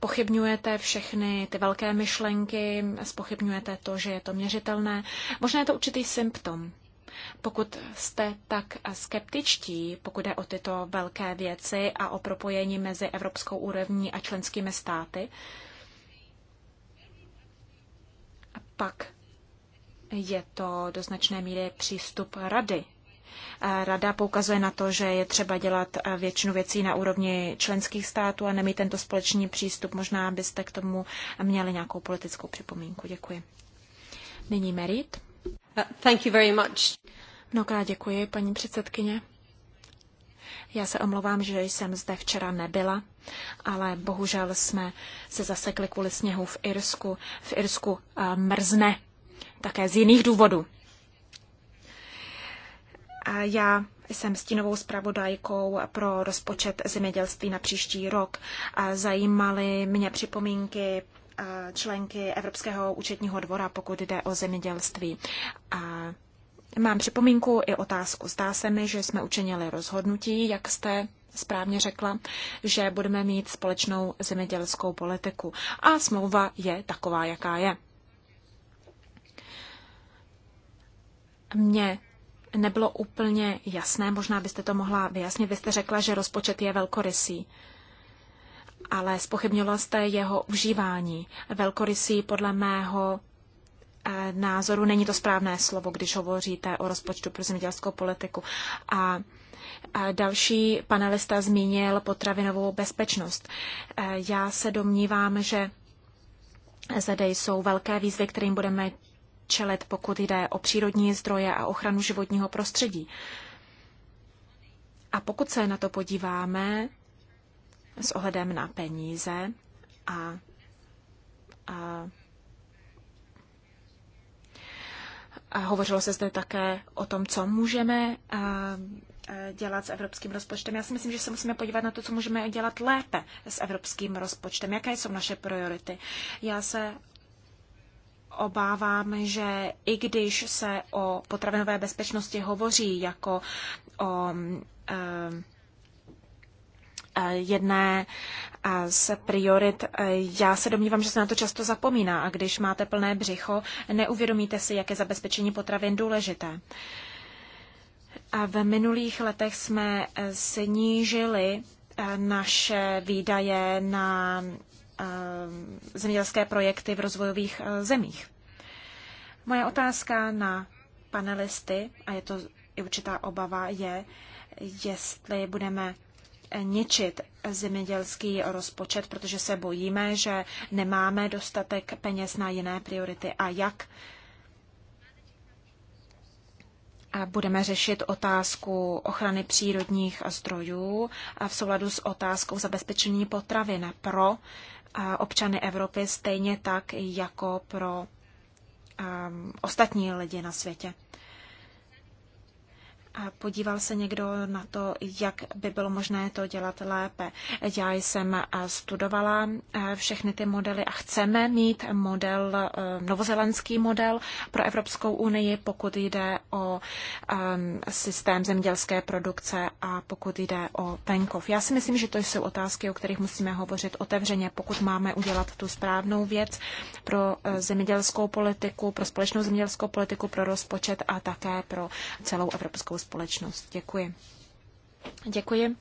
Speaker 2: Pochybňujete všechny ty velké myšlenky, spochybňujete to, že je to měřitelné. Možná je to určitý symptom. Pokud jste tak skeptičtí, pokud jde o tyto velké věci a o propojení mezi evropskou úrovní a členskými státy, pak je to do značné míry přístup rady Rada poukazuje na to, že je třeba dělat eh, většinu věcí na úrovni členských států a nemít tento společný přístup. Možná byste k tomu měli nějakou politickou připomínku. Děkuji. Nyní Merit. Uh, thank you very much. Mnohokrát děkuji, paní předsedkyně. Já se omlouvám, že jsem zde včera nebyla, ale bohužel jsme se zasekli kvůli sněhu v Irsku. V Irsku eh, mrzne také z jiných důvodů. Já jsem stínovou zpravodajkou pro rozpočet zemědělství na příští rok. Zajímaly mě připomínky členky Evropského účetního dvora, pokud jde o zemědělství. Mám připomínku i otázku. Zdá se mi, že jsme učinili rozhodnutí, jak jste správně řekla, že budeme mít společnou zemědělskou politiku. A smlouva je taková, jaká je. Mě nebylo úplně jasné, možná byste to mohla vyjasnit. Vy jste řekla, že rozpočet je velkorysý, ale spochybnila jste jeho užívání. Velkorysý podle mého eh, názoru není to správné slovo, když hovoříte o rozpočtu pro zemědělskou politiku. A další panelista zmínil potravinovou bezpečnost. Eh, já se domnívám, že zde jsou velké výzvy, kterým budeme čelit, pokud jde o přírodní zdroje a ochranu životního prostředí. A pokud se na to podíváme s ohledem na peníze a, a A hovořilo se zde také o tom, co můžeme dělat s evropským rozpočtem. Já si myslím, že se musíme podívat na to, co můžeme dělat lépe s evropským rozpočtem, jaké jsou naše priority. Já se obávám, že i když se o potravinové bezpečnosti hovoří jako o um, eh, jedné eh, z priorit. Eh, já se domnívám, že se na to často zapomíná a když máte plné břicho, neuvědomíte si, jak je zabezpečení potravin důležité. A v minulých letech jsme snížili naše výdaje na Eh, zemědělské projekty v rozvojových eh, zemích. Moje otázka na panelisty, a je to i určitá obava, je, jestli budeme eh, ničit zemědělský rozpočet, protože se bojíme, že nemáme dostatek peněz na jiné priority a jak a budeme řešit otázku ochrany přírodních zdrojů a v souladu s otázkou zabezpečení potravin pro občany Evropy, stejně tak jako pro um, ostatní lidi na světě. Podíval se někdo na to, jak by bylo možné to dělat lépe. Já jsem eh, studovala eh, všechny ty modely a chceme mít model, eh, novozelandský model pro Evropskou unii, pokud jde o ehm, systém zemědělské produkce a pokud jde o venkov. Já si myslím, že to jsou otázky, o kterých musíme hovořit otevřeně, pokud máme udělat tu správnou věc pro zemědělskou politiku, pro společnou zemědělskou politiku, pro rozpočet a také pro celou Evropskou občanskou společnost. Děkuji. Děkuji.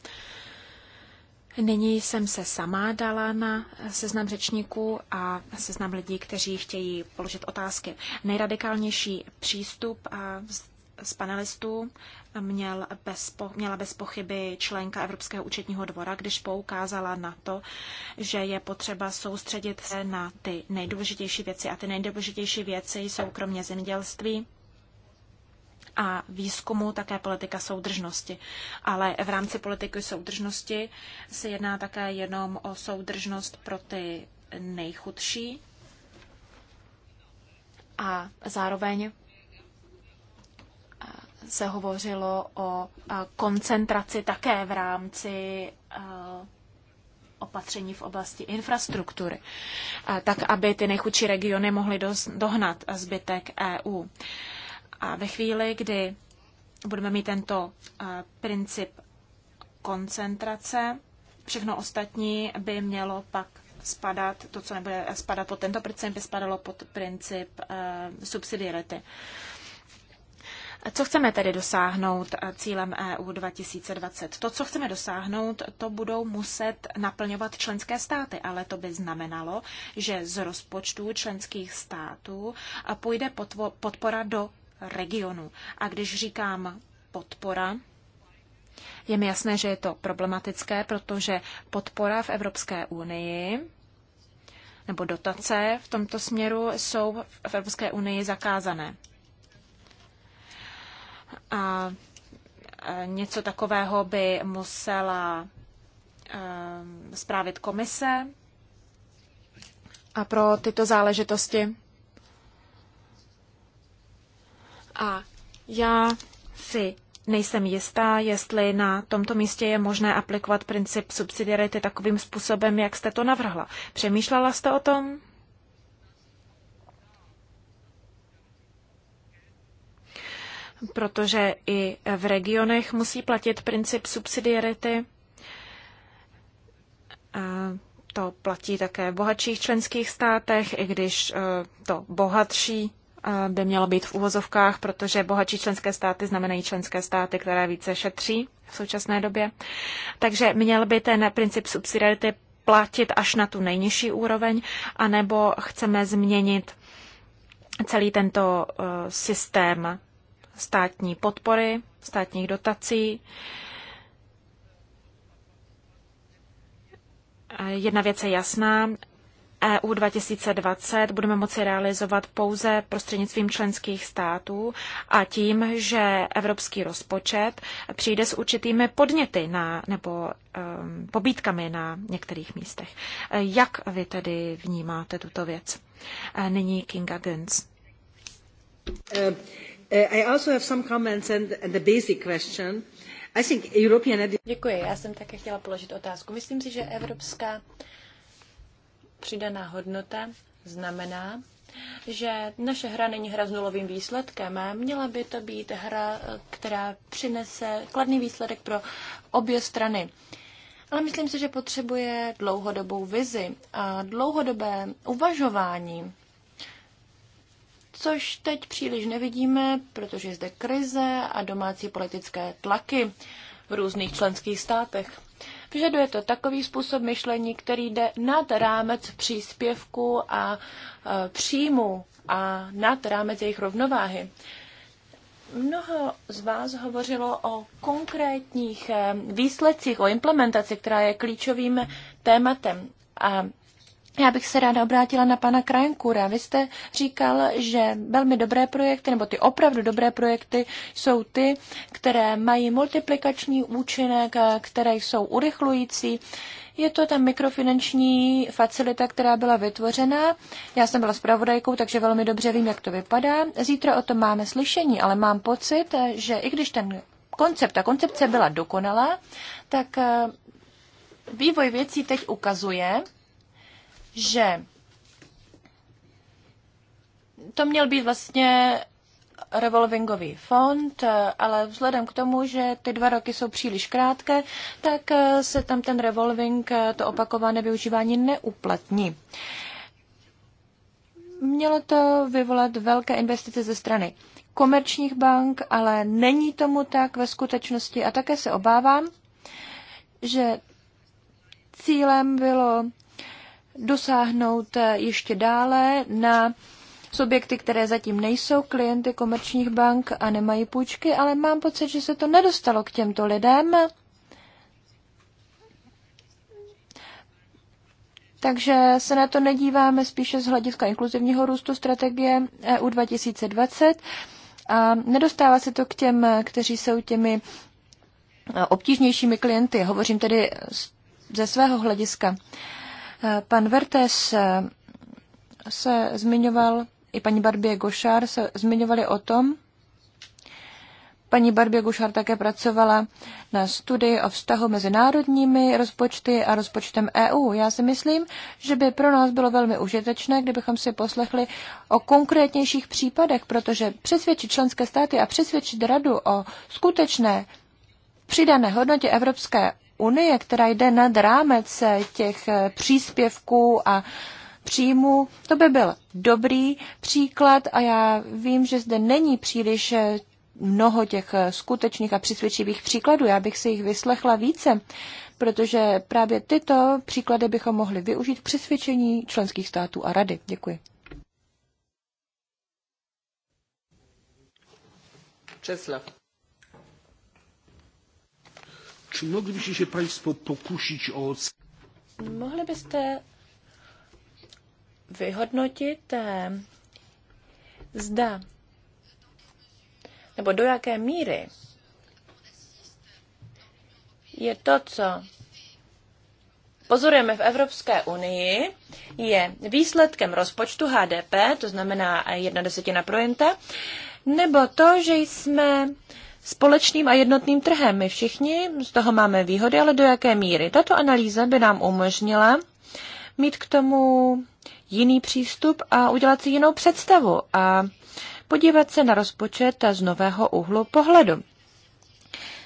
Speaker 2: Nyní jsem se sama dala na seznam řečníků a seznam lidí, kteří chtějí položit otázky. Nejradikálnější přístup z panelistů měl bez, měla bez pochyby členka Evropského účetního dvora, když poukázala na to, že je potřeba soustředit se na ty nejdůležitější věci. A ty nejdůležitější věci jsou kromě zemědělství a výzkumu také politika soudržnosti. Ale v rámci politiky soudržnosti se jedná také jenom o soudržnost pro ty nejchudší a zároveň eh, se hovořilo o eh, koncentraci také v rámci eh, opatření v oblasti infrastruktury, tak aby ty nejchudší regiony mohly dohnat zbytek EU. A ve chvíli, kdy budeme mít tento eh, princip koncentrace, všechno ostatní by mělo pak spadat, to, co nebude spadat pod tento princip, by spadalo pod princip eh, subsidiarity. Co chceme tedy dosáhnout eh, cílem EU 2020? To, co chceme dosáhnout, to budou muset naplňovat členské státy, ale to by znamenalo, že z rozpočtu členských států půjde podpora do regionu. A když říkám podpora, je mi jasné, že je to problematické, protože podpora v Evropské unii nebo dotace v tomto směru jsou v Evropské unii zakázané. A něco takového by musela zprávit ehm, komise a pro tyto záležitosti. A já si nejsem jistá, jestli na tomto místě je možné aplikovat princip subsidiarity takovým způsobem, jak jste to navrhla. Přemýšlela jste o tom? Protože i v regionech musí platit princip subsidiarity. A to platí také v bohatších členských státech, i když eh, to bohatší by mělo být v uvozovkách, protože bohatší členské státy znamenají členské státy, které více šetří v současné době. Takže měl by ten princip subsidiarity platit až na tu nejnižší úroveň, anebo chceme změnit celý tento eh, systém státní podpory, státních dotací. Eh, jedna věc je jasná, EU 2020 budeme moci realizovat pouze prostřednictvím členských států a tím, že evropský rozpočet přijde s určitými podněty na, nebo um, ehm, pobítkami na některých místech. E, jak vy tedy vnímáte tuto věc? E, nyní Kinga Guns. Uh, uh,
Speaker 3: Děkuji, já jsem také chtěla položit otázku. Myslím si, že Evropská přidaná hodnota znamená, že naše hra není hra s nulovým výsledkem. Měla by to být hra, která přinese kladný výsledek pro obě strany. Ale myslím si, že potřebuje dlouhodobou vizi a dlouhodobé uvažování, což teď příliš nevidíme, protože je zde krize a domácí politické tlaky v různých členských státech. Vyžaduje to takový způsob myšlení, který jde nad rámec příspěvku a e, příjmu a nad rámec jejich rovnováhy. Mnoho z vás hovořilo o konkrétních e, výsledcích, o implementaci, která je klíčovým tématem. A já bych se ráda obrátila na pana Krajenkura. Vy jste říkal, že velmi dobré projekty, nebo ty opravdu dobré projekty, jsou ty, které mají multiplikační účinek, které jsou urychlující. Je to ta mikrofinanční facilita, která byla vytvořena. Já jsem byla zpravodajkou, takže velmi dobře vím, jak to vypadá. Zítra o tom máme slyšení, ale mám pocit, že i když ten koncept, ta koncepce byla dokonalá, tak e, vývoj věcí teď ukazuje, že to měl být vlastně revolvingový fond, ale vzhledem k tomu, že ty dva roky jsou příliš krátké, tak se tam ten revolving, to opakované využívání neuplatní. Mělo to vyvolat velké investice ze strany komerčních bank, ale není tomu tak ve skutečnosti a také se obávám, že cílem bylo dosáhnout eh, ještě dále na subjekty, které zatím nejsou klienty komerčních bank a nemají půjčky, ale mám pocit, že se to nedostalo k těmto lidem. Takže se na to nedíváme spíše z hlediska inkluzivního růstu strategie EU 2020 a nedostává se to k těm, kteří jsou těmi eh, obtížnějšími klienty. Hovořím tedy ze svého hlediska. Pan Vertes eh, se zmiňoval, i paní Barbie Gošár se zmiňovali o tom, Paní Barbě Gušar také pracovala na studii o vztahu mezi národními rozpočty a rozpočtem EU. Já si myslím, že by pro nás bylo velmi užitečné, kdybychom si poslechli o konkrétnějších případech, protože přesvědčit členské státy a přesvědčit radu o skutečné přidané hodnotě Evropské unie, která jde nad rámec těch příspěvků a příjmů, to by byl dobrý příklad a já vím, že zde není příliš mnoho těch skutečných a přesvědčivých příkladů. Já bych si jich vyslechla více, protože právě tyto příklady bychom mohli využít k přesvědčení členských států a rady. Děkuji. Česlav.
Speaker 1: Czy moglibyście się Państwo pokusić o
Speaker 3: Mohli byste vyhodnotit, eh, zda nebo do jaké míry je to, co pozorujeme v Evropské unii, je výsledkem rozpočtu HDP, to znamená jedna desetina projenta, nebo to, že jsme společným a jednotným trhem. My všichni z toho máme výhody, ale do jaké míry? Tato analýza by nám umožnila mít k tomu jiný přístup a udělat si jinou představu a podívat se na rozpočet z nového úhlu pohledu.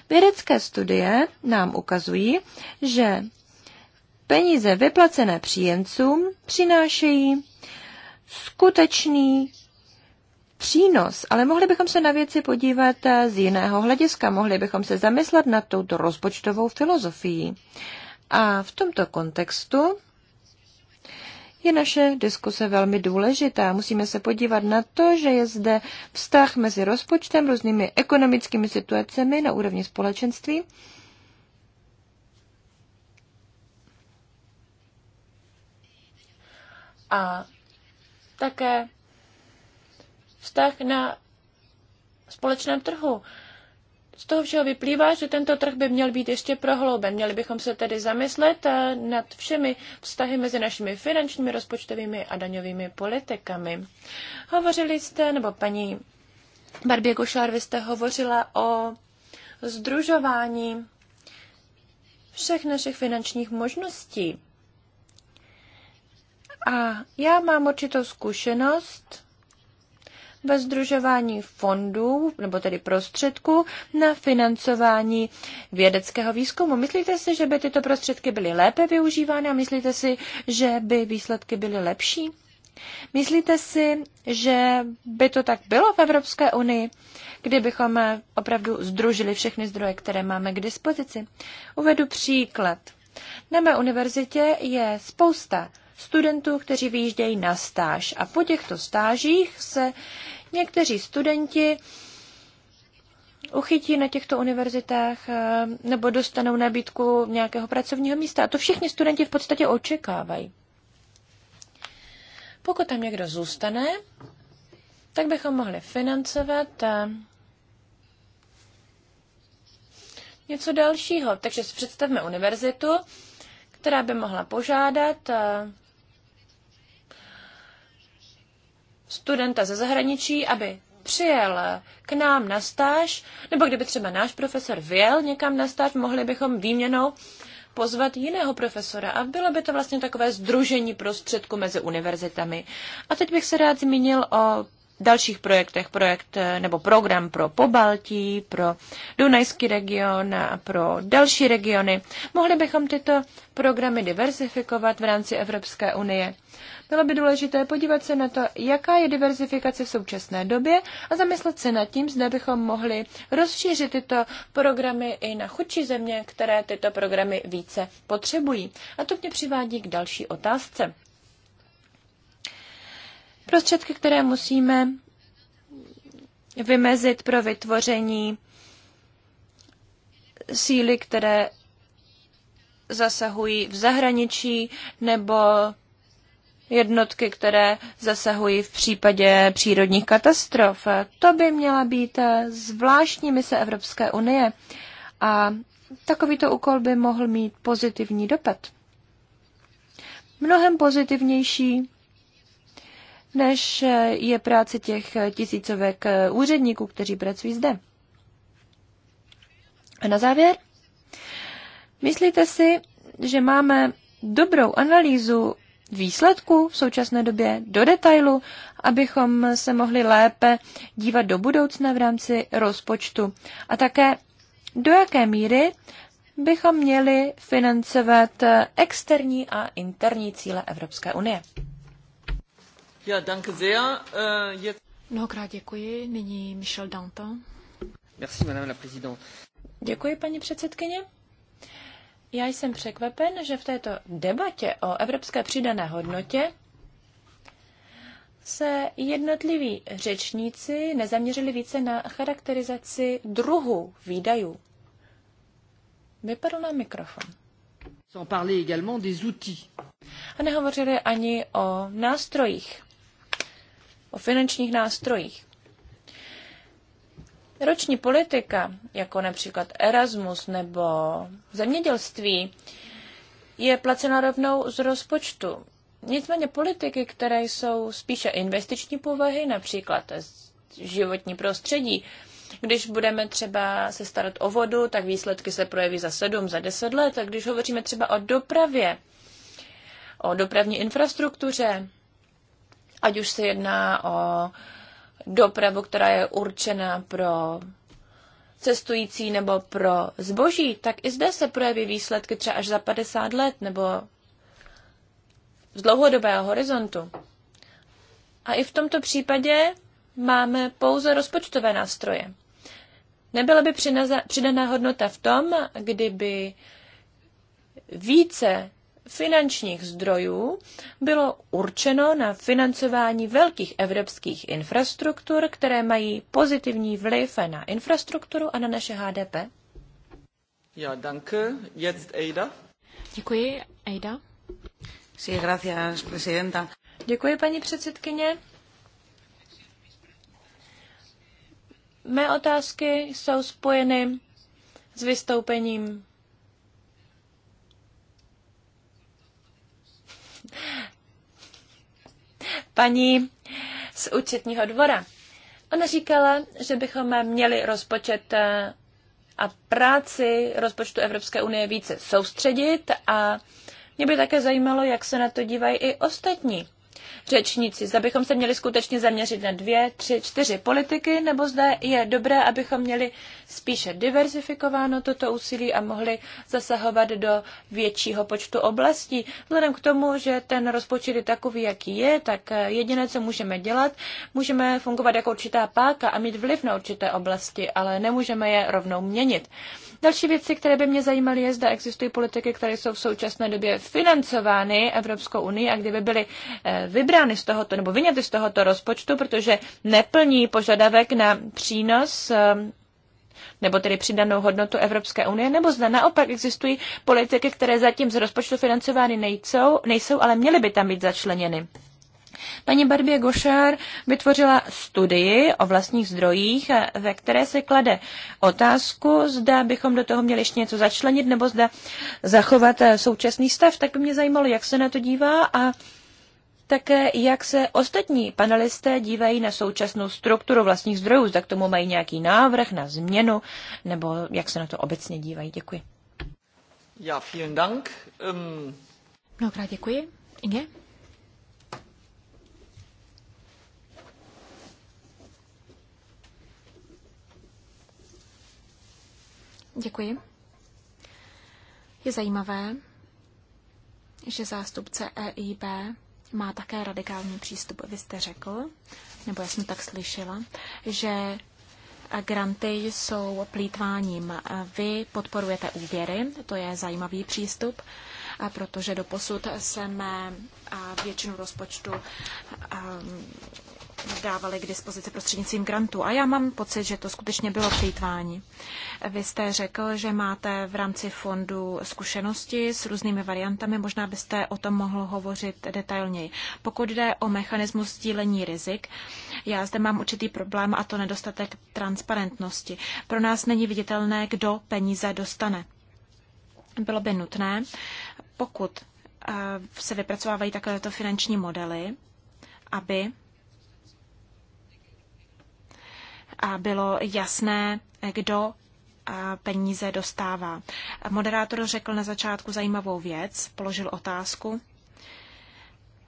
Speaker 3: Vědecké studie nám ukazují, že peníze vyplacené příjemcům přinášejí skutečný přínos, ale mohli bychom se na věci podívat eh, z jiného hlediska, mohli bychom se zamyslet nad touto rozpočtovou filozofií. A v tomto kontextu je naše diskuse velmi důležitá. Musíme se podívat na to, že je zde vztah mezi rozpočtem, různými ekonomickými situacemi na úrovni společenství. A také vztah na společném trhu. Z toho všeho vyplývá, že tento trh by měl být ještě prohlouben. Měli bychom se tedy zamyslet eh, nad všemi vztahy mezi našimi finančními, rozpočtovými a daňovými politikami. Hovořili jste, nebo paní Barbě Košár, vy jste hovořila o združování všech našich finančních možností. A já mám určitou zkušenost ve združování fondů, nebo tedy prostředků, na financování vědeckého výzkumu. Myslíte si, že by tyto prostředky byly lépe využívány a myslíte si, že by výsledky byly lepší? Myslíte si, že by to tak bylo v Evropské unii, kdybychom opravdu združili všechny zdroje, které máme k dispozici? Uvedu příklad. Na mé univerzitě je spousta studentů, kteří vyjíždějí na stáž. A po těchto stážích se někteří studenti uchytí na těchto univerzitách eh, nebo dostanou nabídku nějakého pracovního místa. A to všichni studenti v podstatě očekávají. Pokud tam někdo zůstane, tak bychom mohli financovat eh, něco dalšího. Takže si představme univerzitu, která by mohla požádat eh, studenta ze zahraničí, aby přijel k nám na stáž, nebo kdyby třeba náš profesor vyjel někam na stáž, mohli bychom výměnou pozvat jiného profesora a bylo by to vlastně takové združení prostředku mezi univerzitami. A teď bych se rád zmínil o dalších projektech, projekt eh, nebo program pro Pobaltí, pro Dunajský region a pro další regiony. Mohli bychom tyto programy diversifikovat v rámci Evropské unie. Bylo by důležité podívat se na to, jaká je diversifikace v současné době a zamyslet se nad tím, zda bychom mohli rozšířit tyto programy i na chudší země, které tyto programy více potřebují. A to mě přivádí k další otázce. Prostředky, které musíme vymezit pro vytvoření síly, které zasahují v zahraničí nebo jednotky, které zasahují v případě přírodních katastrof. To by měla být zvláštní mise Evropské unie a takovýto úkol by mohl mít pozitivní dopad. Mnohem pozitivnější než je práce těch tisícovek eh, úředníků, kteří pracují zde. A na závěr, myslíte si, že máme dobrou analýzu výsledků v současné době do detailu, abychom se mohli lépe dívat do budoucna v rámci rozpočtu a také do jaké míry bychom měli financovat eh, externí a interní cíle Evropské unie.
Speaker 1: Ja, danke sehr. Uh, jetzt...
Speaker 2: Mnohokrát děkuji. Nyní Michel Danton.
Speaker 1: Merci, madame la présidente.
Speaker 3: Děkuji, paní předsedkyně. Já jsem překvapen, že v této debatě o evropské přidané hodnotě se jednotliví řečníci nezaměřili více na charakterizaci druhu výdajů. Vypadl na mikrofon. Sans parler également des outils. A nehovořili ani o nástrojích o finančních nástrojích. Roční politika, jako například Erasmus nebo zemědělství, je placena rovnou z rozpočtu. Nicméně politiky, které jsou spíše investiční povahy, například životní prostředí, když budeme třeba se starat o vodu, tak výsledky se projeví za sedm, za deset let. A když hovoříme třeba o dopravě, o dopravní infrastruktuře, ať už se jedná o dopravu, která je určena pro cestující nebo pro zboží, tak i zde se projeví výsledky třeba až za 50 let nebo z dlouhodobého horizontu. A i v tomto případě máme pouze rozpočtové nástroje. Nebyla by přidaná hodnota v tom, kdyby více finančních zdrojů bylo určeno na financování velkých evropských infrastruktur, které mají pozitivní vliv na infrastrukturu a na naše HDP?
Speaker 1: Ja, danke. Jetzt Eida.
Speaker 2: Děkuji, Eida. Sí, gracias, presidenta. Děkuji, paní předsedkyně.
Speaker 3: Mé otázky jsou spojeny s vystoupením paní z účetního dvora. Ona říkala, že bychom měli rozpočet eh, a práci rozpočtu Evropské unie více soustředit a mě by také zajímalo, jak se na to dívají i ostatní řečníci, zda bychom se měli skutečně zaměřit na dvě, tři, čtyři politiky, nebo zda je dobré, abychom měli spíše diversifikováno toto úsilí a mohli zasahovat do většího počtu oblastí. Vzhledem k tomu, že ten rozpočet je takový, jaký je, tak eh, jediné, co můžeme dělat, můžeme fungovat jako určitá páka a mít vliv na určité oblasti, ale nemůžeme je rovnou měnit. Další věci, které by mě zajímaly, je, zda existují politiky, které jsou v současné době financovány Evropskou unii a kdyby byly eh, vybrány z tohoto nebo vyňaty z tohoto rozpočtu, protože neplní požadavek na přínos eh, nebo tedy přidanou hodnotu Evropské unie, nebo zda naopak existují politiky, které zatím z rozpočtu financovány nejsou, nejsou ale měly by tam být začleněny. Paní Barbie Gošár vytvořila studii o vlastních zdrojích, eh, ve které se klade otázku, zda bychom do toho měli ještě něco začlenit, nebo zda zachovat eh, současný stav. Tak by mě zajímalo, jak se na to dívá a také, jak se ostatní panelisté dívají na současnou strukturu vlastních zdrojů, zda k tomu mají nějaký návrh na změnu, nebo jak se na to obecně dívají. Děkuji.
Speaker 1: Ja, vielen Dank. Um... Mnohokrát
Speaker 3: děkuji.
Speaker 2: Inge? Děkuji. Je zajímavé, že zástupce EIB má také radikální přístup. Vy jste řekl, nebo já jsem tak slyšela, že granty jsou plítváním. Vy podporujete úvěry, to je zajímavý přístup, protože doposud jsme většinu rozpočtu dávali k dispozici prostřednictvím grantů. A já mám pocit, že to skutečně bylo plýtvání. Vy jste řekl, že máte v rámci fondu zkušenosti s různými variantami, možná byste o tom mohl hovořit detailněji. Pokud jde o mechanismus sdílení rizik, já zde mám určitý problém a to nedostatek transparentnosti. Pro nás není viditelné, kdo peníze dostane. Bylo by nutné, pokud eh, se vypracovávají takovéto finanční modely, aby A bylo jasné, kdo peníze dostává. Moderátor řekl na začátku zajímavou věc, položil otázku,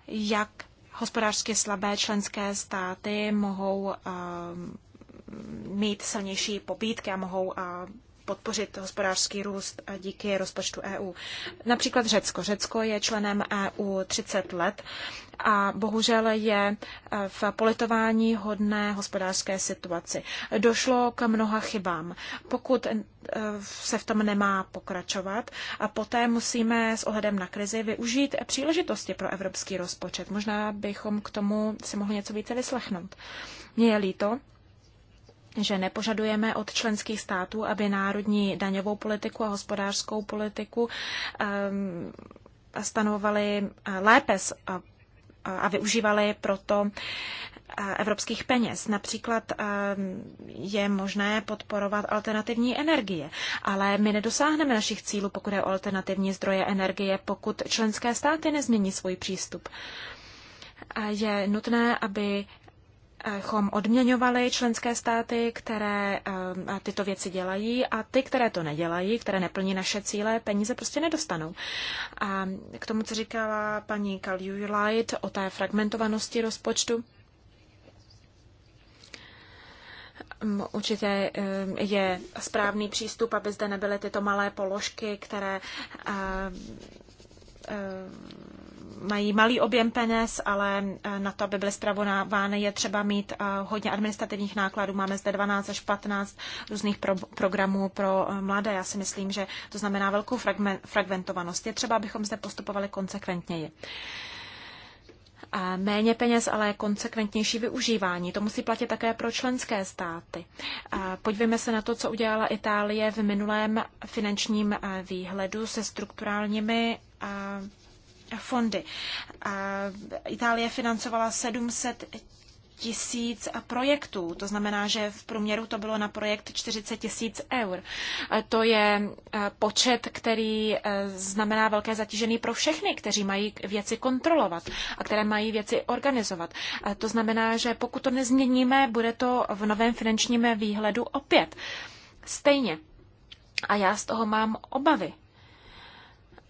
Speaker 2: jak hospodářsky slabé členské státy mohou mít silnější pobídky a mohou podpořit hospodářský růst díky rozpočtu EU. Například Řecko. Řecko je členem EU 30 let a bohužel je e, v politování hodné hospodářské situaci. Došlo k mnoha chybám. Pokud e, se v tom nemá pokračovat, a poté musíme s ohledem na krizi využít příležitosti pro evropský rozpočet. Možná bychom k tomu si mohli něco více vyslechnout. Mně je líto, že nepožadujeme od členských států, aby národní daňovou politiku a hospodářskou politiku ehm, stanovovali stanovali eh, lépe a, a využívali proto eh, evropských peněz. Například ehm, je možné podporovat alternativní energie, ale my nedosáhneme našich cílů, pokud je o alternativní zdroje energie, pokud členské státy nezmění svůj přístup. Je nutné, aby chom odměňovali členské státy, které eh, tyto věci dělají a ty, které to nedělají, které neplní naše cíle, peníze prostě nedostanou. A k tomu, co říkala paní Kaljulajt o té fragmentovanosti rozpočtu, mm, Určitě eh, je správný přístup, aby zde nebyly tyto malé položky, které eh, mají malý objem peněz, ale eh, na to, aby byly zpravovány, je třeba mít eh, hodně administrativních nákladů. Máme zde 12 až 15 různých pro- programů pro eh, mladé. Já si myslím, že to znamená velkou fragmentovanost. Je třeba, abychom zde postupovali konsekventněji. A méně peněz, ale konsekventnější využívání. To musí platit také pro členské státy. A podívejme se na to, co udělala Itálie v minulém finančním výhledu se strukturálními fondy. Itálie financovala 700 tisíc projektů. To znamená, že v průměru to bylo na projekt 40 tisíc eur. To je e, počet, který e, znamená velké zatížení pro všechny, kteří mají věci kontrolovat a které mají věci organizovat. To znamená, že pokud to nezměníme, bude to v novém finančním výhledu opět. Stejně. A já z toho mám obavy.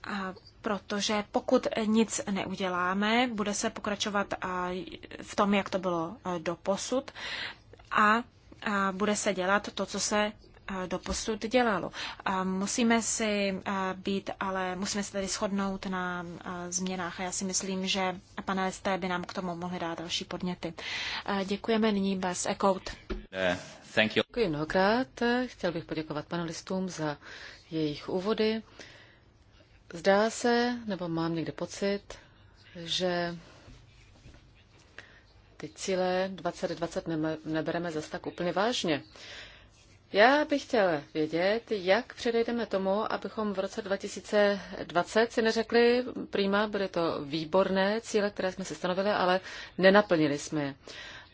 Speaker 2: A protože pokud nic neuděláme, bude se pokračovat v tom, jak to bylo doposud a bude se dělat to, co se doposud dělalo. Musíme si být, ale musíme se tedy shodnout na změnách a já si myslím, že panelisté by nám k tomu mohli dát další podněty. Děkujeme nyní bez ECOUT. Děkuji mnohokrát. Chtěl bych poděkovat panelistům za
Speaker 1: jejich úvody. Zdá se, nebo mám někde pocit, že ty cíle 2020 nebereme zase tak úplně vážně. Já bych chtěl vědět, jak předejdeme tomu, abychom v roce 2020 si neřekli, prýma, byly to výborné cíle, které jsme si stanovili, ale nenaplnili jsme je.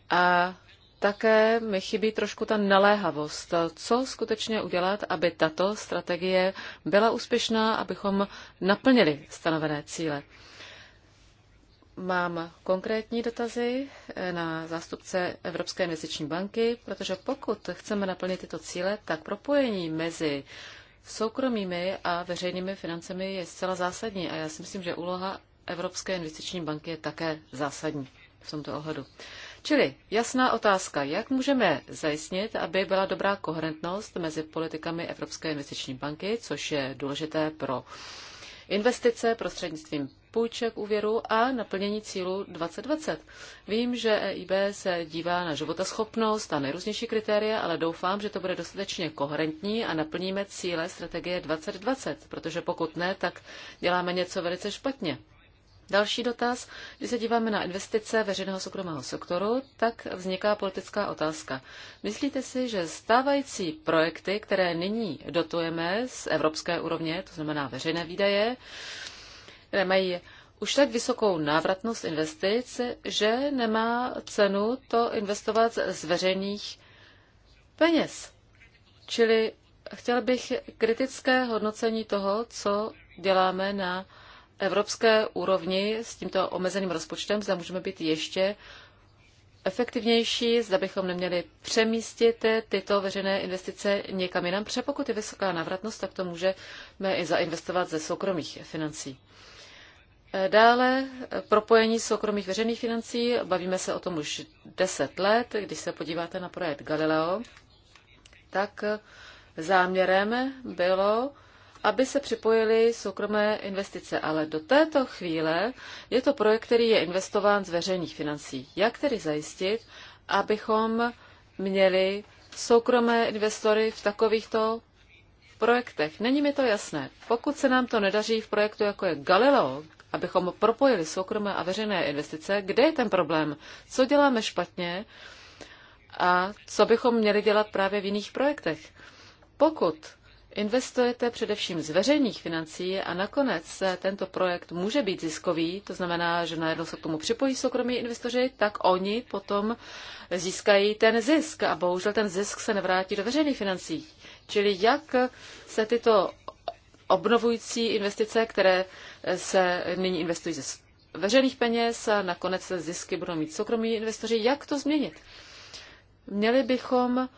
Speaker 1: A také mi chybí trošku ta naléhavost. Co skutečně udělat, aby tato strategie byla úspěšná, abychom naplnili stanovené cíle? Mám konkrétní dotazy eh, na zástupce Evropské investiční banky, protože pokud chceme naplnit tyto cíle, tak propojení mezi soukromými a veřejnými financemi je zcela zásadní a já si myslím, že úloha Evropské investiční banky je také zásadní v tomto ohledu. Čili jasná otázka, jak můžeme zajistit, aby byla dobrá koherentnost mezi politikami Evropské investiční banky, což je důležité pro investice prostřednictvím půjček, úvěru a naplnění cílu 2020. Vím, že EIB se dívá na životaschopnost a nejrůznější kritéria, ale doufám, že to bude dostatečně koherentní a naplníme cíle strategie 2020, protože pokud ne, tak děláme něco velice špatně. Další dotaz. Když se díváme na investice veřejného soukromého sektoru, tak vzniká politická otázka. Myslíte si, že stávající projekty, které nyní dotujeme z evropské úrovně, to znamená veřejné výdaje, které mají už tak vysokou návratnost investic, že nemá cenu to investovat z veřejných peněz. Čili chtěl bych kritické hodnocení toho, co děláme na evropské úrovni s tímto omezeným rozpočtem, zda můžeme být ještě efektivnější, zda bychom neměli přemístit tyto veřejné investice někam jinam, protože pokud je vysoká návratnost, tak to můžeme i zainvestovat ze soukromých financí. E, dále e, propojení soukromých veřejných financí, bavíme se o tom už 10 let, když se podíváte na projekt Galileo, tak záměrem bylo aby se připojily soukromé investice, ale do této chvíle je to projekt, který je investován z veřejných financí. Jak tedy zajistit, abychom měli soukromé investory v takovýchto projektech? Není mi to jasné. Pokud se nám to nedaří v projektu, jako je Galileo, abychom propojili soukromé a veřejné investice, kde je ten problém? Co děláme špatně a co bychom měli dělat právě v jiných projektech? Pokud investujete především z veřejných financí a nakonec eh, tento projekt může být ziskový, to znamená, že najednou se k tomu připojí soukromí investoři, tak oni potom získají ten zisk a bohužel ten zisk se nevrátí do veřejných financí. Čili jak se tyto obnovující investice, které eh, se nyní investují ze veřejných peněz a nakonec se zisky budou mít soukromí investoři, jak to změnit? Měli bychom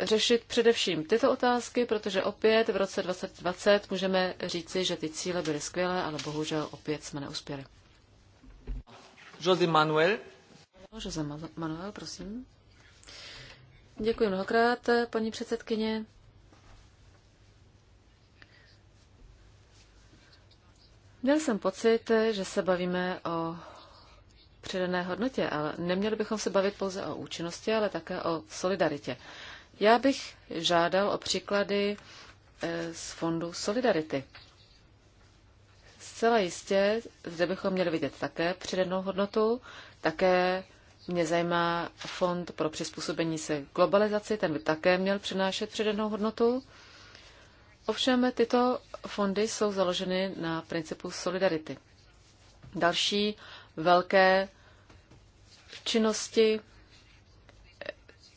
Speaker 1: řešit především tyto otázky, protože opět v roce 2020 můžeme říci, že ty cíle byly skvělé, ale bohužel opět jsme neuspěli. José Manuel. No, José Manuel, prosím. Děkuji mnohokrát, paní předsedkyně. Měl jsem pocit, že se bavíme o přidané hodnotě, ale neměli bychom se bavit pouze o účinnosti, ale také o solidaritě. Já bych žádal o příklady eh, z fondu Solidarity. Zcela jistě zde bychom měli vidět také přidanou hodnotu, také mě zajímá fond pro přizpůsobení se globalizaci, ten by také měl přinášet přidanou hodnotu. Ovšem tyto fondy jsou založeny na principu solidarity. Další velké činnosti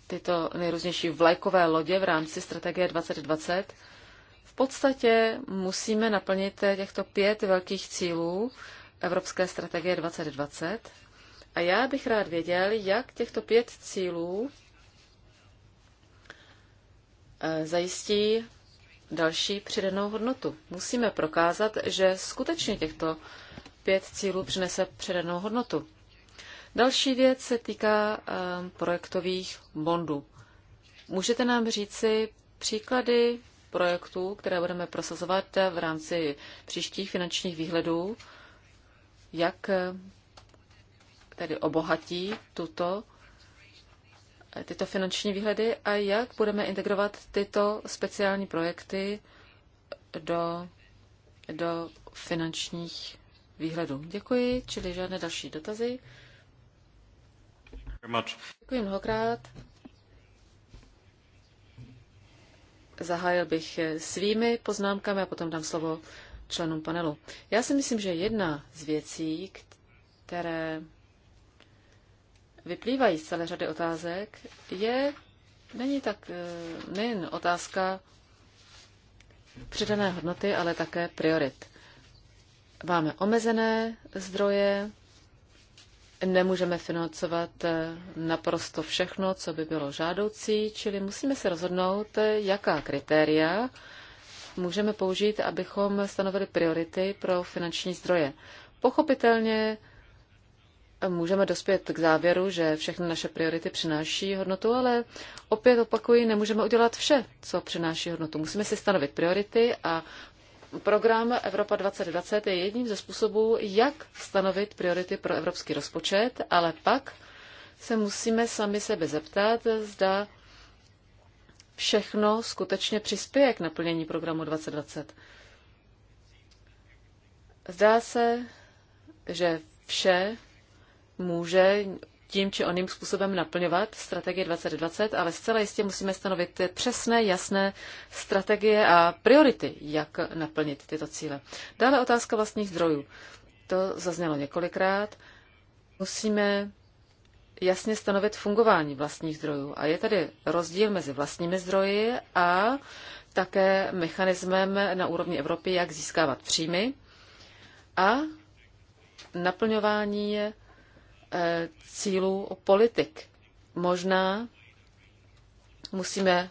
Speaker 1: tyto nejrůznější vlajkové lodě v rámci strategie 2020, v podstatě musíme naplnit těchto pět velkých cílů Evropské strategie 2020. A já bych rád věděl, jak těchto pět cílů eh, zajistí další přidanou hodnotu. Musíme prokázat, že skutečně těchto pět cílů přinese přidanou hodnotu. Další věc se týká eh, projektových bondů. Můžete nám říci příklady projektů, které budeme prosazovat v rámci příštích finančních výhledů, jak eh, tedy obohatí tuto, eh, tyto finanční výhledy a jak budeme integrovat tyto speciální projekty do, do finančních výhledů. Děkuji, čili žádné další dotazy. Děkuji mnohokrát. Zahájil bych eh, svými poznámkami a potom dám slovo členům panelu. Já si myslím, že jedna z věcí, které vyplývají z celé řady otázek, je, není tak eh, nejen otázka přidané hodnoty, ale také priorit. Máme omezené zdroje, nemůžeme financovat eh, naprosto všechno, co by bylo žádoucí, čili musíme se rozhodnout, eh, jaká kritéria můžeme použít, abychom stanovili priority pro finanční zdroje. Pochopitelně eh, můžeme dospět k závěru, že všechny naše priority přináší hodnotu, ale opět opakuji, nemůžeme udělat vše, co přináší hodnotu. Musíme si stanovit priority a Program Evropa 2020 je jedním ze způsobů, jak stanovit priority pro evropský rozpočet, ale pak se musíme sami sebe zeptat, zda všechno skutečně přispěje k naplnění programu 2020. Zdá se, že vše může tím či oným způsobem naplňovat strategie 2020, ale zcela jistě musíme stanovit přesné, jasné strategie a priority, jak naplnit tyto cíle. Dále otázka vlastních zdrojů. To zaznělo několikrát. Musíme jasně stanovit fungování vlastních zdrojů. A je tady rozdíl mezi vlastními zdroji a také mechanismem na úrovni Evropy, jak získávat příjmy a naplňování Eh, cílů politik. Možná musíme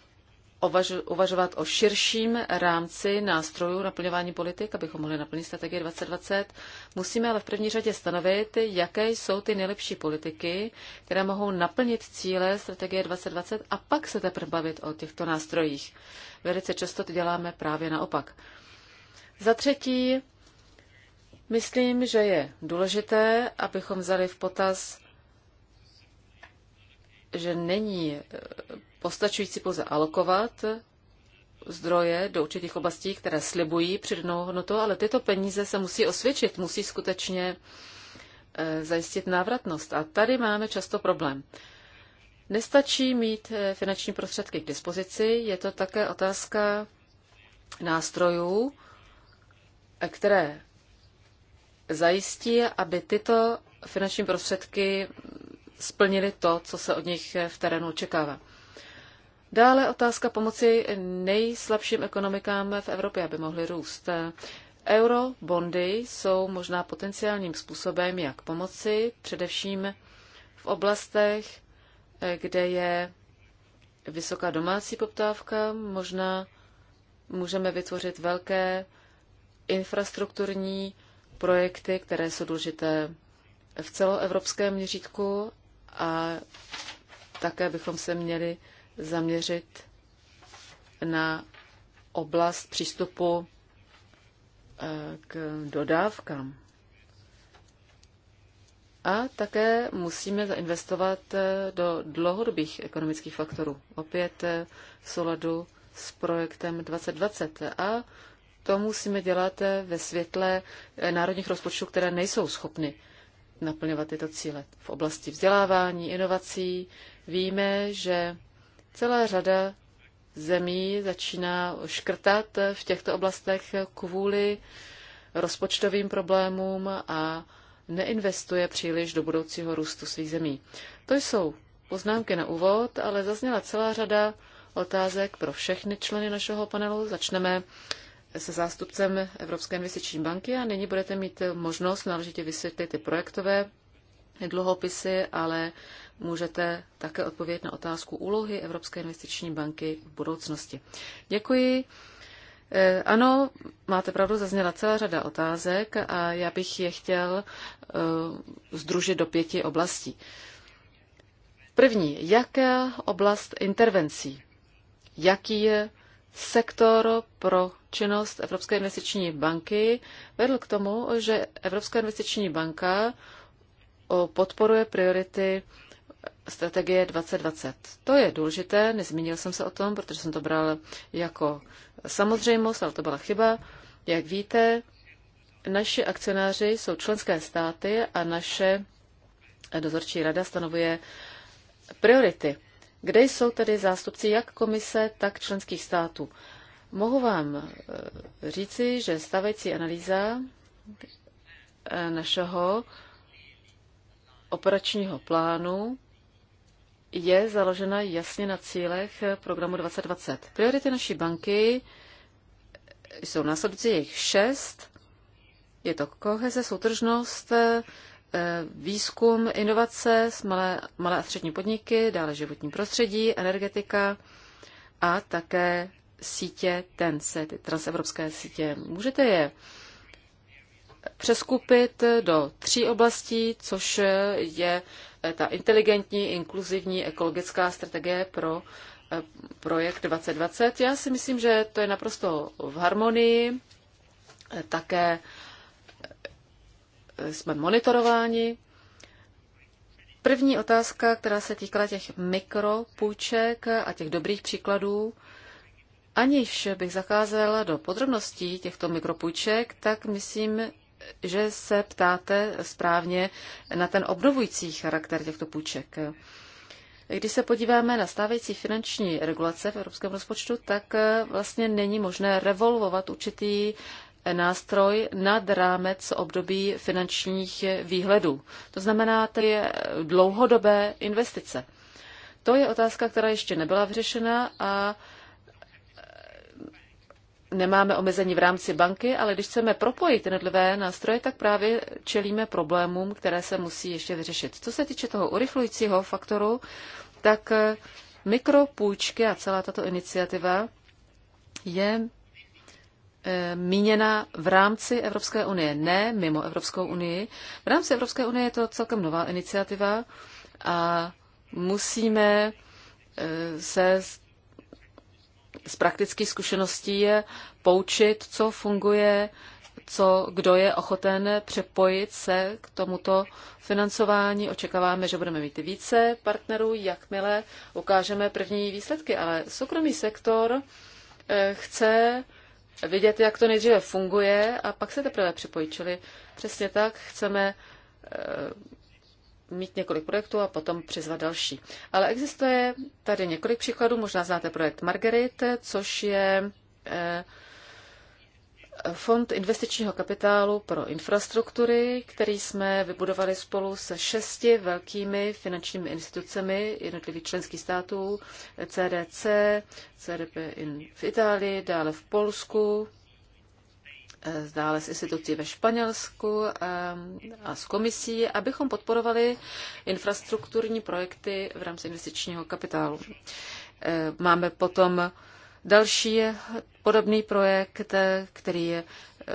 Speaker 1: uvažovat o širším rámci nástrojů naplňování politik, abychom mohli naplnit strategii 2020. Musíme ale v první řadě stanovit, jaké jsou ty nejlepší politiky, které mohou naplnit cíle strategie 2020 a pak se teprve bavit o těchto nástrojích. Velice často to děláme právě naopak. Za třetí, Myslím, že je důležité, abychom vzali v potaz, že není eh, postačující pouze alokovat zdroje do určitých oblastí, které slibují přidanou hodnotu, ale tyto peníze se musí osvědčit, musí skutečně eh, zajistit návratnost. A tady máme často problém. Nestačí mít eh, finanční prostředky k dispozici, je to také otázka nástrojů, které zajistí, aby tyto finanční prostředky splnily to, co se od nich v terénu očekává. Dále otázka pomoci nejslabším ekonomikám v Evropě, aby mohly růst. Eurobondy jsou možná potenciálním způsobem, jak pomoci, především v oblastech, kde je vysoká domácí poptávka. Možná můžeme vytvořit velké infrastrukturní projekty, které jsou důležité v celoevropském měřítku a také bychom se měli zaměřit na oblast přístupu eh, k dodávkám. A také musíme zainvestovat eh, do dlouhodobých ekonomických faktorů. Opět eh, v souladu s projektem 2020. A to musíme dělat eh, ve světle eh, národních rozpočtů, které nejsou schopny naplňovat tyto cíle. V oblasti vzdělávání, inovací víme, že celá řada zemí začíná škrtat eh, v těchto oblastech kvůli rozpočtovým problémům a neinvestuje příliš do budoucího růstu svých zemí. To jsou poznámky na úvod, ale zazněla celá řada otázek pro všechny členy našeho panelu. Začneme se zástupcem Evropské investiční banky a nyní budete mít možnost náležitě vysvětlit ty projektové dluhopisy, ale můžete také odpovědět na otázku úlohy Evropské investiční banky v budoucnosti. Děkuji. Eh, ano, máte pravdu, zazněla celá řada otázek a já bych je chtěl eh, združit do pěti oblastí. První, jaká oblast intervencí? Jaký je sektor pro činnost Evropské investiční banky vedl k tomu, že Evropská investiční banka podporuje priority strategie 2020. To je důležité, nezmínil jsem se o tom, protože jsem to bral jako samozřejmost, ale to byla chyba. Jak víte, naši akcionáři jsou členské státy a naše dozorčí rada stanovuje priority kde jsou tedy zástupci jak komise, tak členských států. Mohu vám eh, říci, že stavecí analýza eh, našeho operačního plánu je založena jasně na cílech eh, programu 2020. Priority naší banky jsou následující jejich šest. Je to koheze, soutržnost, Eh, výzkum, inovace, malé, malé a střední podniky, dále životní prostředí, energetika a také sítě TENSE, ty transevropské sítě. Můžete je přeskupit do tří oblastí, což je eh, ta inteligentní, inkluzivní, ekologická strategie pro eh, projekt 2020. Já si myslím, že to je naprosto v harmonii. Také jsme monitorováni. První otázka, která se týkala těch mikropůjček a těch dobrých příkladů, aniž bych zacházela do podrobností těchto mikropůjček, tak myslím, že se ptáte správně na ten obnovující charakter těchto půjček. Když se podíváme na stávající finanční regulace v evropském rozpočtu, tak eh, vlastně není možné revolvovat určitý nástroj nad rámec období finančních výhledů. To znamená, to je dlouhodobé investice. To je otázka, která ještě nebyla vyřešena a nemáme omezení v rámci banky, ale když chceme propojit jednotlivé nástroje, tak právě čelíme problémům, které se musí ještě vyřešit. Co se týče toho urychlujícího faktoru, tak mikropůjčky a celá tato iniciativa je míněna v rámci Evropské unie, ne mimo Evropskou unii. V rámci Evropské unie je to celkem nová iniciativa a musíme eh, se z praktických zkušeností poučit, co funguje, co, kdo je ochoten přepojit se k tomuto financování. Očekáváme, že budeme mít více partnerů, jakmile ukážeme první výsledky, ale soukromý sektor eh, chce vidět, jak to nejdříve funguje a pak se teprve připojit. Čili přesně tak chceme eh, mít několik projektů a potom přizvat další. Ale existuje tady několik příkladů. Možná znáte projekt Margarit, což je eh, fond investičního kapitálu pro infrastruktury, který jsme vybudovali spolu se šesti velkými finančními institucemi jednotlivých členských států, CDC, CDP in v Itálii, dále v Polsku, eh, dále s institucí ve Španělsku eh, a s komisí, abychom podporovali infrastrukturní projekty v rámci investičního kapitálu. Eh, máme potom Další je podobný projekt, který je, eh,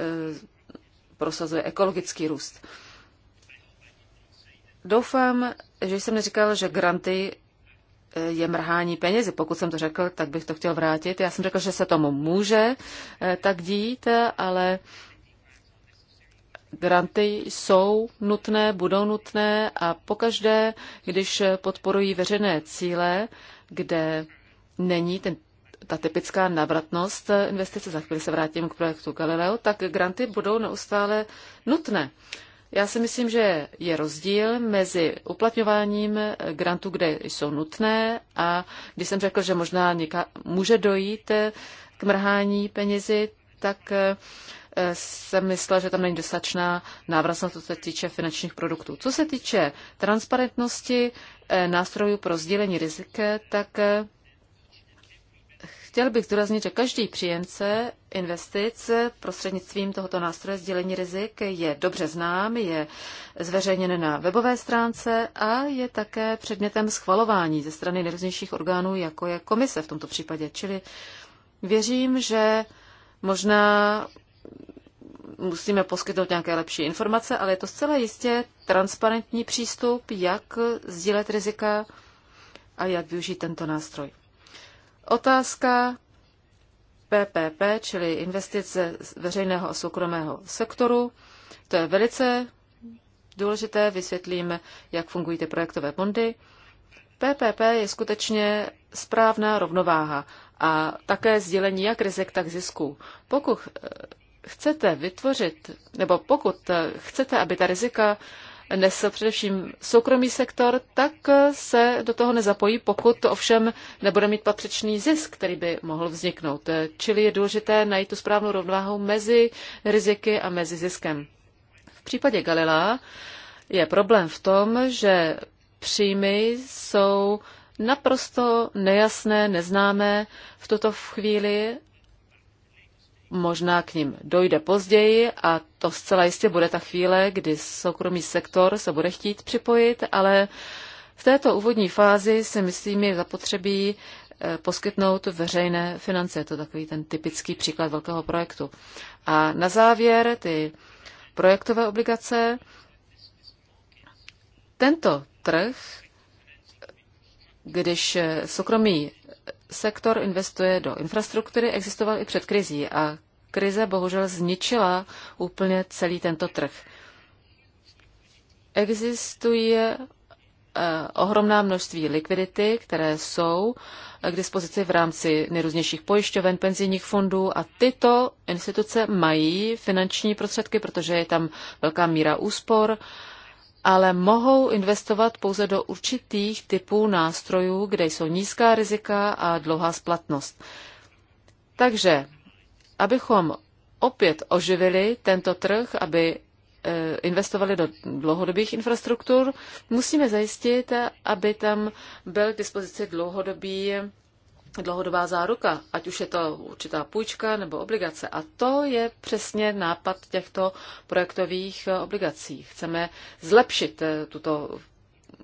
Speaker 1: prosazuje ekologický růst. Doufám, že jsem neříkal, že granty eh, je mrhání penězi. Pokud jsem to řekl, tak bych to chtěl vrátit. Já jsem řekl, že se tomu může eh, tak dít, ale granty jsou nutné, budou nutné a pokaždé, když podporují veřejné cíle, kde není ten ta typická navratnost investice, za chvíli se vrátím k projektu Galileo, tak granty budou neustále nutné. Já si myslím, že je rozdíl mezi uplatňováním grantů, kde jsou nutné a když jsem řekl, že možná něka, může dojít k mrhání penězi, tak eh, jsem myslel, že tam není dostatečná návratnost, co se týče finančních produktů. Co se týče transparentnosti eh, nástrojů pro sdílení rizik, tak eh, Chtěl bych zdůraznit, že každý příjemce investic prostřednictvím tohoto nástroje sdělení rizik je dobře znám, je zveřejněn na webové stránce a je také předmětem schvalování ze strany nejrůznějších orgánů, jako je komise v tomto případě. Čili věřím, že možná musíme poskytnout nějaké lepší informace, ale je to zcela jistě transparentní přístup, jak sdílet rizika a jak využít tento nástroj. Otázka PPP, čili investice z veřejného a soukromého sektoru. To je velice důležité, vysvětlím, jak fungují ty projektové fondy. PPP je skutečně správná rovnováha a také sdělení jak rizik, tak zisků. Pokud eh, chcete vytvořit, nebo pokud eh, chcete, aby ta rizika nesl především soukromý sektor, tak se do toho nezapojí, pokud ovšem nebude mít patřičný zisk, který by mohl vzniknout. Čili je důležité najít tu správnou rovnováhu mezi riziky a mezi ziskem. V případě Galilea je problém v tom, že příjmy jsou naprosto nejasné, neznámé v tuto chvíli Možná k ním dojde později a to zcela jistě bude ta chvíle, kdy soukromý sektor se bude chtít připojit, ale v této úvodní fázi si myslím je zapotřebí eh, poskytnout veřejné finance. Je to takový ten typický příklad velkého projektu. A na závěr ty projektové obligace. Tento trh, když soukromý sektor investuje do infrastruktury, existoval i před krizí a krize bohužel zničila úplně celý tento trh. Existuje eh, ohromná množství likvidity, které jsou eh, k dispozici v rámci nejrůznějších pojišťoven, penzijních fondů a tyto instituce mají finanční prostředky, protože je tam velká míra úspor, ale mohou investovat pouze do určitých typů nástrojů, kde jsou nízká rizika a dlouhá splatnost. Takže, abychom opět oživili tento trh, aby e, investovali do dlouhodobých infrastruktur, musíme zajistit, aby tam byl k dispozici dlouhodobý dlouhodobá záruka, ať už je to určitá půjčka nebo obligace. A to je přesně nápad těchto projektových eh, obligací. Chceme zlepšit eh, tuto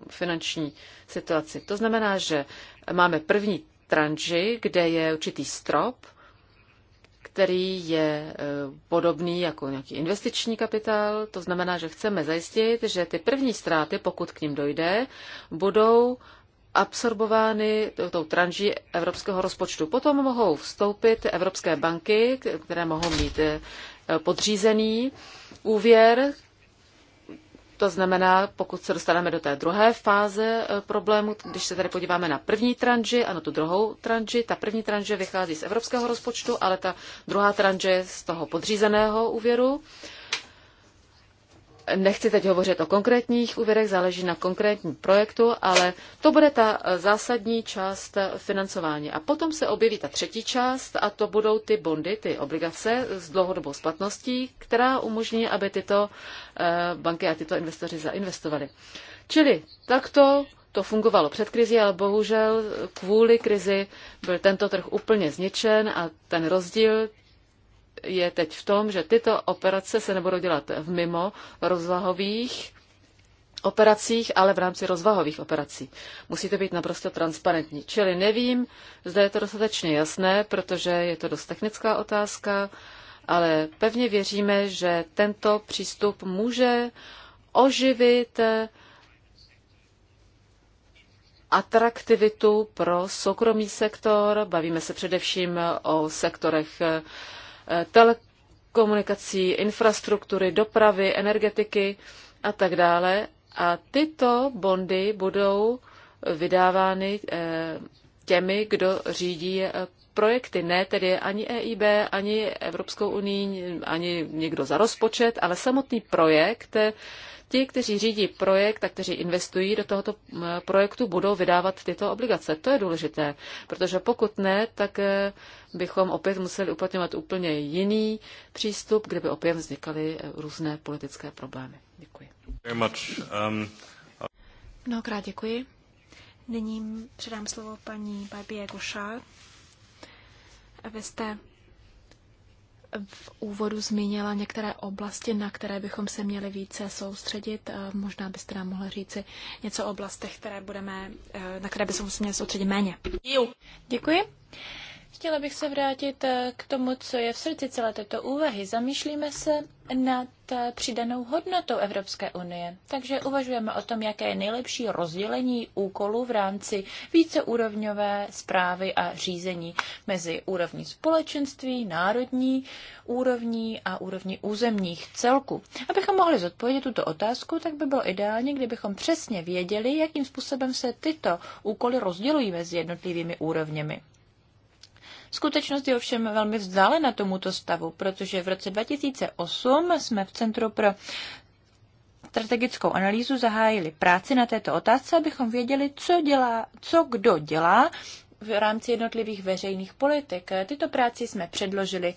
Speaker 1: finanční situaci. To znamená, že máme první tranži, kde je určitý strop, který je eh, podobný jako nějaký investiční kapitál. To znamená, že chceme zajistit, že ty první ztráty, pokud k ním dojde, budou absorbovány tou tranží evropského rozpočtu. Potom mohou vstoupit evropské banky, které mohou mít eh, podřízený úvěr, to znamená, pokud se dostaneme do té druhé fáze eh, problému, když se tady podíváme na první tranži a na tu druhou tranži, ta první tranže vychází z evropského rozpočtu, ale ta druhá tranže z toho podřízeného úvěru. Nechci teď hovořit o konkrétních úvěrech, záleží na konkrétním projektu, ale to bude ta eh, zásadní část eh, financování. A potom se objeví ta třetí část a to budou ty bondy, ty obligace s dlouhodobou splatností, která umožní, aby tyto eh, banky a tyto investoři zainvestovali. Čili takto to fungovalo před krizi, ale bohužel kvůli krizi byl tento trh úplně zničen a ten rozdíl je teď v tom, že tyto operace se nebudou dělat v mimo rozvahových operacích, ale v rámci rozvahových operací. Musí to být naprosto transparentní. Čili nevím, zda je to dostatečně jasné, protože je to dost technická otázka, ale pevně věříme, že tento přístup může oživit atraktivitu pro soukromý sektor. Bavíme se především o sektorech Eh, telekomunikací, infrastruktury, dopravy, energetiky a tak dále. A tyto bondy budou vydávány eh, těmi, kdo řídí eh, projekty. Ne tedy ani EIB, ani Evropskou unii, ani někdo za rozpočet, ale samotný projekt ti, kteří řídí projekt a kteří investují do tohoto projektu, budou vydávat tyto obligace. To je důležité, protože pokud ne, tak eh, bychom opět museli uplatňovat úplně jiný přístup, kde by opět vznikaly eh, různé politické problémy. Děkuji.
Speaker 2: Um, Mnohokrát děkuji. Nyní předám slovo paní Babie Gošár. Vy jste v úvodu zmínila některé oblasti, na které bychom se měli více soustředit. Eh, možná byste nám mohla říci něco o oblastech, které budeme, eh, na které bychom se měli soustředit méně. Děkuji. Chtěla bych se vrátit eh, k tomu, co
Speaker 3: je v srdci celé této úvahy. Zamýšlíme se nad eh, přidanou hodnotou Evropské unie. Takže uvažujeme o tom, jaké je nejlepší rozdělení úkolů v rámci víceúrovňové zprávy a řízení mezi úrovní společenství, národní úrovní a úrovní územních celků. Abychom mohli zodpovědět tuto otázku, tak by bylo ideálně, kdybychom přesně věděli, jakým způsobem se tyto úkoly rozdělují mezi jednotlivými úrovněmi. Skutečnost je ovšem velmi vzdálena tomuto stavu, protože v roce 2008 jsme v Centru pro strategickou analýzu zahájili práci na této otázce, abychom věděli, co, dělá, co kdo dělá v rámci jednotlivých veřejných politik. Tyto práci jsme předložili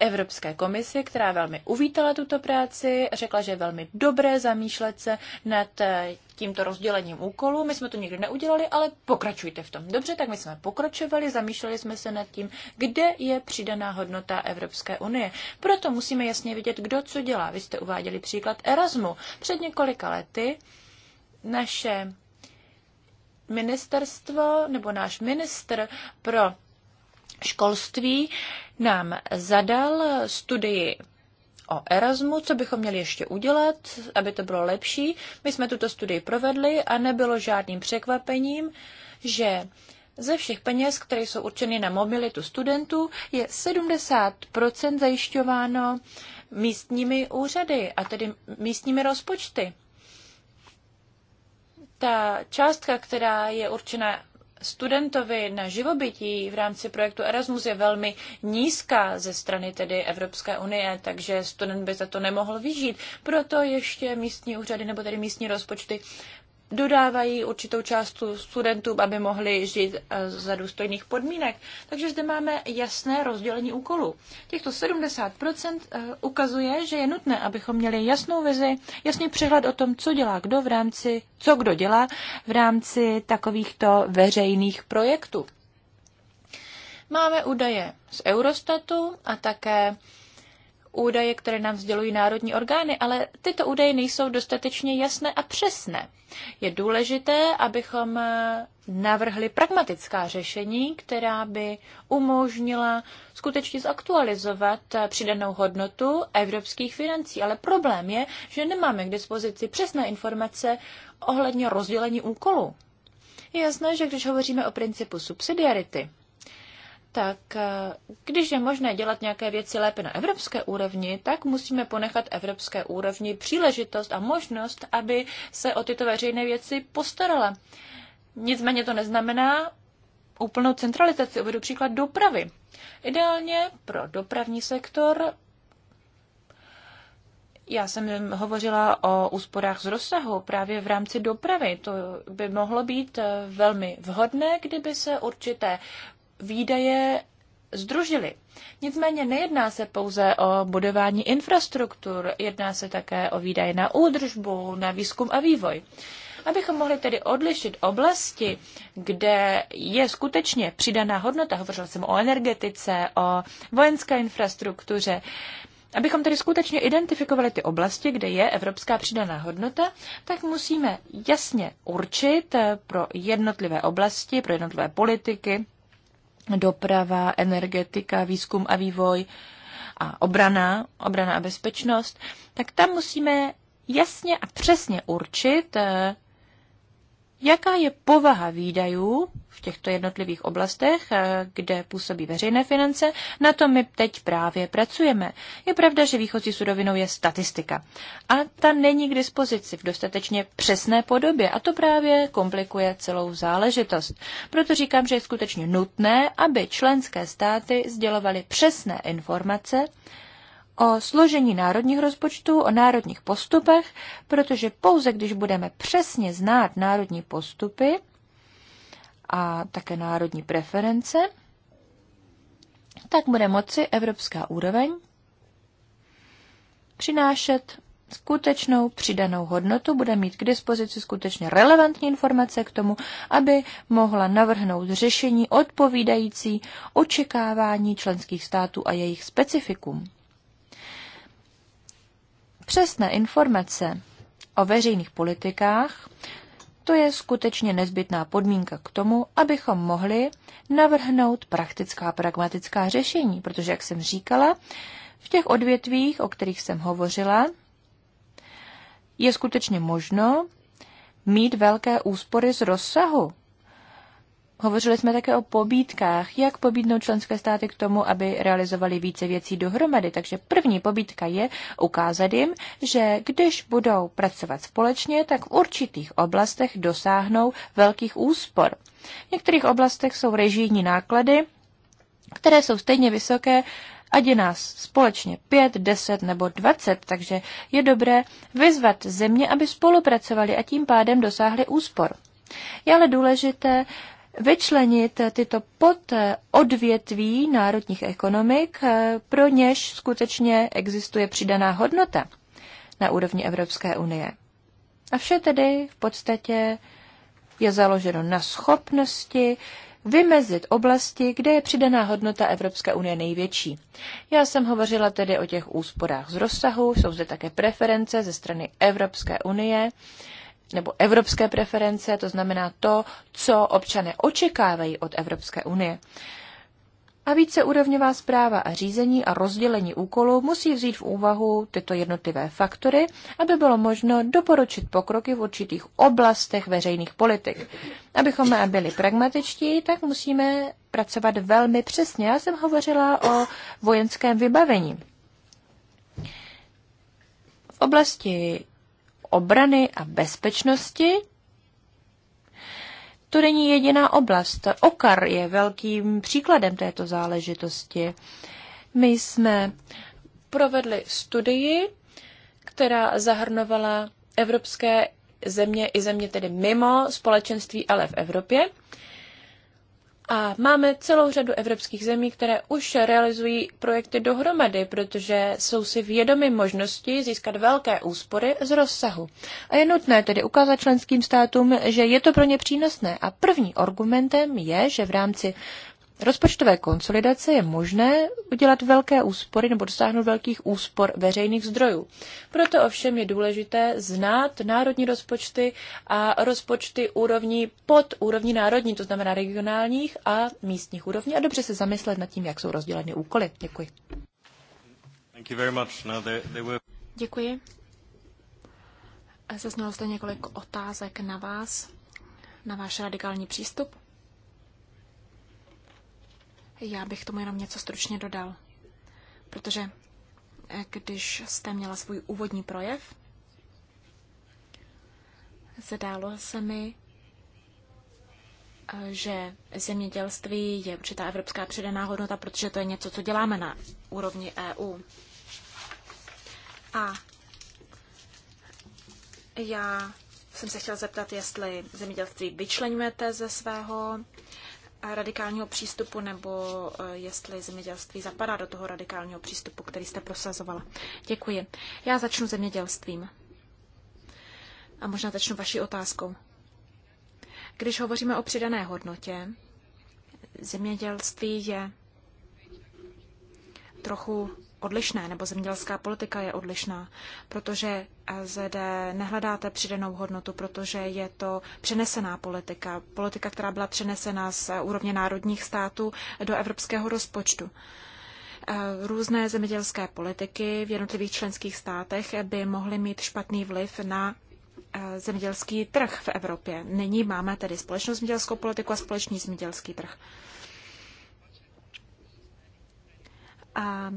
Speaker 3: Evropské komisi, která velmi uvítala tuto práci, řekla, že je velmi dobré zamýšlet se nad eh, tímto rozdělením úkolů. My jsme to nikdy neudělali, ale pokračujte v tom. Dobře, tak my jsme pokračovali, zamýšleli jsme se nad tím, kde je přidaná hodnota Evropské unie. Proto musíme jasně vidět, kdo co dělá. Vy jste uváděli příklad Erasmu. Před několika lety naše ministerstvo nebo náš ministr pro školství nám zadal studii o Erasmu, co bychom měli ještě udělat, aby to bylo lepší. My jsme tuto studii provedli a nebylo žádným překvapením, že ze všech peněz, které jsou určeny na mobilitu studentů, je 70% zajišťováno místními úřady, a tedy místními rozpočty. Ta částka, která je určena studentovi na živobytí v rámci projektu Erasmus je velmi nízká ze strany tedy Evropské unie, takže student by za to nemohl vyžít. Proto ještě místní úřady nebo tedy místní rozpočty dodávají určitou část studentům, aby mohli žít eh, za důstojných podmínek. Takže zde máme jasné rozdělení úkolů. Těchto 70% eh, ukazuje, že je nutné, abychom měli jasnou vizi, jasný přehled o tom, co dělá kdo v rámci, co kdo dělá v rámci takovýchto veřejných projektů. Máme údaje z Eurostatu a také údaje, které nám sdělují národní orgány, ale tyto údaje nejsou dostatečně jasné a přesné. Je důležité, abychom eh, navrhli pragmatická řešení, která by umožnila skutečně zaktualizovat eh, přidanou hodnotu evropských financí. Ale problém je, že nemáme k dispozici přesné informace ohledně rozdělení úkolů. Je jasné, že když hovoříme o principu subsidiarity, tak eh, když je možné dělat nějaké věci lépe na evropské úrovni, tak musíme ponechat evropské úrovni příležitost a možnost, aby se o tyto veřejné věci postarala. Nicméně to neznamená úplnou centralizaci. Uvedu příklad dopravy. Ideálně pro dopravní sektor já jsem hovořila o úsporách z rozsahu právě v rámci dopravy. To by mohlo být eh, velmi vhodné, kdyby se určité výdaje združili. Nicméně nejedná se pouze o budování infrastruktur, jedná se také o výdaje na údržbu, na výzkum a vývoj. Abychom mohli tedy odlišit oblasti, kde je skutečně přidaná hodnota, hovořil jsem o energetice, o vojenské infrastruktuře, Abychom tedy skutečně identifikovali ty oblasti, kde je evropská přidaná hodnota, tak musíme jasně určit pro jednotlivé oblasti, pro jednotlivé politiky, doprava, energetika, výzkum a vývoj a obrana, obrana a bezpečnost, tak tam musíme jasně a přesně určit, eh, jaká je povaha výdajů v těchto jednotlivých oblastech, eh, kde působí veřejné finance, na tom my teď právě pracujeme. Je pravda, že výchozí surovinou je statistika. A ta není k dispozici v dostatečně přesné podobě. A to právě komplikuje celou záležitost. Proto říkám, že je skutečně nutné, aby členské státy sdělovaly přesné informace, o složení národních rozpočtů, o národních postupech, protože pouze když budeme přesně znát národní postupy a také národní preference, tak bude moci evropská úroveň přinášet skutečnou přidanou hodnotu, bude mít k dispozici skutečně relevantní informace k tomu, aby mohla navrhnout řešení odpovídající očekávání členských států a jejich specifikum. Přesné informace o veřejných politikách, to je skutečně nezbytná podmínka k tomu, abychom mohli navrhnout praktická pragmatická řešení, protože, jak jsem říkala, v těch odvětvích, o kterých jsem hovořila, je skutečně možno mít velké úspory z rozsahu Hovořili jsme také o pobídkách, jak pobídnout členské státy k tomu, aby realizovali více věcí dohromady. Takže první pobídka je ukázat jim, že když budou pracovat společně, tak v určitých oblastech dosáhnou velkých úspor. V některých oblastech jsou režijní náklady, které jsou stejně vysoké, ať je nás společně 5, 10 nebo 20, takže je dobré vyzvat země, aby spolupracovali a tím pádem dosáhli úspor. Je ale důležité vyčlenit tyto pododvětví eh, národních ekonomik, eh, pro něž skutečně existuje přidaná hodnota na úrovni Evropské unie. A vše tedy v podstatě je založeno na schopnosti vymezit oblasti, kde je přidaná hodnota Evropské unie největší. Já jsem hovořila tedy o těch úsporách z rozsahu, jsou zde také preference ze strany Evropské unie, nebo evropské preference, to znamená to, co občané očekávají od Evropské unie. A více úrovňová zpráva a řízení a rozdělení úkolů musí vzít v úvahu tyto jednotlivé faktory, aby bylo možno doporučit pokroky v určitých oblastech veřejných politik. Abychom byli pragmatičtí, tak musíme pracovat velmi přesně. Já jsem hovořila o vojenském vybavení. V oblasti obrany a bezpečnosti, to není jediná oblast. OKAR je velkým příkladem této záležitosti. My jsme provedli studii, která zahrnovala evropské země i země tedy mimo společenství, ale v Evropě. A máme celou řadu evropských zemí, které už realizují projekty dohromady, protože jsou si vědomi možnosti získat velké úspory z rozsahu. A je nutné tedy ukázat členským státům, že je to pro ně přínosné. A první argumentem je, že v rámci rozpočtové konsolidace je možné udělat velké úspory nebo dosáhnout velkých úspor veřejných zdrojů. Proto ovšem je důležité znát národní rozpočty a rozpočty úrovní pod úrovní národní, to znamená regionálních a místních úrovní a dobře se zamyslet nad tím, jak jsou rozděleny úkoly. Děkuji.
Speaker 2: Děkuji. Zaznělo zde několik otázek na vás, na váš radikální přístup. Já bych tomu jenom něco stručně dodal, protože eh, když jste měla svůj úvodní projev, zdálo se mi, eh, že zemědělství je určitá evropská přidaná hodnota, protože to je něco, co děláme na úrovni EU. A já jsem se chtěla zeptat, jestli zemědělství vyčleňujete ze svého radikálního přístupu, nebo eh, jestli zemědělství zapadá do toho radikálního přístupu, který jste prosazovala. Děkuji. Já začnu zemědělstvím. A možná začnu vaší otázkou. Když hovoříme o přidané hodnotě, zemědělství je trochu odlišné, nebo zemědělská politika je odlišná, protože eh, zde nehledáte přidanou hodnotu, protože je to přenesená politika, politika, která byla přenesena z eh, úrovně národních států eh, do evropského rozpočtu. Různé zemědělské politiky v jednotlivých členských státech by mohly mít špatný vliv na zemědělský trh v Evropě. Nyní máme tedy společnou zemědělskou politiku a společný zemědělský trh. A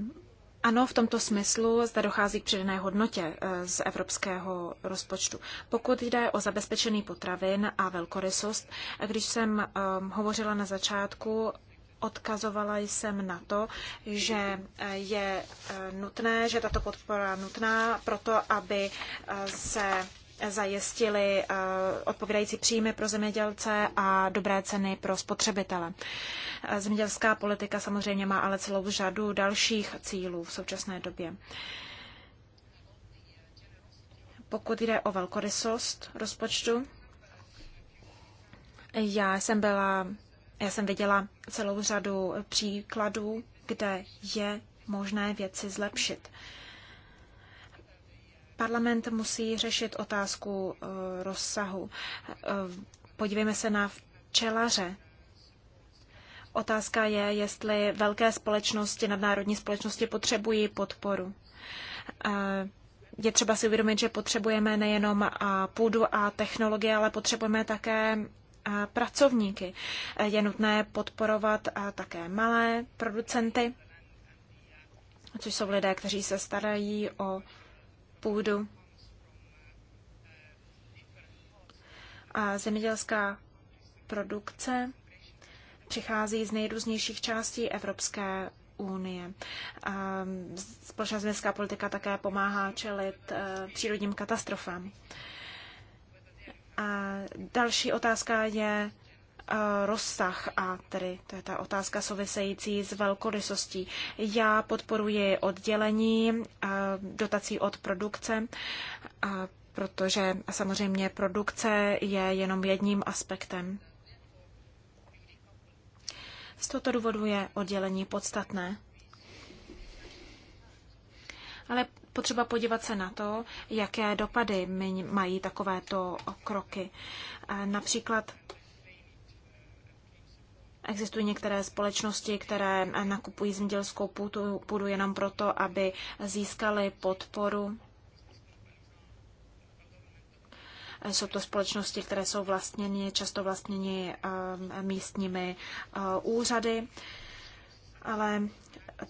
Speaker 2: ano, v tomto smyslu zde dochází k přidané hodnotě eh, z evropského rozpočtu. Pokud jde o zabezpečený potravin a velkorysost, eh, když jsem ehm, hovořila na začátku, odkazovala jsem na to, že eh, je nutné, že tato podpora nutná proto, aby se zajistili eh, odpovídající příjmy pro zemědělce a dobré ceny pro spotřebitele. Eh, zemědělská politika samozřejmě má ale celou řadu dalších cílů v současné době. Pokud jde o velkorysost rozpočtu, já jsem byla, já jsem viděla celou řadu příkladů, kde je možné věci zlepšit. Uh, Parlament musí řešit otázku eh, rozsahu. Eh, podívejme se na včelaře. Otázka je, jestli velké společnosti, nadnárodní společnosti potřebují podporu. Eh, je třeba si uvědomit, že potřebujeme nejenom půdu a technologie, ale potřebujeme také pracovníky. Je nutné podporovat také malé producenty, což jsou lidé, kteří se starají o půdu. A zemědělská produkce přichází z nejrůznějších částí Evropské unie. Společná zemědělská politika také pomáhá čelit eh, přírodním katastrofám. A další otázka je rozsah a tedy to je ta otázka související s velkorysostí. Já podporuji oddělení dotací od produkce, protože samozřejmě produkce je jenom jedním aspektem. Z tohoto důvodu je oddělení podstatné. Ale potřeba podívat se na to, jaké dopady mají takovéto kroky. Například Existují některé společnosti, které nakupují zemědělskou půdu, půdu jenom proto, aby získaly podporu. Jsou to společnosti, které jsou vlastněny, často vlastněny um, místními uh, úřady, ale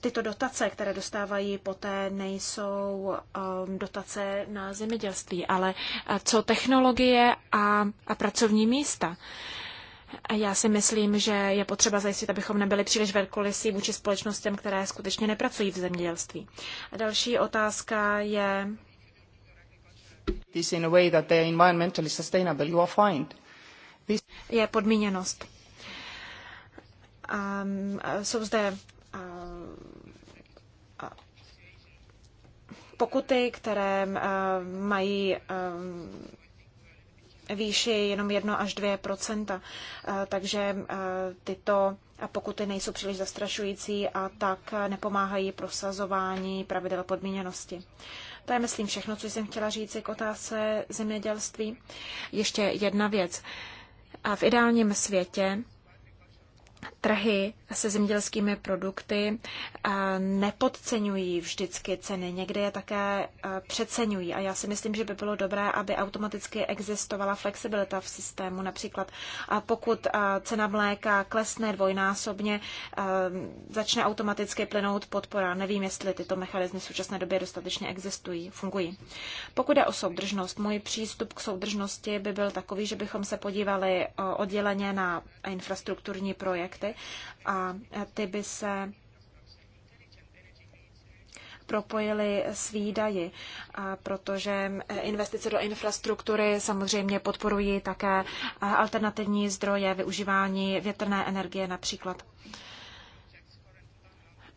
Speaker 2: tyto dotace, které dostávají poté, nejsou um, dotace na zemědělství, ale uh, co technologie a, a pracovní místa. Já si myslím, že je potřeba zajistit, abychom nebyli příliš velkolisí vůči společnostem, které skutečně nepracují v zemědělství. A další otázka je... This in a way that they environmentally sustainable, you are fine. This... Je podmíněnost. Um, jsou zde um, pokuty, které um, mají um, výši jenom 1 až 2 eh, takže eh, tyto pokuty nejsou příliš zastrašující a tak nepomáhají prosazování pravidel podmíněnosti. To je, myslím, všechno, co jsem chtěla říct k otázce zemědělství. Ještě jedna věc. A v ideálním světě trhy se zemědělskými produkty eh, nepodceňují vždycky ceny, někdy je také eh, přeceňují. A já si myslím, že by bylo dobré, aby automaticky existovala flexibilita v systému. Například eh, pokud cena mléka klesne dvojnásobně, začne automaticky plynout podpora. Nevím, jestli tyto mechanizmy v současné době dostatečně existují, fungují. Pokud je o soudržnost, můj přístup k soudržnosti by byl takový, že bychom se podívali odděleně na infrastrukturní projekt projekty a ty by se propojili s výdaji, protože investice do infrastruktury samozřejmě podporují také alternativní zdroje, využívání větrné energie například.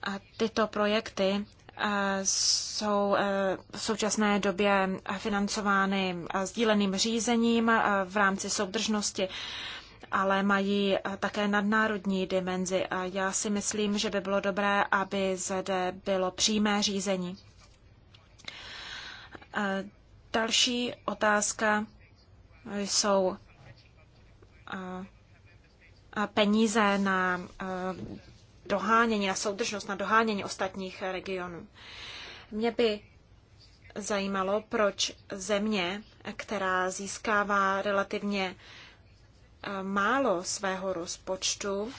Speaker 2: A tyto projekty jsou v současné době financovány sdíleným řízením v rámci soudržnosti ale mají eh, také nadnárodní dimenzi a já si myslím, že by bylo dobré, aby zde bylo přímé řízení. Eh, další otázka jsou eh, peníze na dohánění, na soudržnost, na dohánění ostatních regionů. Mě by zajímalo, proč země, která získává relativně Eh, málo svého rozpočtu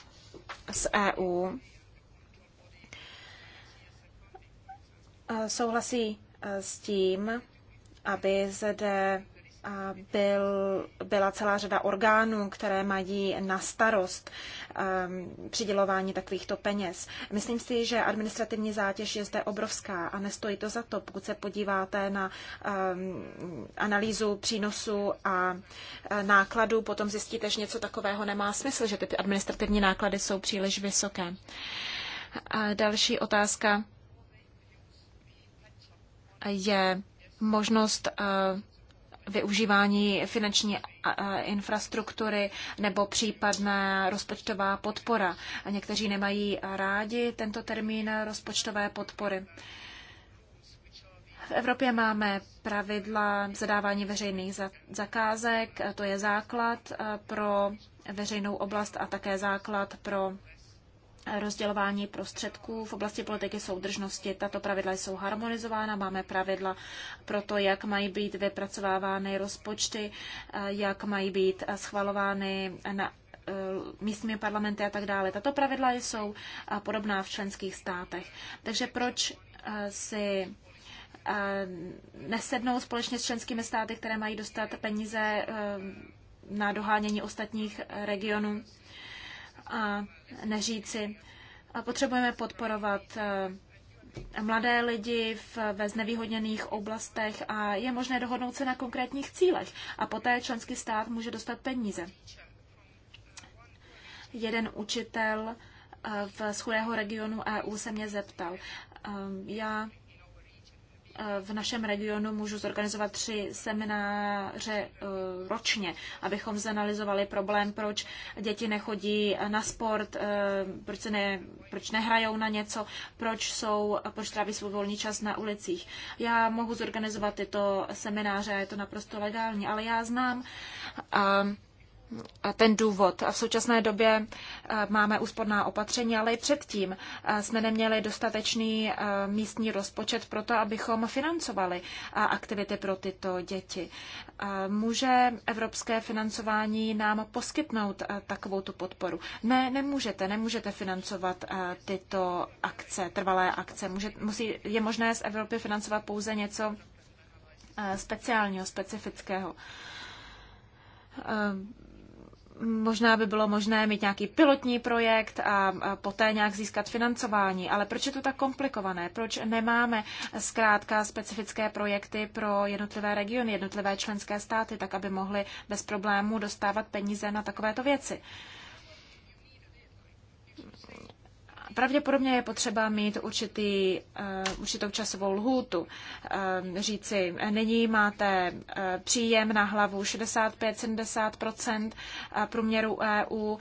Speaker 2: z EU. Eh, souhlasí eh, s tím, aby zde byl, byla celá řada orgánů, které mají na starost Um, přidělování takovýchto peněz. Myslím si, že administrativní zátěž je zde obrovská a nestojí to za to, pokud se podíváte na um, analýzu přínosu a e, nákladu, potom zjistíte, že něco takového nemá smysl, že ty administrativní náklady jsou příliš vysoké. A další otázka je možnost e, využívání finanční infrastruktury nebo případná rozpočtová podpora. A někteří nemají rádi tento termín rozpočtové podpory. V Evropě máme pravidla zadávání veřejných zakázek, to je základ pro veřejnou oblast a také základ pro rozdělování prostředků v oblasti politiky soudržnosti. Tato pravidla jsou harmonizována, máme pravidla pro to, jak mají být vypracovávány rozpočty, eh, jak mají být schvalovány na eh, místními parlamenty a tak dále. Tato pravidla jsou eh, podobná v členských státech. Takže proč si nesednou společně s členskými státy, které mají dostat peníze na dohánění ostatních regionů? a neříci, potřebujeme podporovat eh, mladé lidi v, ve znevýhodněných oblastech a je možné dohodnout se na konkrétních cílech a poté členský stát může dostat peníze. Jeden učitel eh, v z chudého regionu EU se mě zeptal. Eh, já v našem regionu můžu zorganizovat tři semináře eh, ročně, abychom zanalizovali problém, proč děti nechodí na sport, eh, proč, se ne, proč nehrajou na něco, proč, jsou, proč tráví svůj volný čas na ulicích. Já mohu zorganizovat tyto semináře, je to naprosto legální, ale já znám ten důvod. a V současné době eh, máme úsporná opatření, ale i předtím eh, jsme neměli dostatečný eh, místní rozpočet pro to, abychom financovali aktivity pro tyto děti. Může evropské financování nám poskytnout takovou tu podporu? Ne, nemůžete. Nemůžete financovat tyto akce, trvalé akce. Může, musí, je možné z Evropy financovat pouze něco speciálního, specifického možná by bylo možné mít nějaký pilotní projekt a poté nějak získat financování. Ale proč je to tak komplikované? Proč nemáme zkrátka specifické projekty pro jednotlivé regiony, jednotlivé členské státy, tak aby mohly bez problémů dostávat peníze na takovéto věci? Pravděpodobně je potřeba mít určitý, eh, určitou časovou lhůtu. Eh, říci, nyní máte eh, příjem na hlavu 65-70 průměru EU,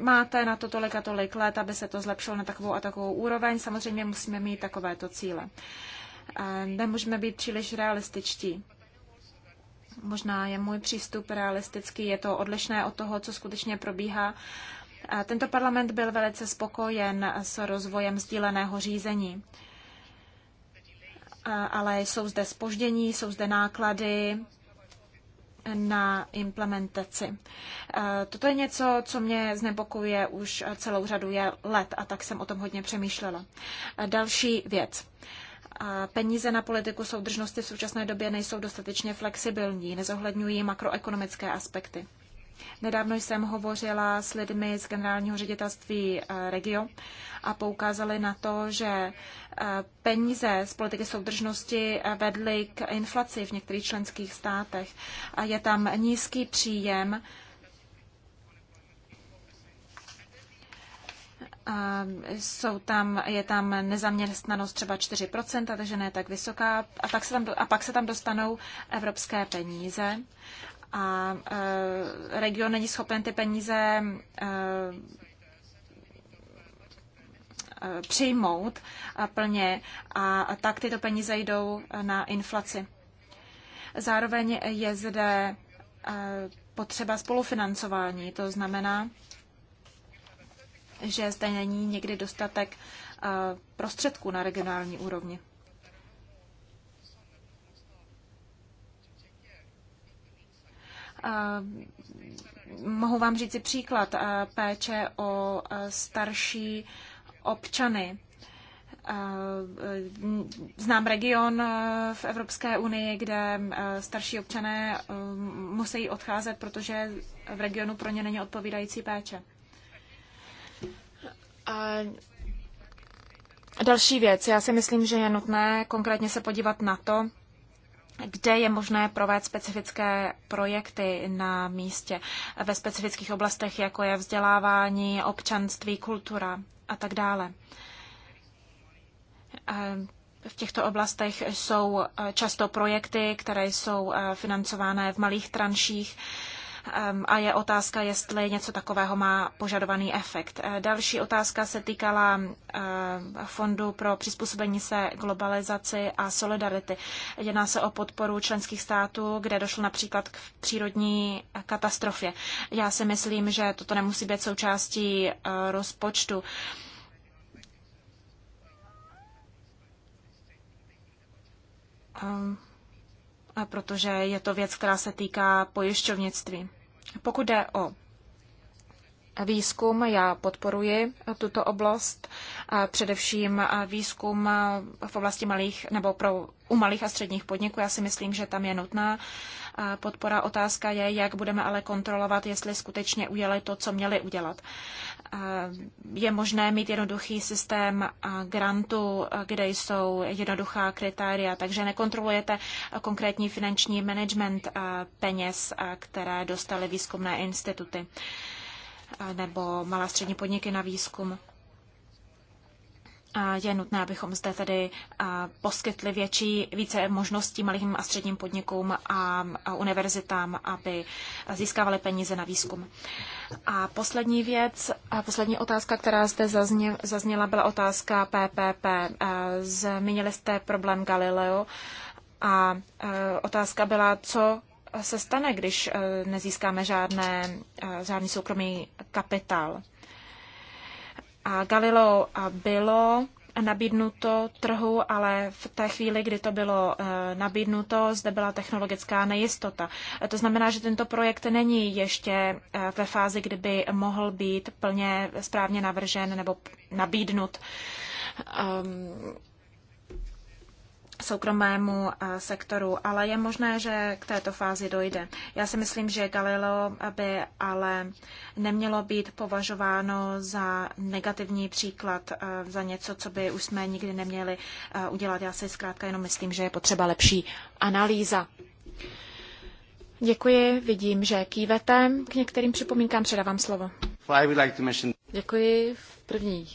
Speaker 2: máte na to tolik a tolik let, aby se to zlepšilo na takovou a takovou úroveň. Samozřejmě musíme mít takovéto cíle. Nemůžeme být příliš realističtí. Možná je můj přístup realistický, je to odlišné od toho, co skutečně probíhá tento parlament byl velice spokojen s rozvojem sdíleného řízení. Ale jsou zde spoždění, jsou zde náklady na implementaci. Toto je něco, co mě znepokuje už celou řadu let a tak jsem o tom hodně přemýšlela. Další věc. Peníze na politiku soudržnosti v současné době nejsou dostatečně flexibilní, nezohledňují makroekonomické aspekty. Nedávno jsem hovořila s lidmi z generálního ředitelství eh, Regio a poukázali na to, že eh, peníze z politiky soudržnosti eh, vedly k inflaci v některých členských státech. A je tam nízký příjem. jsou tam, je tam nezaměstnanost třeba 4%, takže ne tak vysoká. A pak, se tam, a pak se tam dostanou evropské peníze a eh, region není schopen ty peníze eh, eh, přijmout plně a tak tyto peníze jdou na inflaci. Zároveň je zde potřeba spolufinancování, to znamená, že zde není někdy dostatek prostředků na regionální úrovni. Eh, mohu vám říct příklad eh, péče o eh, starší občany. Znám region v Evropské unii, kde starší občané musí odcházet, protože v regionu pro ně není odpovídající péče. A další věc. Já si myslím, že je nutné konkrétně se podívat na to, kde je možné provést specifické projekty na místě ve specifických oblastech, jako je vzdělávání, občanství, kultura a tak dále. Eh, v těchto oblastech jsou eh, často projekty, které jsou eh, financované v malých tranších a je otázka, jestli něco takového má požadovaný efekt. Eh, další otázka se týkala eh, Fondu pro přizpůsobení se globalizaci a solidarity. Jedná se o podporu členských států, kde došlo například k přírodní katastrofě. Já si myslím, že toto nemusí být součástí eh, rozpočtu. Um, protože je to věc, která se týká pojišťovnictví. Pokud jde o výzkum, já podporuji tuto oblast, především výzkum v oblasti malých nebo pro, u malých a středních podniků. Já si myslím, že tam je nutná podpora. Otázka je, jak budeme ale kontrolovat, jestli skutečně udělali to, co měli udělat. Eh, je možné mít jednoduchý systém eh, grantu, eh, kde jsou jednoduchá kritéria, takže nekontrolujete konkrétní finanční management peněz, které dostaly výzkumné instituty nebo malá střední podniky na výzkum je nutné, abychom zde tedy poskytli větší, více možností malým a středním podnikům a univerzitám, aby získávali peníze na výzkum. A poslední věc, a poslední otázka, která zde zazněla, byla otázka PPP. E, zmínili jste problém Galileo a e, otázka byla, co se stane, když e, nezískáme žádné, žádný soukromý kapitál. A Galileo bylo nabídnuto trhu, ale v té chvíli, kdy to bylo eh, nabídnuto, zde byla technologická nejistota. Eh, to znamená, že tento projekt není ještě eh, ve fázi, kdyby mohl být plně správně navržen nebo nabídnut. Ehm, soukromému eh, sektoru, ale je možné, že k této fázi dojde. Já si myslím, že Galileo by ale nemělo být považováno za negativní příklad, eh, za něco, co by už jsme nikdy neměli eh, udělat. Já si zkrátka jenom myslím, že je potřeba lepší analýza. Děkuji, vidím, že kývete. K některým připomínkám předávám slovo. Děkuji. V první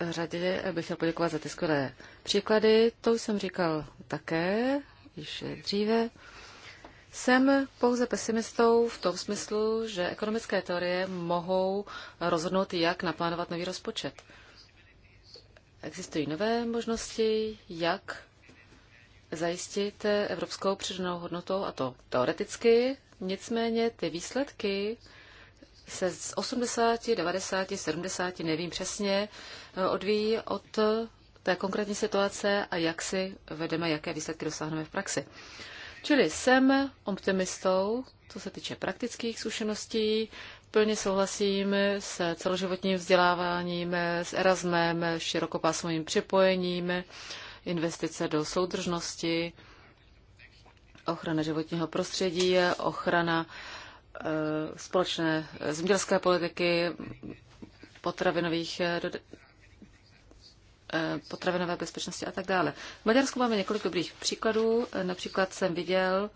Speaker 2: řadě bych chtěl
Speaker 1: poděkovat za ty skvělé příklady. To jsem říkal také již dříve. Jsem pouze pesimistou v tom smyslu, že ekonomické teorie mohou rozhodnout, jak naplánovat nový rozpočet. Existují nové možnosti, jak zajistit evropskou přidanou hodnotou, a to teoreticky. Nicméně ty výsledky se z 80, 90, 70, nevím přesně, eh, odvíjí od té konkrétní situace a jak si vedeme, jaké výsledky dosáhneme v praxi. Čili jsem optimistou, co se týče praktických zkušeností, plně souhlasím s celoživotním vzděláváním, s Erasmem, s širokopásmovým připojením, investice do soudržnosti, ochrana životního prostředí, ochrana uh, Eh, společné zemědělské politiky, potravinových eh, eh, potravinové bezpečnosti a tak dále. V Maďarsku máme několik dobrých příkladů. Například jsem viděl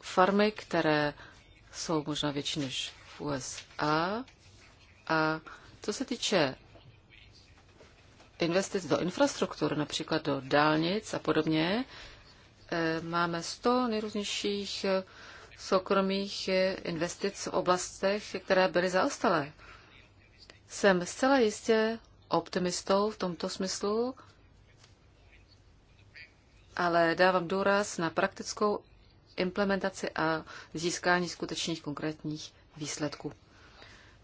Speaker 1: farmy, které jsou možná větší než v USA. A co se týče investic do infrastruktur, například do dálnic a podobně, Eh, máme 100 nejrůznějších eh, soukromých eh, investic v oblastech, které byly zaostalé. Jsem zcela jistě optimistou v tomto smyslu, ale dávám důraz na praktickou implementaci a získání skutečných konkrétních výsledků.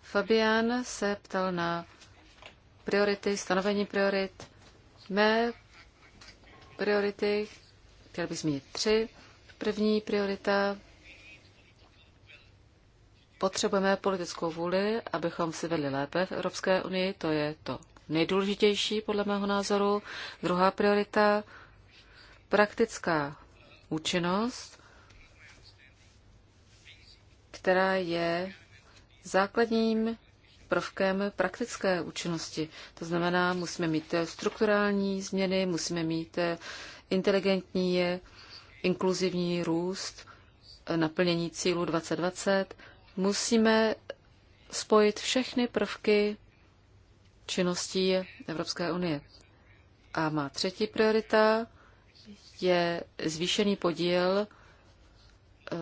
Speaker 1: Fabian se ptal na priority, stanovení priorit. Mé priority, Chtěl bych zmínit tři. První priorita potřebujeme politickou vůli, abychom si vedli lépe v Evropské unii, to je to nejdůležitější podle mého názoru. Druhá priorita, praktická účinnost, která je základním prvkem praktické účinnosti. To znamená, musíme mít strukturální změny, musíme mít inteligentní je inkluzivní růst, eh, naplnění cílu 2020. Musíme spojit všechny prvky činností Evropské unie. A má třetí priorita je zvýšený podíl eh,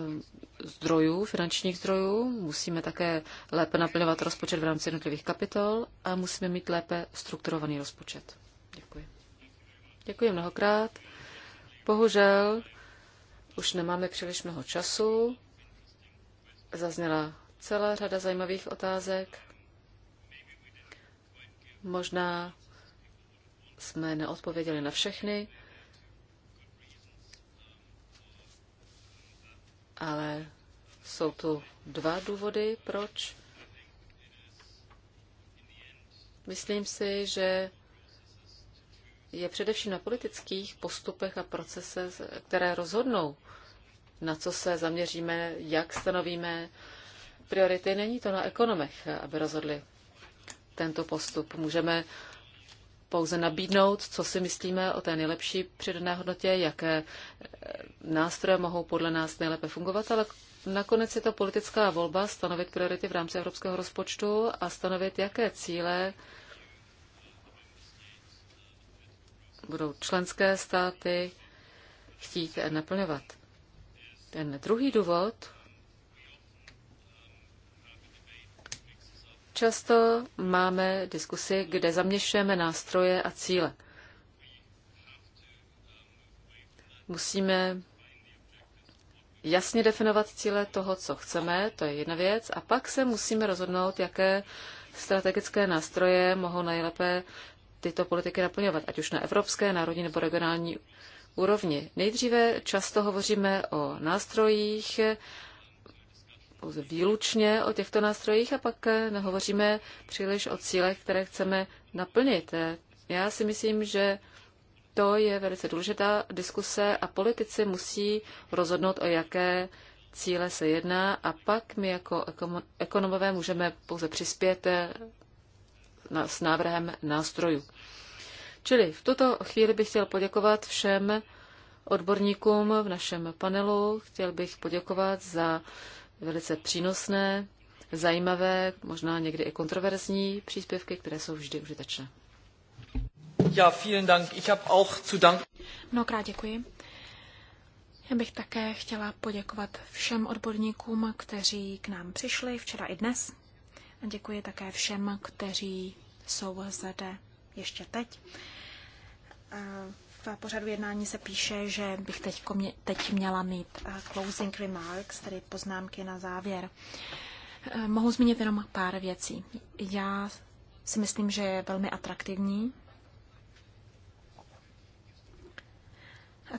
Speaker 1: zdrojů, finančních zdrojů. Musíme také lépe naplňovat rozpočet v rámci jednotlivých kapitol a musíme mít lépe strukturovaný rozpočet. Děkuji. Děkuji mnohokrát. Bohužel už nemáme příliš mnoho času. Zazněla celá řada zajímavých otázek. Možná jsme neodpověděli na všechny, ale jsou tu dva důvody, proč. Myslím si, že je především na politických postupech a procesech, které rozhodnou, na co se zaměříme, jak stanovíme priority. Není to na ekonomech, aby rozhodli tento postup. Můžeme pouze nabídnout, co si myslíme o té nejlepší přidané hodnotě, jaké eh, nástroje mohou podle nás nejlépe fungovat, ale nakonec je to politická volba stanovit priority v rámci evropského rozpočtu a stanovit, jaké cíle budou členské státy chtít naplňovat. Ten druhý důvod, často máme diskusy, kde zaměšujeme nástroje a cíle. Musíme jasně definovat cíle toho, co chceme, to je jedna věc, a pak se musíme rozhodnout, jaké strategické nástroje mohou nejlépe tyto politiky naplňovat, ať už na evropské, národní nebo regionální úrovni. Nejdříve často hovoříme o nástrojích, pouze výlučně o těchto nástrojích a pak nehovoříme příliš o cílech, které chceme naplnit. Já si myslím, že to je velice důležitá diskuse a politici musí rozhodnout, o jaké cíle se jedná a pak my jako ekonomové můžeme pouze přispět s návrhem nástrojů. Čili v tuto chvíli bych chtěl poděkovat všem odborníkům v našem panelu. Chtěl bych poděkovat za velice přínosné, zajímavé, možná někdy i kontroverzní příspěvky, které jsou vždy užitečné. Ja, vielen Dank. Ich habe auch zu dank.
Speaker 2: Mnohokrát děkuji. Já bych také chtěla poděkovat všem odborníkům, kteří k nám přišli včera i dnes. A děkuji také všem, kteří jsou zde ještě teď. V pořadu jednání se píše, že bych teď, teď měla mít closing remarks, tedy poznámky na závěr. Mohu zmínit jenom pár věcí. Já si myslím, že je velmi atraktivní.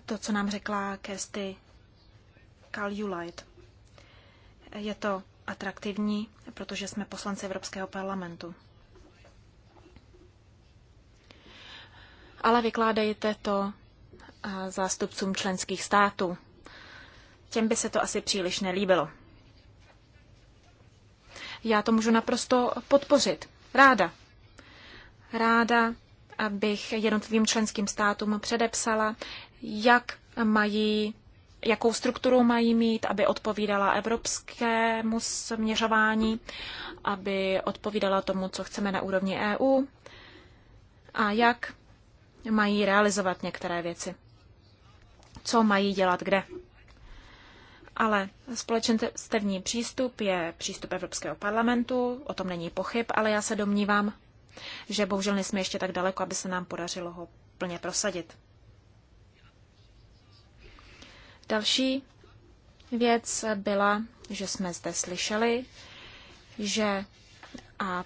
Speaker 2: to, co nám řekla Kirsty Kaljulajt. Je to atraktivní, protože jsme poslanci Evropského parlamentu. Ale vykládejte to eh, zástupcům členských států. Těm by se to asi příliš nelíbilo. Já to můžu naprosto podpořit. Ráda. Ráda, abych jednotlivým členským státům předepsala, jak mají jakou strukturu mají mít, aby odpovídala evropskému směřování, aby odpovídala tomu, co chceme na úrovni EU a jak mají realizovat některé věci. Co mají dělat kde. Ale společenstevní přístup je přístup Evropského parlamentu, o tom není pochyb, ale já se domnívám, že bohužel nejsme ještě tak daleko, aby se nám podařilo ho plně prosadit. Další věc byla, že jsme zde slyšeli, že a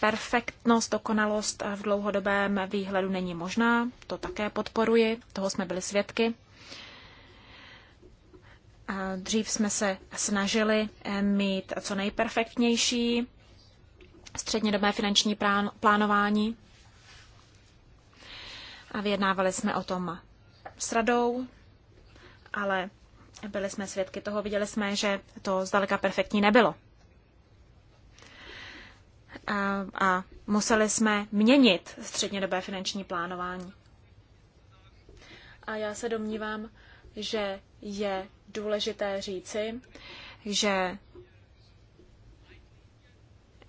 Speaker 2: perfektnost, dokonalost v dlouhodobém výhledu není možná. To také podporuji, toho jsme byli svědky. A dřív jsme se snažili eh, mít co nejperfektnější střednědobé finanční plánování. A vyjednávali jsme o tom s radou, ale byli jsme svědky toho, viděli jsme, že to zdaleka perfektní nebylo. A, a museli jsme měnit střednědobé finanční plánování. A já se domnívám, že je důležité říci, že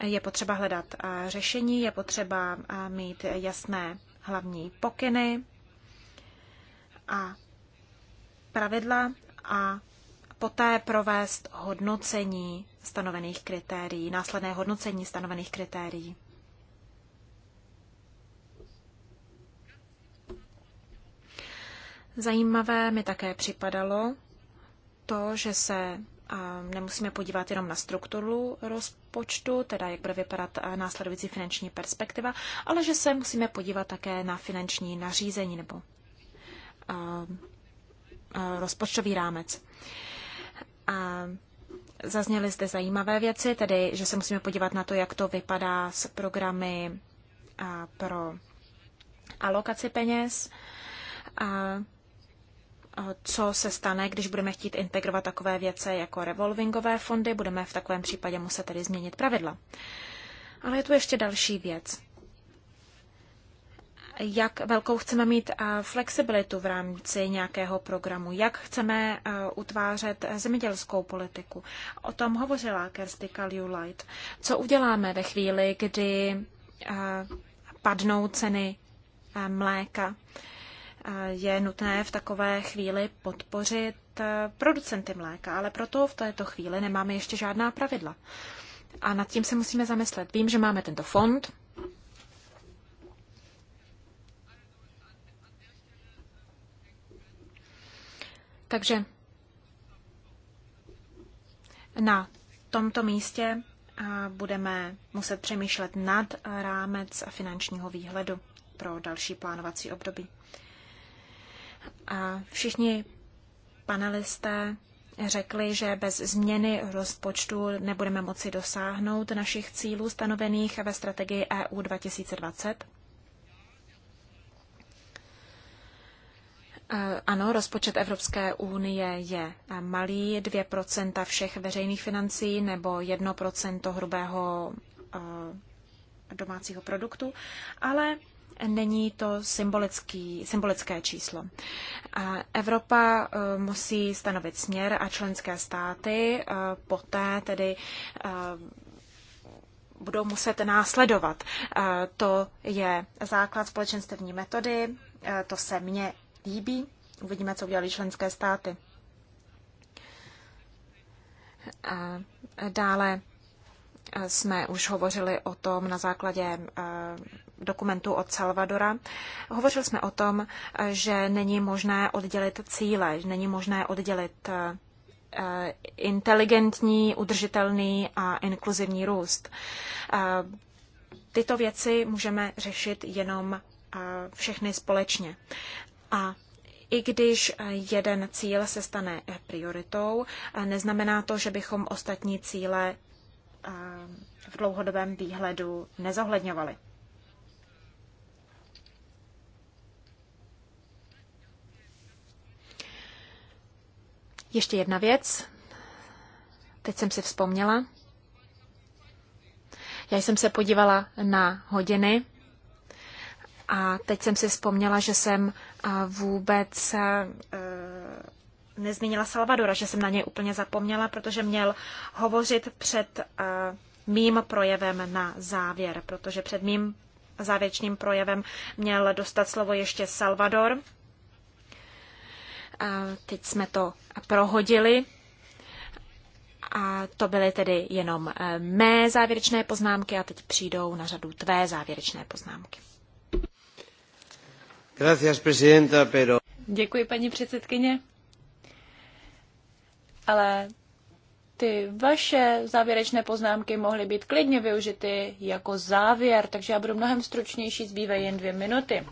Speaker 2: je potřeba hledat řešení, je potřeba mít jasné hlavní pokyny a pravidla a poté provést hodnocení stanovených kritérií, následné hodnocení stanovených kritérií. Zajímavé mi také připadalo to, že se nemusíme podívat jenom na strukturu rozpočtu, teda jak bude vypadat následující finanční perspektiva, ale že se musíme podívat také na finanční nařízení nebo Eh, rozpočtový rámec. A zazněly zde zajímavé věci, tedy, že se musíme podívat na to, jak to vypadá s programy eh, pro alokaci peněz, a eh, co se stane, když budeme chtít integrovat takové věci jako revolvingové fondy, budeme v takovém případě muset tedy změnit pravidla. Ale je tu ještě další věc jak velkou chceme mít eh, flexibilitu v rámci nějakého programu, jak chceme eh, utvářet zemědělskou politiku. O tom hovořila Kirsty Kaliulajt. Co uděláme ve chvíli, kdy eh, padnou ceny mléka? Je nutné v takové chvíli podpořit producenty mléka, ale proto v této chvíli nemáme ještě žádná pravidla. A nad tím se musíme zamyslet. Vím, že máme tento fond, Takže na tomto místě budeme muset přemýšlet nad rámec finančního výhledu pro další plánovací období. A všichni panelisté řekli, že bez změny rozpočtu nebudeme moci dosáhnout našich cílů stanovených ve strategii EU 2020. Eh, ano, rozpočet Evropské unie je eh, malý, 2% všech veřejných financí nebo 1% hrubého eh, domácího produktu, ale není to symbolický, symbolické číslo. Evropa musí stanovit směr a členské státy poté tedy budou muset následovat. To je základ společenstevní metody, to se mě, líbí. Uvidíme, co udělali členské státy. A dále jsme už hovořili o tom na základě eh, dokumentu od Salvadora. Hovořili jsme o tom, že není možné oddělit cíle, že není možné oddělit eh, inteligentní, udržitelný a inkluzivní růst. Eh, tyto věci můžeme řešit jenom všechny společně. A i když jeden cíl se stane prioritou, neznamená to, že bychom ostatní cíle eh, v dlouhodobém výhledu nezohledňovali. Ještě jedna věc. Teď jsem si vzpomněla. Já jsem se podívala na hodiny a teď jsem si vzpomněla, že jsem vůbec nezmínila Salvadora, že jsem na něj úplně zapomněla, protože měl hovořit před mým projevem na závěr, protože před mým závěrečným projevem měl dostat slovo ještě Salvador. Teď jsme to prohodili. A to byly tedy jenom e, mé závěrečné poznámky a teď přijdou na řadu tvé závěrečné poznámky. Děkuji, paní
Speaker 3: předsedkyně. Ale ty vaše závěrečné poznámky mohly být klidně využity jako závěr, takže já budu mnohem stručnější, zbývají jen dvě minuty.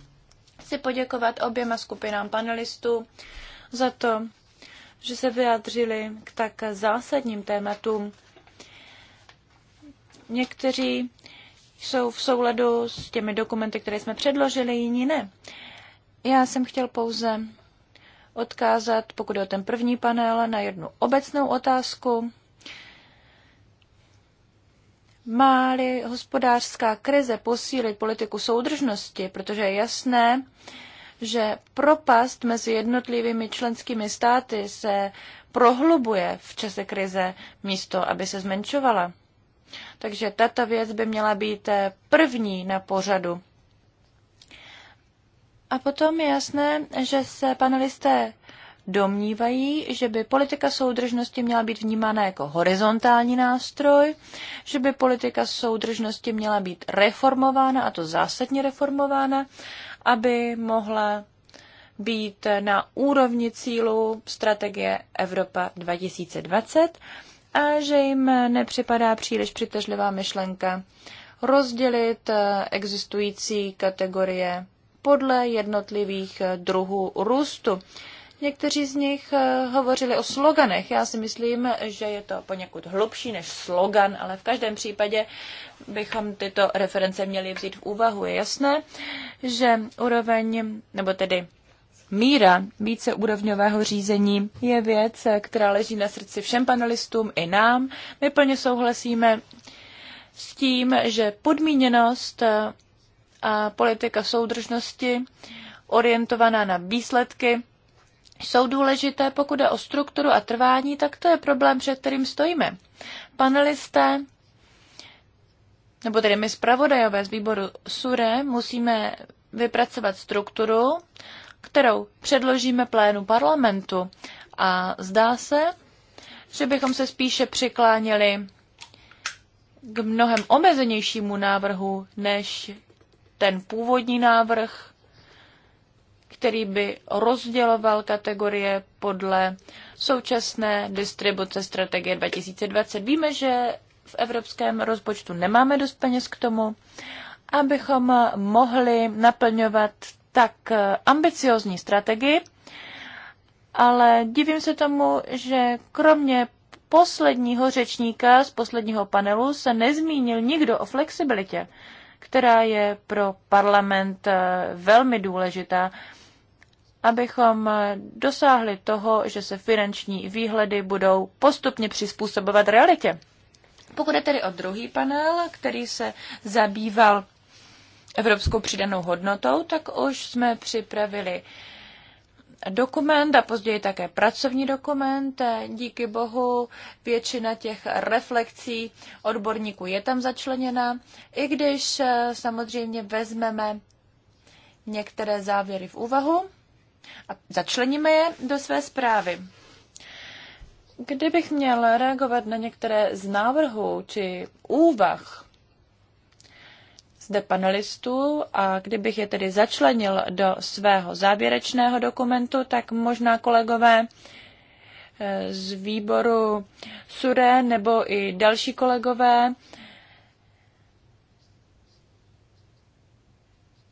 Speaker 3: Chci poděkovat oběma skupinám panelistů za to, že se vyjádřili k tak zásadním tématům. Někteří jsou v souladu s těmi dokumenty, které jsme předložili, jiní ne. Já jsem chtěl pouze odkázat, pokud je o ten první panel, na jednu obecnou otázku. Má-li hospodářská krize posílit politiku soudržnosti, protože je jasné, že propast mezi jednotlivými členskými státy se prohlubuje v čase krize místo, aby se zmenšovala. Takže tato věc by měla být eh, první na pořadu a potom je jasné, že se panelisté domnívají, že by politika soudržnosti měla být vnímána jako horizontální nástroj, že by politika soudržnosti měla být reformována, a to zásadně reformována, aby mohla být na úrovni cílu strategie Evropa 2020 a že jim nepřipadá příliš přitažlivá myšlenka rozdělit existující kategorie podle jednotlivých eh, druhů růstu. Někteří z nich eh, hovořili o sloganech. Já si myslím, že je to poněkud hlubší než slogan, ale v každém případě bychom tyto reference měli vzít v úvahu. Je jasné, že úroveň, nebo tedy míra víceúrovňového řízení je věc, eh, která leží na srdci všem panelistům i nám. My plně souhlasíme s tím, že podmíněnost a politika soudržnosti orientovaná na výsledky jsou důležité, pokud je o strukturu a trvání, tak to je problém, před kterým stojíme. Panelisté, nebo tedy my zpravodajové z výboru SURE, musíme vypracovat strukturu, kterou předložíme plénu parlamentu. A zdá se, že bychom se spíše přikláněli k mnohem omezenějšímu návrhu, než ten původní návrh, který by rozděloval kategorie podle současné distribuce strategie 2020. Víme, že v evropském rozpočtu nemáme dost peněz k tomu, abychom mohli naplňovat tak ambiciozní strategii, ale divím se tomu, že kromě posledního řečníka z posledního panelu se nezmínil nikdo o flexibilitě která je pro parlament eh, velmi důležitá, abychom eh, dosáhli toho, že se finanční výhledy budou postupně přizpůsobovat realitě. Pokud je tedy o druhý panel, který se zabýval evropskou přidanou hodnotou, tak už jsme připravili uh, dokument a později také pracovní dokument. Díky bohu většina těch reflexí odborníků je tam začleněna, i když eh, samozřejmě vezmeme některé závěry v úvahu a začleníme je do své zprávy. Kdybych měl reagovat na některé z návrhů či úvah, zde panelistů a kdybych je tedy začlenil do svého závěrečného dokumentu, tak možná kolegové eh, z výboru SURE nebo i další kolegové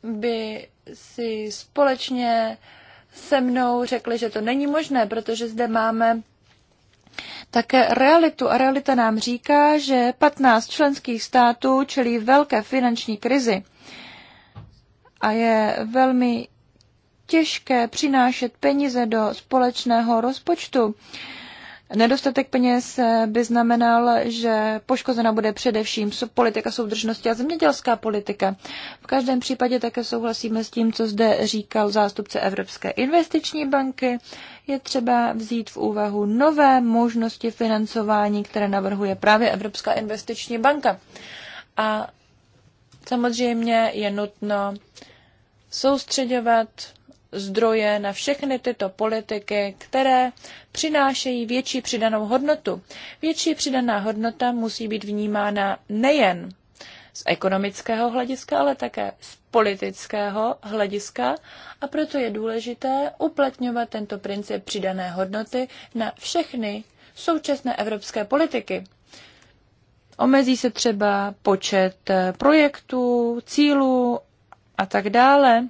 Speaker 3: by si společně se mnou řekli, že to není možné, protože zde máme také realitu. A realita nám říká, že 15 členských států čelí velké finanční krizi a je velmi těžké přinášet peníze do společného rozpočtu. Uh, Nedostatek peněz eh, by znamenal, že poškozena bude především politika soudržnosti a zemědělská politika. V každém případě také souhlasíme s tím, co zde říkal zástupce Evropské investiční banky. Je třeba vzít v úvahu nové možnosti financování, které navrhuje právě Evropská investiční banka. A samozřejmě je nutno soustředovat zdroje na všechny tyto politiky, které přinášejí větší přidanou hodnotu. Větší přidaná hodnota musí být vnímána nejen z ekonomického hlediska, ale také z politického hlediska a proto je důležité uplatňovat tento princip přidané hodnoty na všechny současné evropské politiky. Omezí se třeba počet eh, projektů, cílů a tak dále,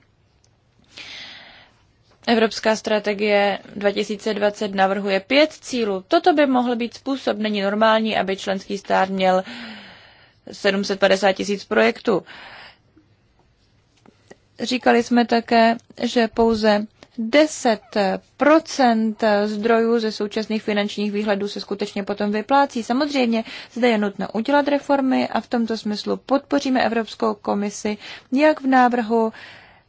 Speaker 3: Evropská strategie 2020 navrhuje pět cílů. Toto by mohl být způsob. Není normální, aby členský stát měl 750 tisíc projektů. Říkali jsme také, že pouze 10 zdrojů ze současných finančních výhledů se skutečně potom vyplácí. Samozřejmě zde je nutno udělat reformy a v tomto smyslu podpoříme Evropskou komisi jak v návrhu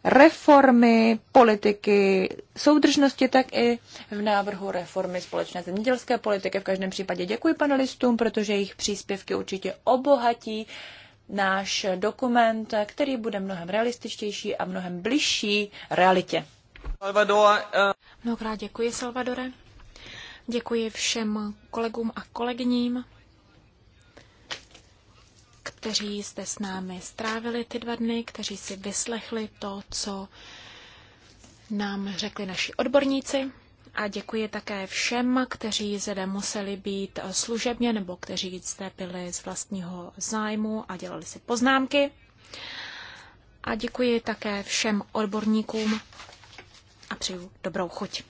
Speaker 3: reformy politiky soudržnosti, tak i v návrhu reformy společné zemědělské politiky. V každém případě děkuji panelistům, protože jejich příspěvky určitě obohatí náš dokument, který bude mnohem
Speaker 2: realističtější a mnohem bližší realitě.
Speaker 1: Eh,
Speaker 2: Mnohokrát děkuji, Salvadore. Děkuji všem kolegům a kolegyním kteří jste s námi strávili ty dva dny, kteří si vyslechli to, co nám řekli naši odborníci. A děkuji také všem, kteří zde museli být služebně nebo kteří jste byli z vlastního zájmu a dělali si poznámky. A děkuji také všem odborníkům a přeju dobrou chuť.